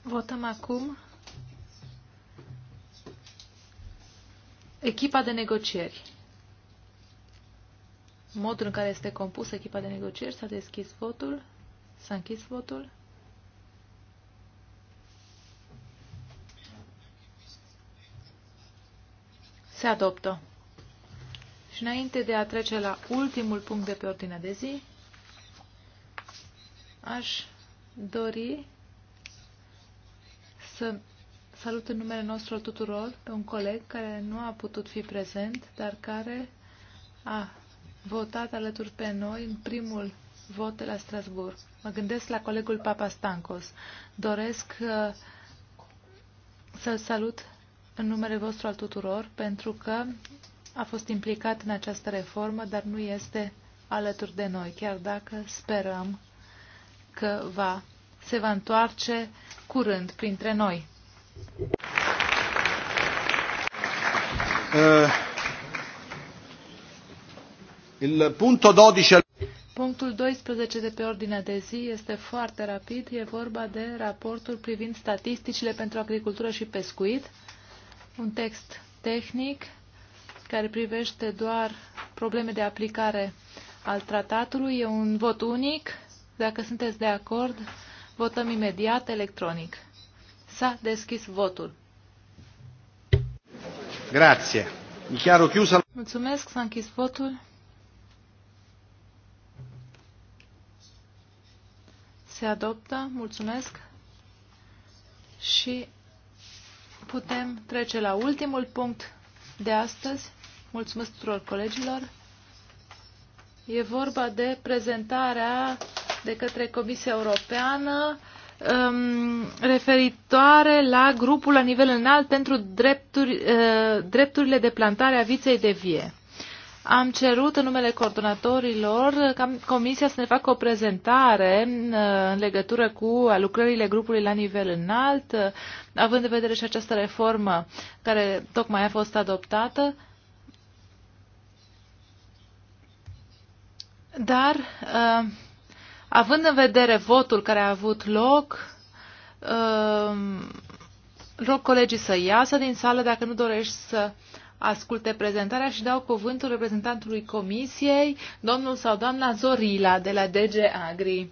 votăm acum echipa de negocieri modul în care este compusă echipa de negocieri. S-a deschis votul. S-a închis votul. Se adoptă. Și înainte de a trece la ultimul punct de pe ordinea de zi, aș dori să salut în numele nostru tuturor pe un coleg care nu a putut fi prezent, dar care a votat alături pe noi în primul vot la Strasbourg. Mă gândesc la colegul Papa Stancos. Doresc uh, să-l salut în numele vostru al tuturor, pentru că a fost implicat în această reformă, dar nu este alături de noi, chiar dacă sperăm că va, se va întoarce curând printre noi. Uh. Il punto 12 Punctul 12 de pe ordinea de zi este foarte rapid. E vorba de raportul privind statisticile pentru agricultură și pescuit. Un text tehnic care privește doar probleme de aplicare al tratatului. E un vot unic. Dacă sunteți de acord, votăm imediat electronic. S-a deschis votul. Grazie. Mulțumesc, s-a închis votul. Se adoptă. Mulțumesc. Și putem trece la ultimul punct de astăzi. Mulțumesc tuturor colegilor. E vorba de prezentarea de către Comisia Europeană um, referitoare la grupul la nivel înalt pentru drepturi, uh, drepturile de plantare a viței de vie. Am cerut în numele coordonatorilor ca Comisia să ne facă o prezentare uh, în legătură cu lucrările grupului la nivel înalt, uh, având în vedere și această reformă care tocmai a fost adoptată. Dar, uh, având în vedere votul care a avut loc, rog colegii să iasă din sală dacă nu dorești să asculte prezentarea și dau cuvântul reprezentantului comisiei, domnul sau doamna Zorila de la DG Agri.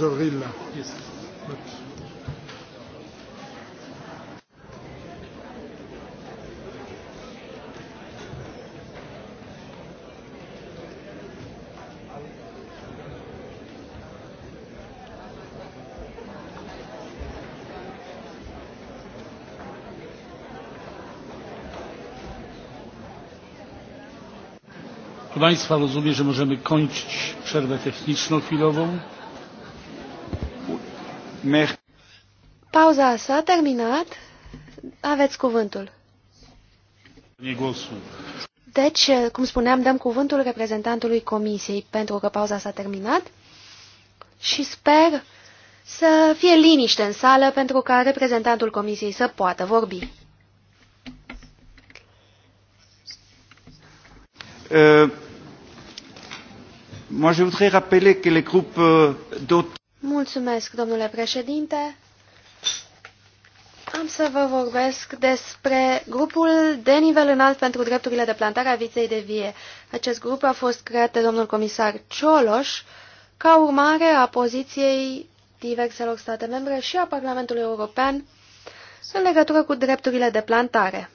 Zorrilla. proszę państwa rozumiem że możemy kończyć przerwę techniczną chwilową. Pauza s-a terminat. Aveți cuvântul. Deci, cum spuneam, dăm cuvântul reprezentantului Comisiei, pentru că pauza s-a terminat și sper să fie liniște în sală pentru ca reprezentantul Comisiei să poată vorbi. Uh, moi, je voudrais rappeler que les groupes euh, d'autres Mulțumesc, domnule președinte. Am să vă vorbesc despre grupul de nivel înalt pentru drepturile de plantare a viței de vie. Acest grup a fost creat de domnul comisar Cioloș ca urmare a poziției diverselor state membre și a Parlamentului European în legătură cu drepturile de plantare.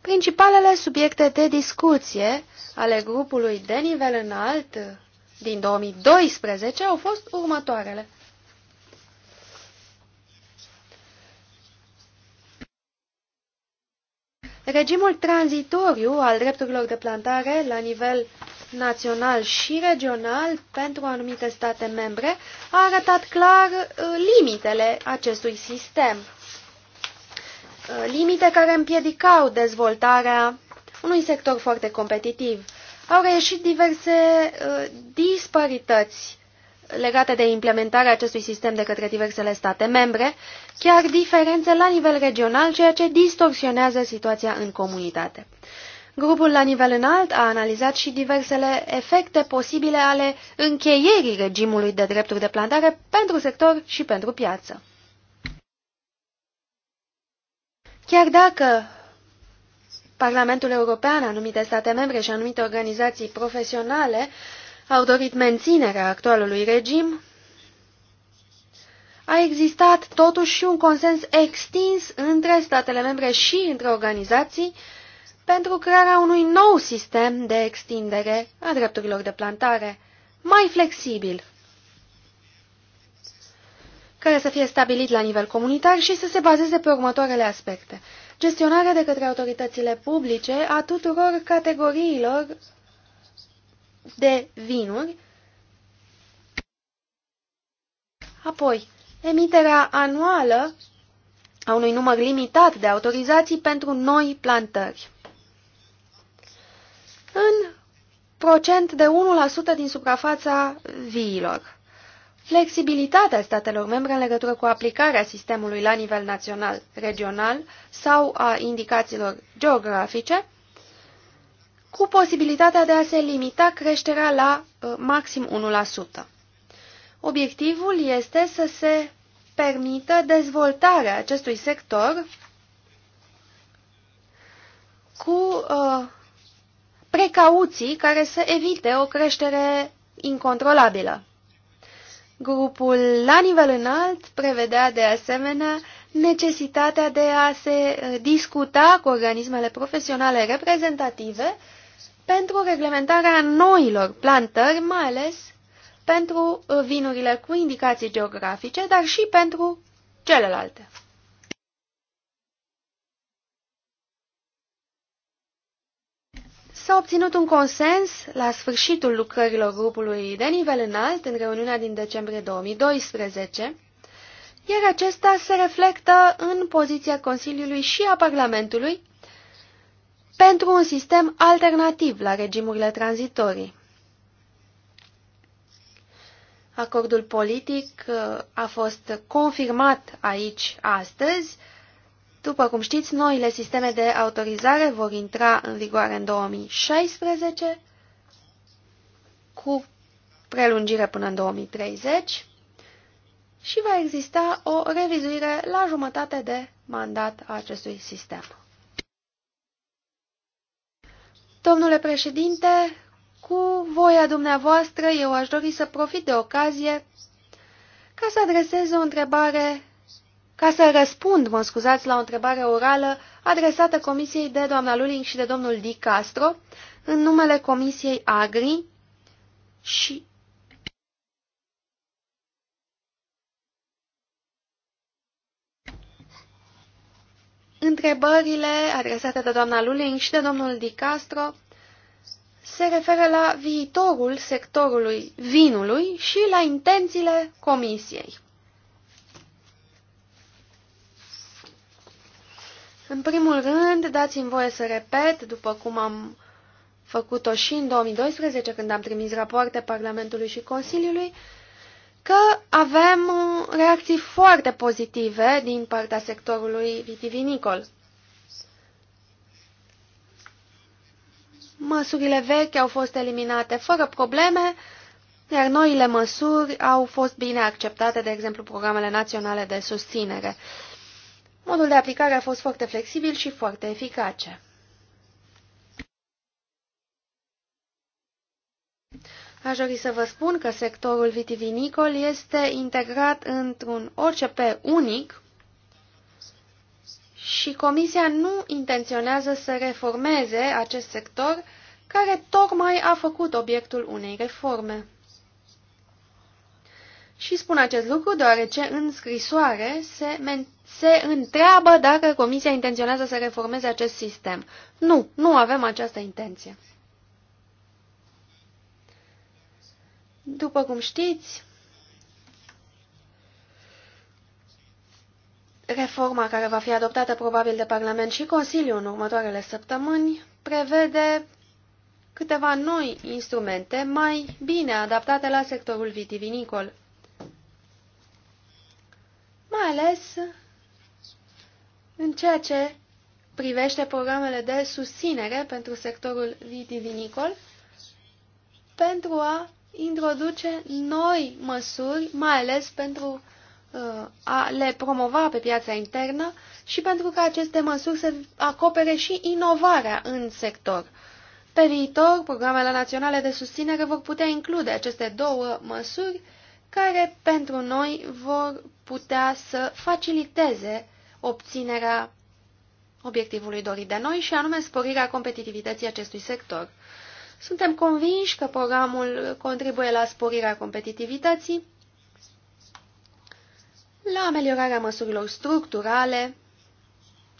Principalele subiecte de discuție ale grupului de nivel înalt din 2012 au fost următoarele. Regimul tranzitoriu al drepturilor de plantare la nivel național și regional pentru anumite state membre a arătat clar uh, limitele acestui sistem. Uh, limite care împiedicau dezvoltarea unui sector foarte competitiv au reieșit diverse uh, disparități legate de implementarea acestui sistem de către diversele state membre, chiar diferențe la nivel regional, ceea ce distorsionează situația în comunitate. Grupul la nivel înalt a analizat și diversele efecte posibile ale încheierii regimului de drepturi de plantare pentru sector și pentru piață. Chiar dacă Parlamentul European, anumite state membre și anumite organizații profesionale au dorit menținerea actualului regim, a existat totuși și un consens extins între statele membre și între organizații pentru crearea unui nou sistem de extindere a drepturilor de plantare, mai flexibil, care să fie stabilit la nivel comunitar și să se bazeze pe următoarele aspecte – gestionarea de către autoritățile publice a tuturor categoriilor de vinuri, apoi emiterea anuală a unui număr limitat de autorizații pentru noi plantări. În procent de 1% din suprafața viilor flexibilitatea statelor membre în legătură cu aplicarea sistemului la nivel național, regional sau a indicațiilor geografice, cu posibilitatea de a se limita creșterea la uh, maxim 1%. Obiectivul este să se permită dezvoltarea acestui sector cu uh, precauții care să evite o creștere incontrolabilă. Grupul la nivel înalt prevedea de asemenea necesitatea de a se eh, discuta cu organismele profesionale reprezentative pentru reglementarea noilor plantări, mai ales pentru eh, vinurile cu indicații geografice, dar și pentru celelalte. S-a obținut un consens la sfârșitul lucrărilor grupului de nivel înalt în reuniunea din decembrie 2012, iar acesta se reflectă în poziția Consiliului și a Parlamentului pentru un sistem alternativ la regimurile tranzitorii. Acordul politic uh, a fost confirmat aici astăzi după cum știți, noile sisteme de autorizare vor intra în vigoare în 2016 cu prelungire până în 2030 și va exista o revizuire la jumătate de mandat a acestui sistem. Domnule președinte, cu voia dumneavoastră, eu aș dori să profit de ocazie ca să adresez o întrebare ca să răspund, mă scuzați, la o întrebare orală adresată Comisiei de doamna Luling și de domnul Di Castro în numele Comisiei Agri și Întrebările adresate de doamna Luling și de domnul Di Castro se referă la viitorul sectorului vinului și la intențiile comisiei. În primul rând, dați-mi voie să repet, după cum am făcut-o și în 2012, când am trimis rapoarte Parlamentului și Consiliului, că avem uh, reacții foarte pozitive din partea sectorului vitivinicol. Măsurile vechi au fost eliminate fără probleme, iar noile măsuri au fost bine acceptate, de exemplu, programele naționale de susținere. Modul de aplicare a fost foarte flexibil și foarte eficace. Aș dori să vă spun că sectorul vitivinicol este integrat într-un OCP unic și Comisia nu intenționează să reformeze acest sector care tocmai a făcut obiectul unei reforme. Și spun acest lucru deoarece în scrisoare se, men se întreabă dacă Comisia intenționează să reformeze acest sistem. Nu, nu avem această intenție. După cum știți, reforma care va fi adoptată probabil de Parlament și Consiliu în următoarele săptămâni prevede câteva noi instrumente mai bine adaptate la sectorul vitivinicol. Mai ales în ceea ce privește programele de susținere pentru sectorul vitivinicol, pentru a introduce noi măsuri, mai ales pentru uh, a le promova pe piața internă și pentru ca aceste măsuri să acopere și inovarea în sector. Pe viitor, programele naționale de susținere vor putea include aceste două măsuri care pentru noi vor putea să faciliteze obținerea obiectivului dorit de noi și anume sporirea competitivității acestui sector. Suntem convinși că programul contribuie la sporirea competitivității, la ameliorarea măsurilor structurale,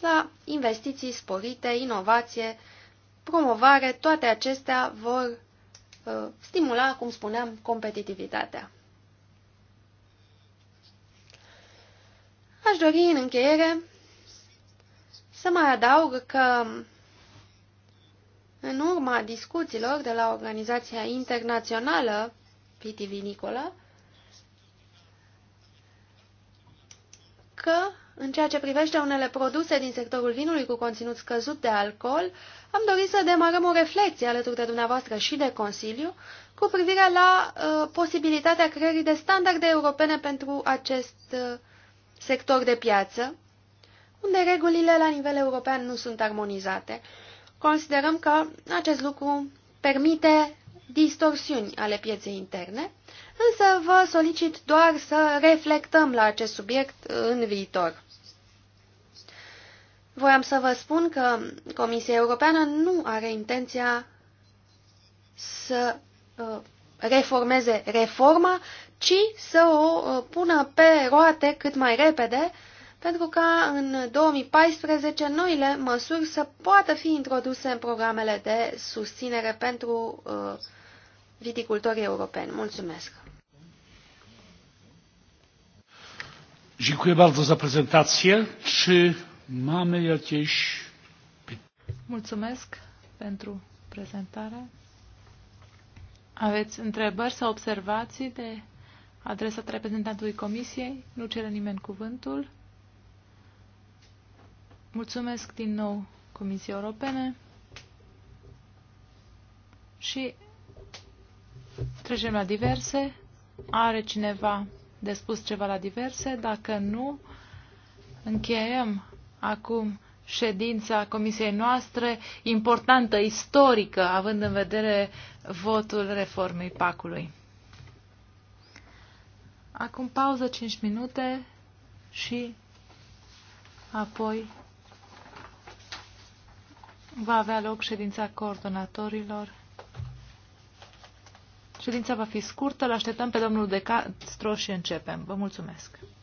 la investiții sporite, inovație, promovare, toate acestea vor uh, stimula, cum spuneam, competitivitatea. Aș dori în încheiere să mai adaug că în urma discuțiilor de la organizația internațională PTV Nicola, că, în ceea ce privește unele produse din sectorul vinului cu conținut scăzut de alcool, am dorit să demarăm o reflexie alături de dumneavoastră și de Consiliu cu privire la uh, posibilitatea creării de standarde europene pentru acest uh, sector de piață, unde regulile la nivel european nu sunt armonizate. Considerăm că acest lucru permite distorsiuni ale pieței interne, însă vă solicit doar să reflectăm la acest subiect în viitor. Voiam să vă spun că Comisia Europeană nu are intenția să uh, reformeze reforma, ci să o uh, pună pe roate cât mai repede, pentru ca în 2014 noile măsuri să poată fi introduse în programele de susținere pentru uh, viticultorii europeni. Mulțumesc! Dziękuję bardzo za prezentację. Czy mamy jakieś Mulțumesc pentru prezentare. Aveți întrebări sau observații de adresat reprezentantului Comisiei. Nu cere nimeni cuvântul. Mulțumesc din nou Comisiei Europene și trecem la diverse. Are cineva de spus ceva la diverse? Dacă nu, încheiem acum ședința comisiei noastre, importantă, istorică, având în vedere votul reformei pacului. Acum pauză 5 minute și apoi va avea loc ședința coordonatorilor. Ședința va fi scurtă, îl așteptăm pe domnul De și începem. Vă mulțumesc!